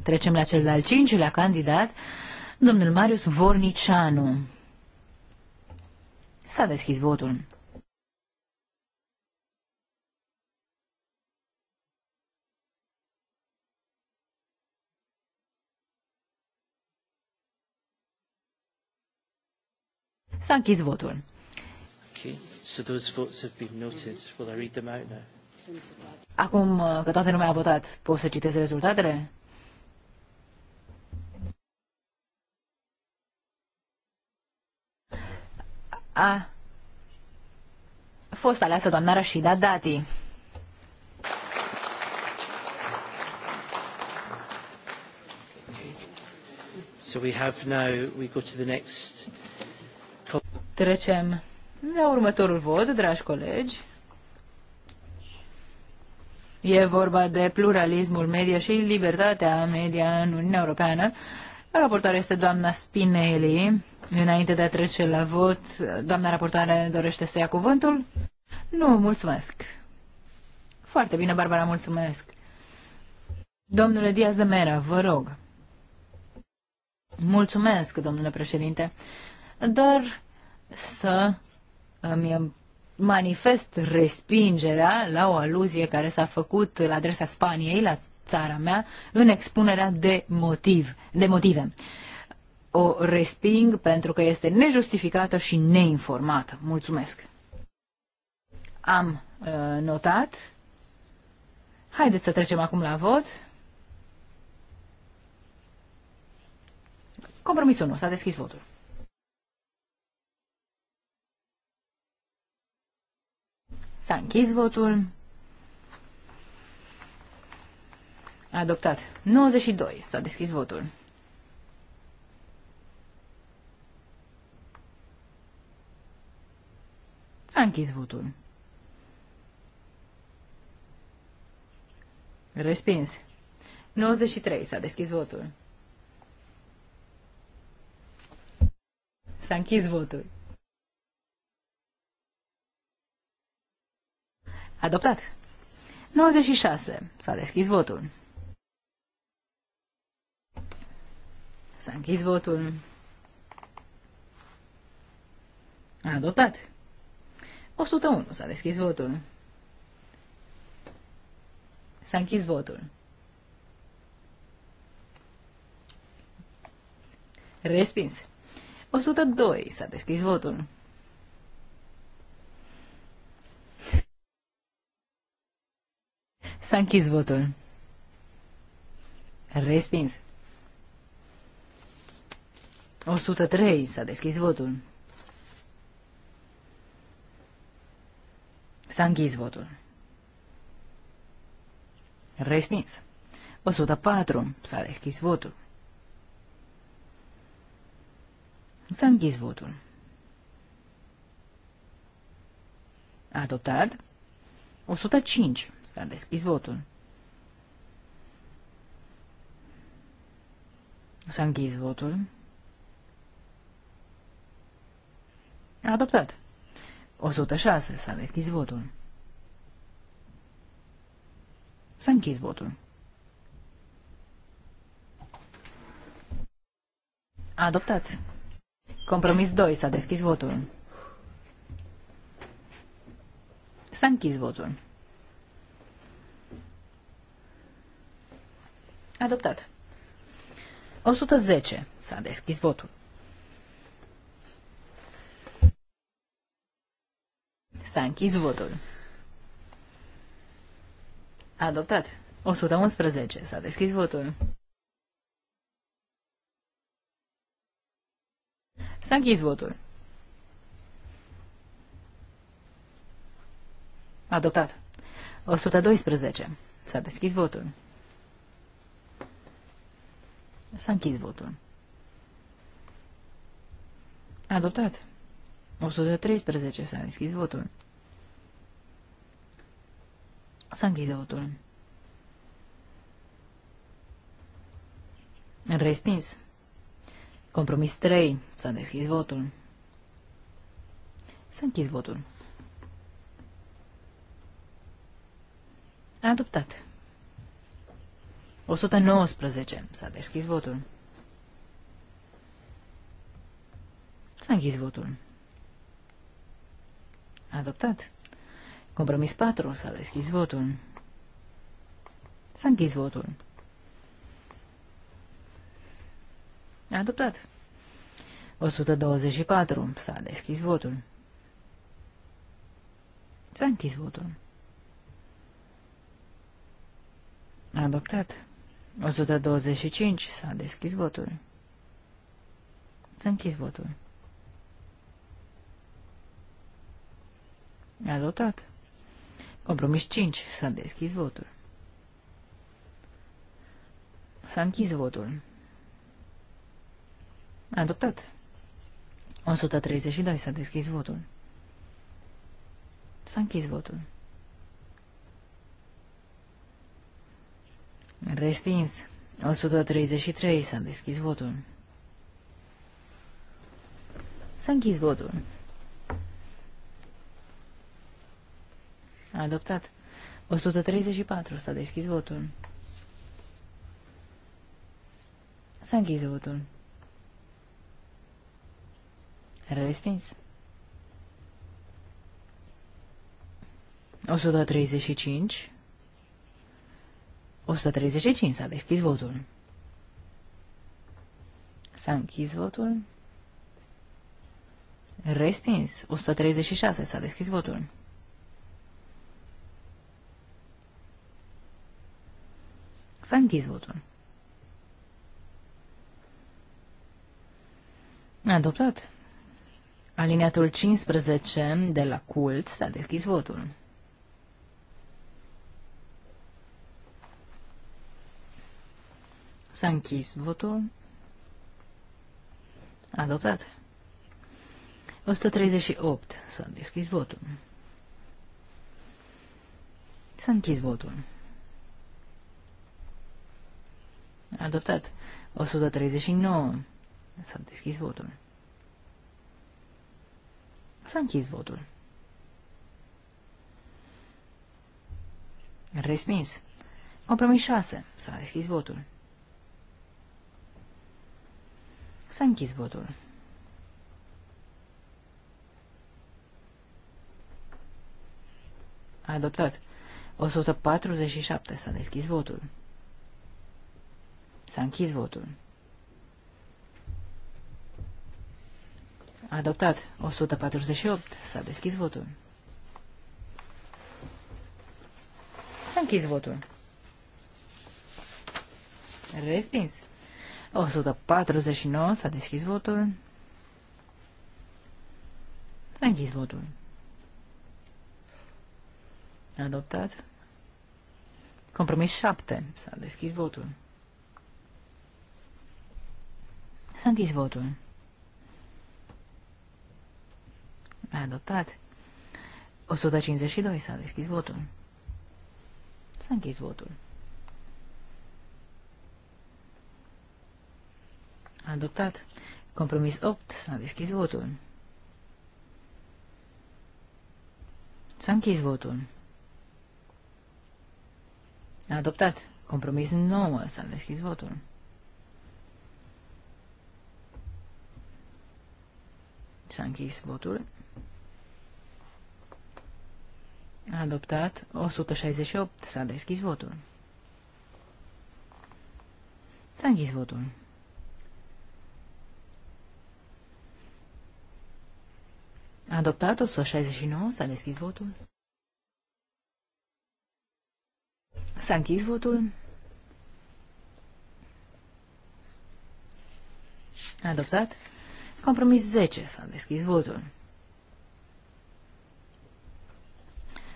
Trecem la cel de-al cincilea candidat, domnul Marius Vornicianu. S-a deschis votul. S-a închis votul. So those votes have been noted. Will I read them out now? Acum uh, că toată lumea a votat, pot să citez rezultatele? A fost aleasă doamna Rashida Dati. So we have now, we go to the next... Trecem la următorul vot, dragi colegi, e vorba de pluralismul media și libertatea media în Uniunea Europeană. raportoare este doamna Spinelli. Înainte de a trece la vot, doamna raportoare dorește să ia cuvântul? Nu, mulțumesc. Foarte bine, Barbara, mulțumesc. Domnule Diaz de Mera, vă rog. Mulțumesc, domnule președinte. Doar să îmi manifest respingerea la o aluzie care s-a făcut la adresa Spaniei, la țara mea, în expunerea de, motiv, de motive. O resping pentru că este nejustificată și neinformată. Mulțumesc! Am uh, notat. Haideți să trecem acum la vot. Compromisul nu. S-a deschis votul. S-a închis votul. Adoptat. 92. S-a deschis votul. S-a închis votul. Respins. 93. S-a deschis votul. S-a închis votul. Adoptat. 96. S-a deschis votul. S-a închis votul. adoptat. 101. S-a deschis votul. S-a închis votul. Respins. 102. S-a deschis votul. S-a închis votul. Respins. 103. S-a deschis votul. S-a închis votul. Respins. 104. S-a deschis votul. S-a închis votul. Adoptat. 105. S-a deschis votul. S-a închis votul. A adoptat. 106. S-a deschis votul. S-a închis votul. A adoptat. Compromis 2. S-a deschis votul. S-a închis votul. Adoptat. 110. S-a deschis votul. S-a închis votul. Adoptat. 111. S-a deschis votul. S-a închis votul. Adoptat. 112. S-a deschis votul. S-a închis votul. Adoptat. 113. S-a deschis votul. S-a închis votul. Respins. Compromis 3. S-a deschis votul. S-a închis votul. Adoptat. 119. S-a deschis votul. S-a închis votul. Adoptat. Compromis 4. S-a deschis votul. S-a închis votul. Adoptat. 124. S-a deschis votul. S-a închis votul. Adoptat. 125. S-a deschis votul. S-a închis votul. Adoptat. Compromis 5. S-a deschis votul. S-a închis votul. Adoptat. 132. S-a deschis votul. S-a închis votul. Respins. 133. S-a deschis votul. S-a închis votul. adoptat. 134. S-a deschis votul. S-a închis votul. Respins. 135. 135. S-a deschis votul. S-a închis votul. Respins. 136. S-a deschis votul. S-a închis votul. Adoptat. Aliniatul 15 de la cult s-a deschis votul. S-a închis votul. Adoptat. 138. S-a deschis votul. S-a închis votul. Adoptat. 139. S-a deschis votul. S-a închis votul. Respins. Compromis 6. S-a deschis votul. S-a închis votul. A adoptat. 147. S-a deschis votul. S-a închis votul. A adoptat. 148. S-a deschis votul. S-a închis votul. Respins. 149. S-a deschis votul. S-a închis votul. Adoptat. Compromis 7. S-a deschis votul. S-a închis votul. A adoptat. 152 s-a deschis votul. S-a închis votul. Adoptat. Compromis 8. S-a deschis votul. S-a închis votul. Adoptat. Compromis 9. S-a deschis votul. S-a închis votul. Adoptat. 168. S-a deschis votul. S-a închis votul. Adoptat 169. S-a deschis votul. S-a închis votul. Adoptat. Compromis 10. S-a deschis votul.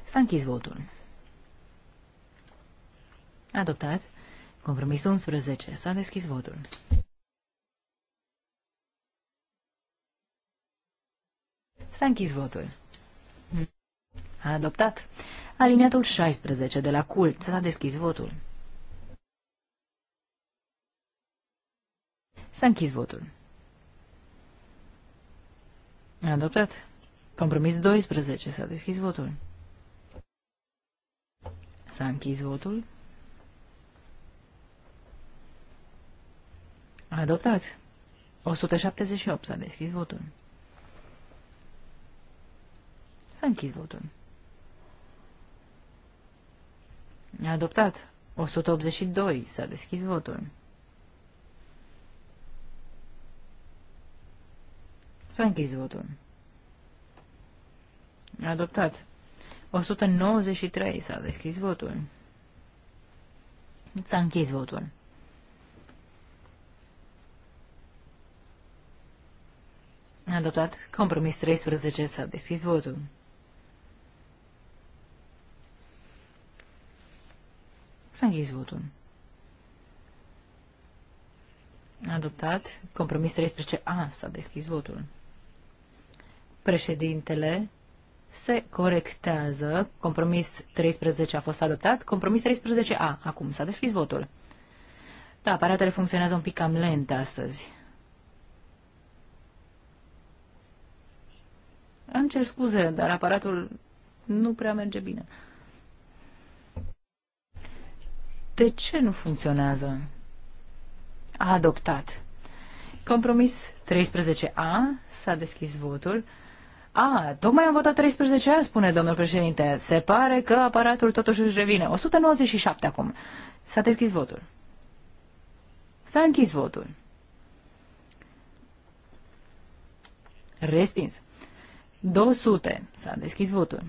S-a închis votul. Adoptat. Compromis 11. S-a deschis votul. S-a închis votul. A adoptat. Aliniatul 16 de la cult. S-a deschis votul. S-a închis votul. A adoptat. Compromis 12. S-a deschis votul. S-a închis votul. A adoptat. 178. S-a deschis votul. S-a închis votul. A adoptat. 182. S-a deschis votul. S-a închis votul. A adoptat. 193. S-a deschis votul. S-a închis votul. Adoptat. Compromis 13. S-a deschis votul. S-a votul. Adoptat. Compromis 13A. S-a deschis votul. Președintele se corectează. Compromis 13 a fost adoptat. Compromis 13A. Acum s-a deschis votul. Da, aparatele funcționează un pic cam lent astăzi. Am cer scuze, dar aparatul nu prea merge bine. De ce nu funcționează? A adoptat. Compromis 13A. S-a deschis votul. A, tocmai am votat 13A, spune domnul președinte. Se pare că aparatul totuși își revine. 197 acum. S-a deschis votul. S-a închis votul. Respins. 200. S-a deschis votul.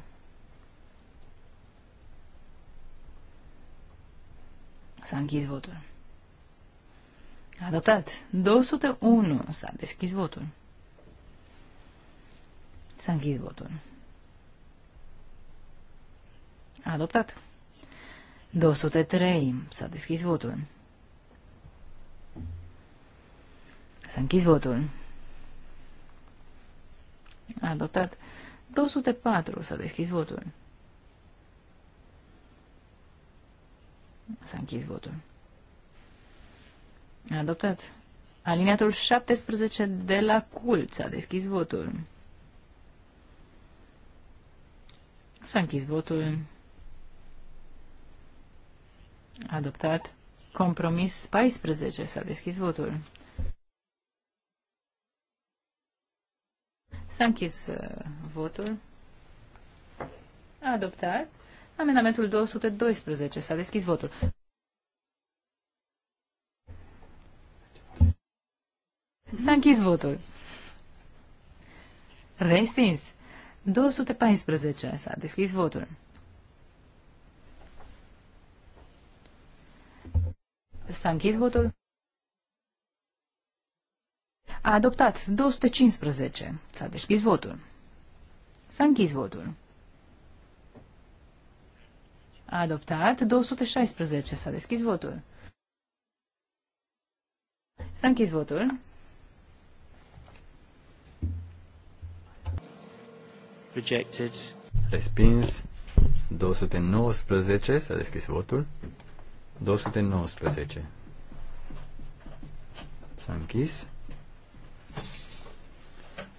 S-a închis votul. Adoptat. 201. S-a deschis votul. S-a închis votul. Adoptat. 203. S-a deschis votul. S-a închis votul. Adoptat. 204. S-a deschis votul. S-a închis votul. Adoptat. Aliniatul 17 de la cult. a deschis votul. S-a închis votul. Adoptat. Compromis 14. S-a deschis votul. S-a închis uh, votul. Adoptat. Amendamentul 212. S-a deschis votul. S-a închis votul. Respins. 214. S-a deschis votul. S-a închis votul. A adoptat 215. S-a deschis votul. S-a închis votul adoptat. 216 s-a deschis votul. S-a închis votul. Rejected. Respins. 219 s-a deschis votul. 219. S-a închis.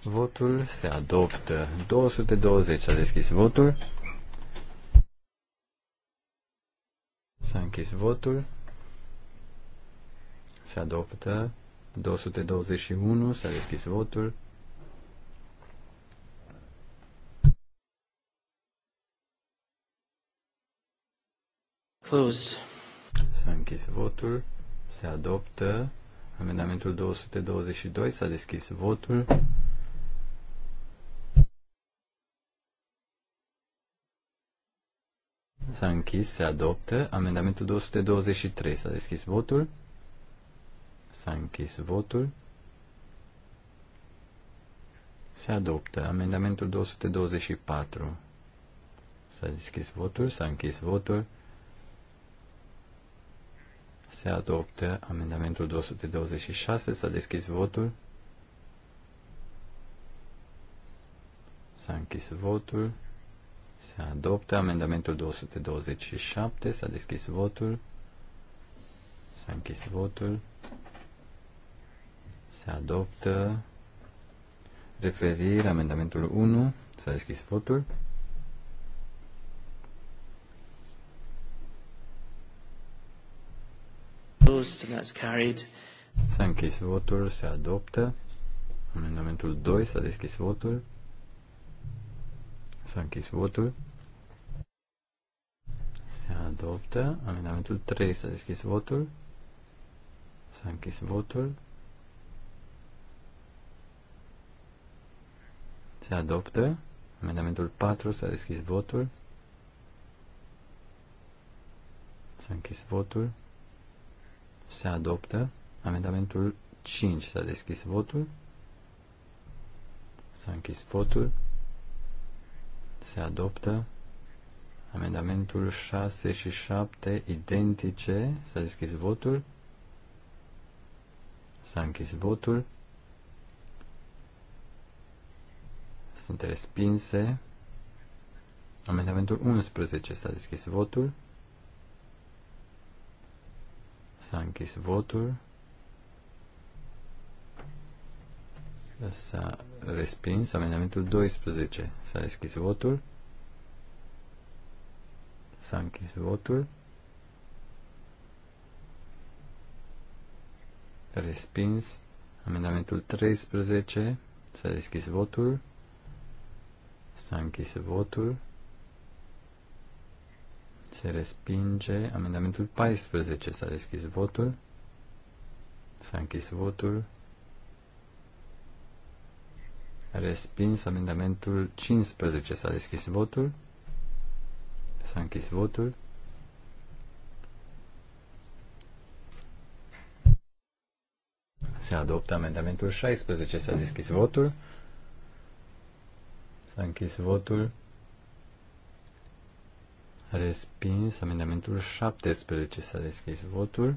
Votul se adoptă. 220 s-a deschis votul. S-a închis votul. Se adoptă. 221. S-a deschis votul. Closed. S-a închis votul. Se adoptă. Amendamentul 222. S-a deschis votul. S-a închis, se adoptă. Amendamentul 223. S-a deschis votul. S-a închis votul. Se adoptă. Amendamentul 224. S-a deschis votul. S-a închis votul. Se adoptă. Amendamentul 226. S-a deschis votul. S-a închis votul. Se adoptă amendamentul 227. S-a deschis votul. S-a închis votul. Se adoptă referire amendamentul 1. S-a deschis votul. S-a închis votul, se adoptă. Amendamentul 2 s-a deschis votul. S-a închis votul. Se adoptă. Amendamentul 3 s-a deschis votul. S-a închis votul. Se adoptă. Amendamentul 4 s-a deschis votul. S-a închis votul. Se adoptă. Amendamentul 5 s-a deschis votul. S-a închis votul se adoptă. Amendamentul 6 și 7 identice. S-a deschis votul. S-a închis votul. Sunt respinse. Amendamentul 11 s-a deschis votul. S-a închis votul. S-a respins amendamentul 12. S-a deschis votul. S-a închis votul. Respins amendamentul 13. S-a deschis votul. S-a închis votul. Se respinge amendamentul 14. S-a deschis votul. S-a închis votul. Respins amendamentul 15. S-a deschis votul. S-a închis votul. Se adoptă amendamentul 16. S-a deschis votul. S-a închis votul. Respins amendamentul 17. S-a deschis votul.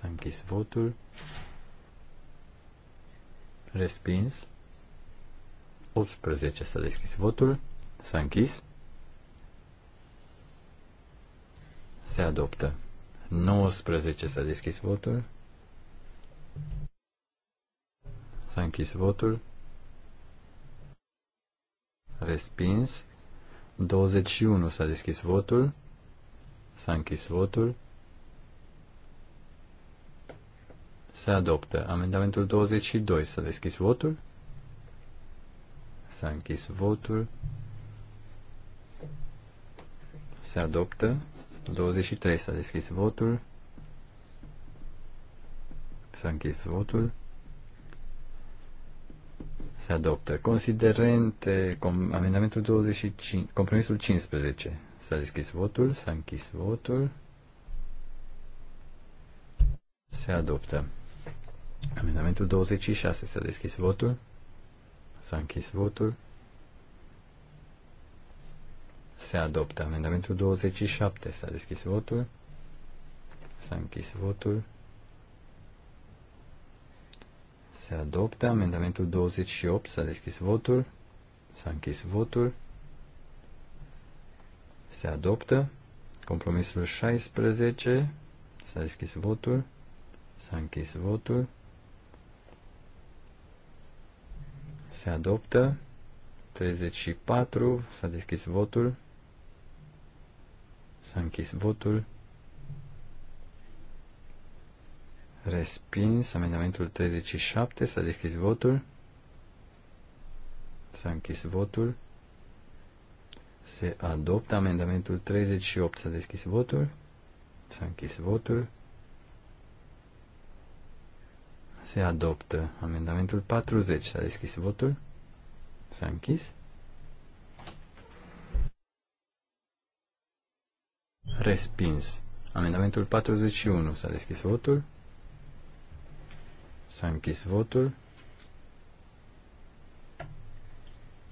S-a închis votul. Respins. 18 s-a deschis votul, s-a închis, se adoptă. 19 s-a deschis votul, s-a închis votul, respins, 21 s-a deschis votul, s-a închis votul, se adoptă. Amendamentul 22 s-a deschis votul, S-a închis votul. Se adoptă. 23. S-a deschis votul. S-a închis votul. Se adoptă. Considerente, com, amendamentul 25, compromisul 15. S-a deschis votul, s-a închis votul. Se adoptă. Amendamentul 26. S-a deschis votul. S-a închis votul. Se adoptă amendamentul 27. S-a deschis votul. S-a închis votul. Se adoptă amendamentul 28. S-a deschis votul. S-a închis votul. Se adoptă compromisul 16. S-a deschis votul. S-a închis votul. Se adoptă. 34. S-a deschis votul. S-a închis votul. Respins. Amendamentul 37. S-a deschis votul. S-a închis votul. Se adoptă amendamentul 38. S-a deschis votul. S-a închis votul. Se adoptă. Amendamentul 40. S-a deschis votul. S-a închis. Respins. Amendamentul 41. S-a deschis votul. S-a închis votul.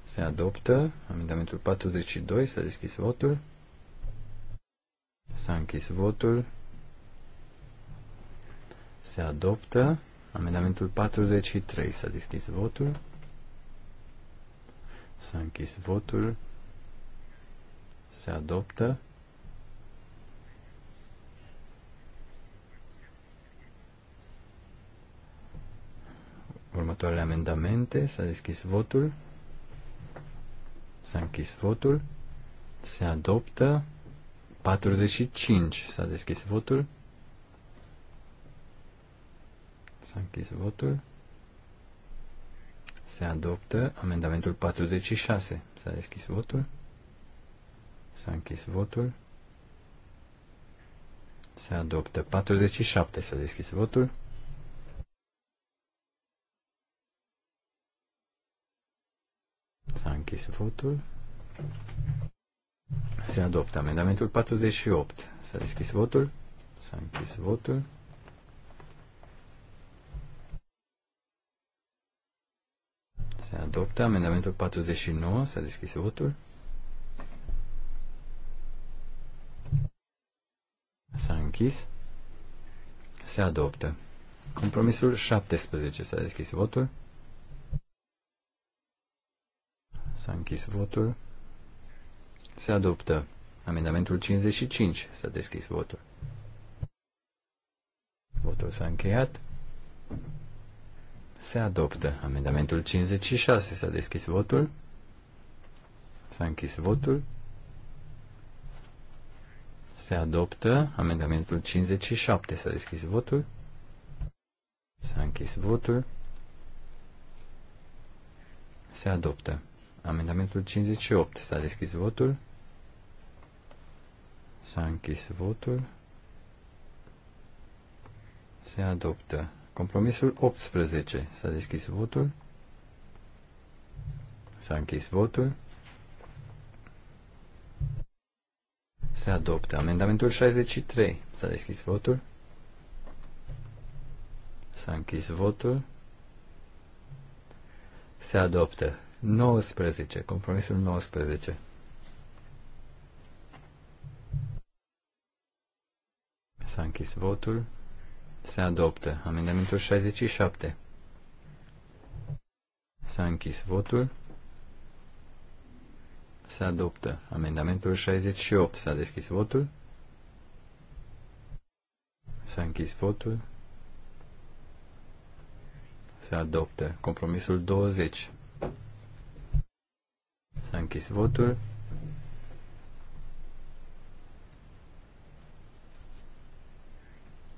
Se adoptă. Amendamentul 42. S-a deschis votul. S-a închis votul. Se adoptă. Amendamentul 43. S-a deschis votul. S-a închis votul. Se adoptă. Următoarele amendamente. S-a deschis votul. S-a închis votul. Se adoptă. 45. S-a deschis votul. S-a închis votul. Se adoptă amendamentul 46. S-a deschis votul. S-a închis votul. Se adoptă 47. S-a deschis votul. S-a închis votul. Se adoptă amendamentul 48. S-a deschis votul. S-a închis votul. Se adoptă amendamentul 49. S-a deschis votul. S-a închis. Se adoptă. Compromisul 17. S-a deschis votul. S-a închis votul. Se adoptă. Amendamentul 55. S-a deschis votul. Votul s-a încheiat. Se adoptă. Amendamentul 56. S-a deschis votul. S-a închis votul. Se adoptă. Amendamentul 57. S-a deschis votul. S-a închis votul. Se adoptă. Amendamentul 58. S-a deschis votul. S-a închis votul. Se adoptă. Compromisul 18. S-a deschis votul. S-a închis votul. Se adoptă. Amendamentul 63. S-a deschis votul. S-a închis votul. Se adoptă. 19. Compromisul 19. S-a închis votul. Se adoptă. Amendamentul 67. S-a închis votul. Se adoptă. Amendamentul 68. S-a deschis votul. S-a închis votul. Se adoptă. Compromisul 20. S-a închis votul.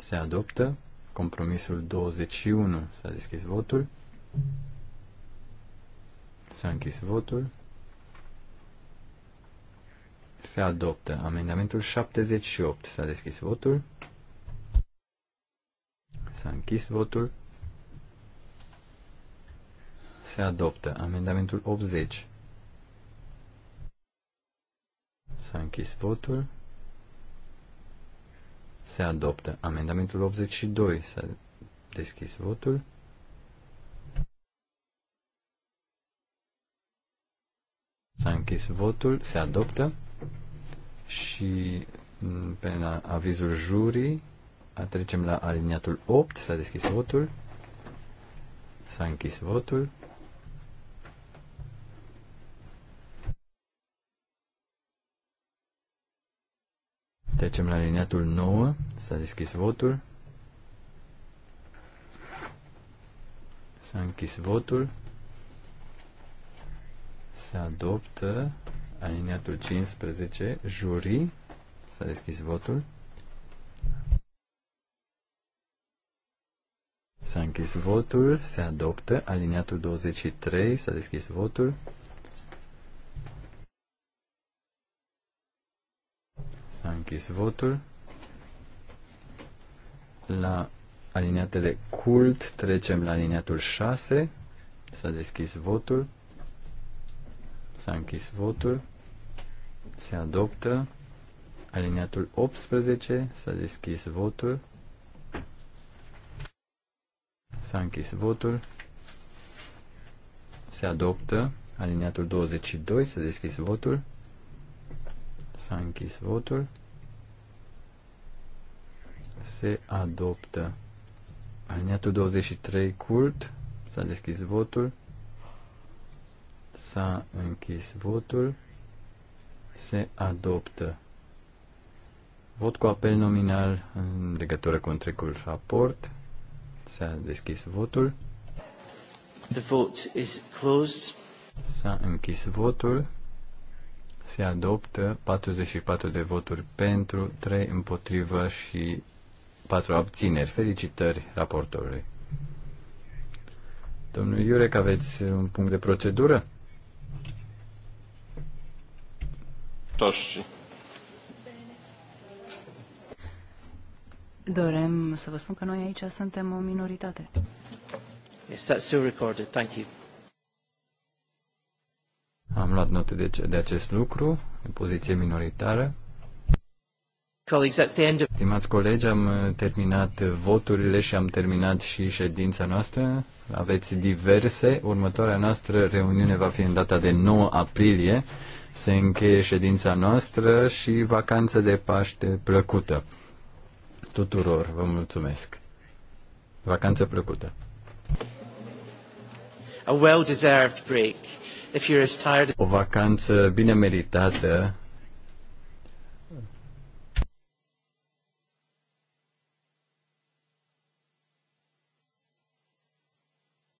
se adoptă. Compromisul 21 s-a deschis votul. S-a închis votul. Se adoptă. Amendamentul 78 s-a deschis votul. S-a închis votul. Se adoptă. Amendamentul 80. S-a închis votul. Se adoptă. Amendamentul 82. S-a deschis votul. S-a închis votul. Se adoptă. Și pe avizul jurii trecem la aliniatul 8. S-a deschis votul. S-a închis votul. Trecem la liniatul 9. S-a deschis votul. S-a închis votul. Se adoptă aliniatul 15, jurii. S-a deschis votul. S-a închis votul. Se adoptă aliniatul 23. S-a deschis votul. S-a închis votul. La alineatele cult trecem la alineatul 6. S-a deschis votul. S-a închis votul. Se adoptă. Alineatul 18. S-a deschis votul. S-a închis votul. Se adoptă. Alineatul 22. S-a deschis votul. S-a închis votul. Se adoptă. Aliniatul 23 cult. S-a deschis votul. S-a închis votul. Se adoptă. Vot cu apel nominal în legătură cu întregul raport. S-a deschis votul. The vote is closed. S-a închis votul se adoptă 44 de voturi pentru, 3 împotrivă și 4 abțineri. Felicitări raportorului. Domnul Iurec, aveți un punct de procedură? Toși. Dorem să vă spun că noi aici suntem o minoritate. Yes, that's still recorded. Thank you. Am luat note de, de acest lucru, în poziție minoritară. Stimați colegi, am uh, terminat voturile și am terminat și ședința noastră. Aveți diverse. Următoarea noastră reuniune va fi în data de 9 aprilie. Se încheie ședința noastră și vacanță de Paște plăcută. Tuturor vă mulțumesc. Vacanță plăcută. A well-deserved break. O vacanță bine meritată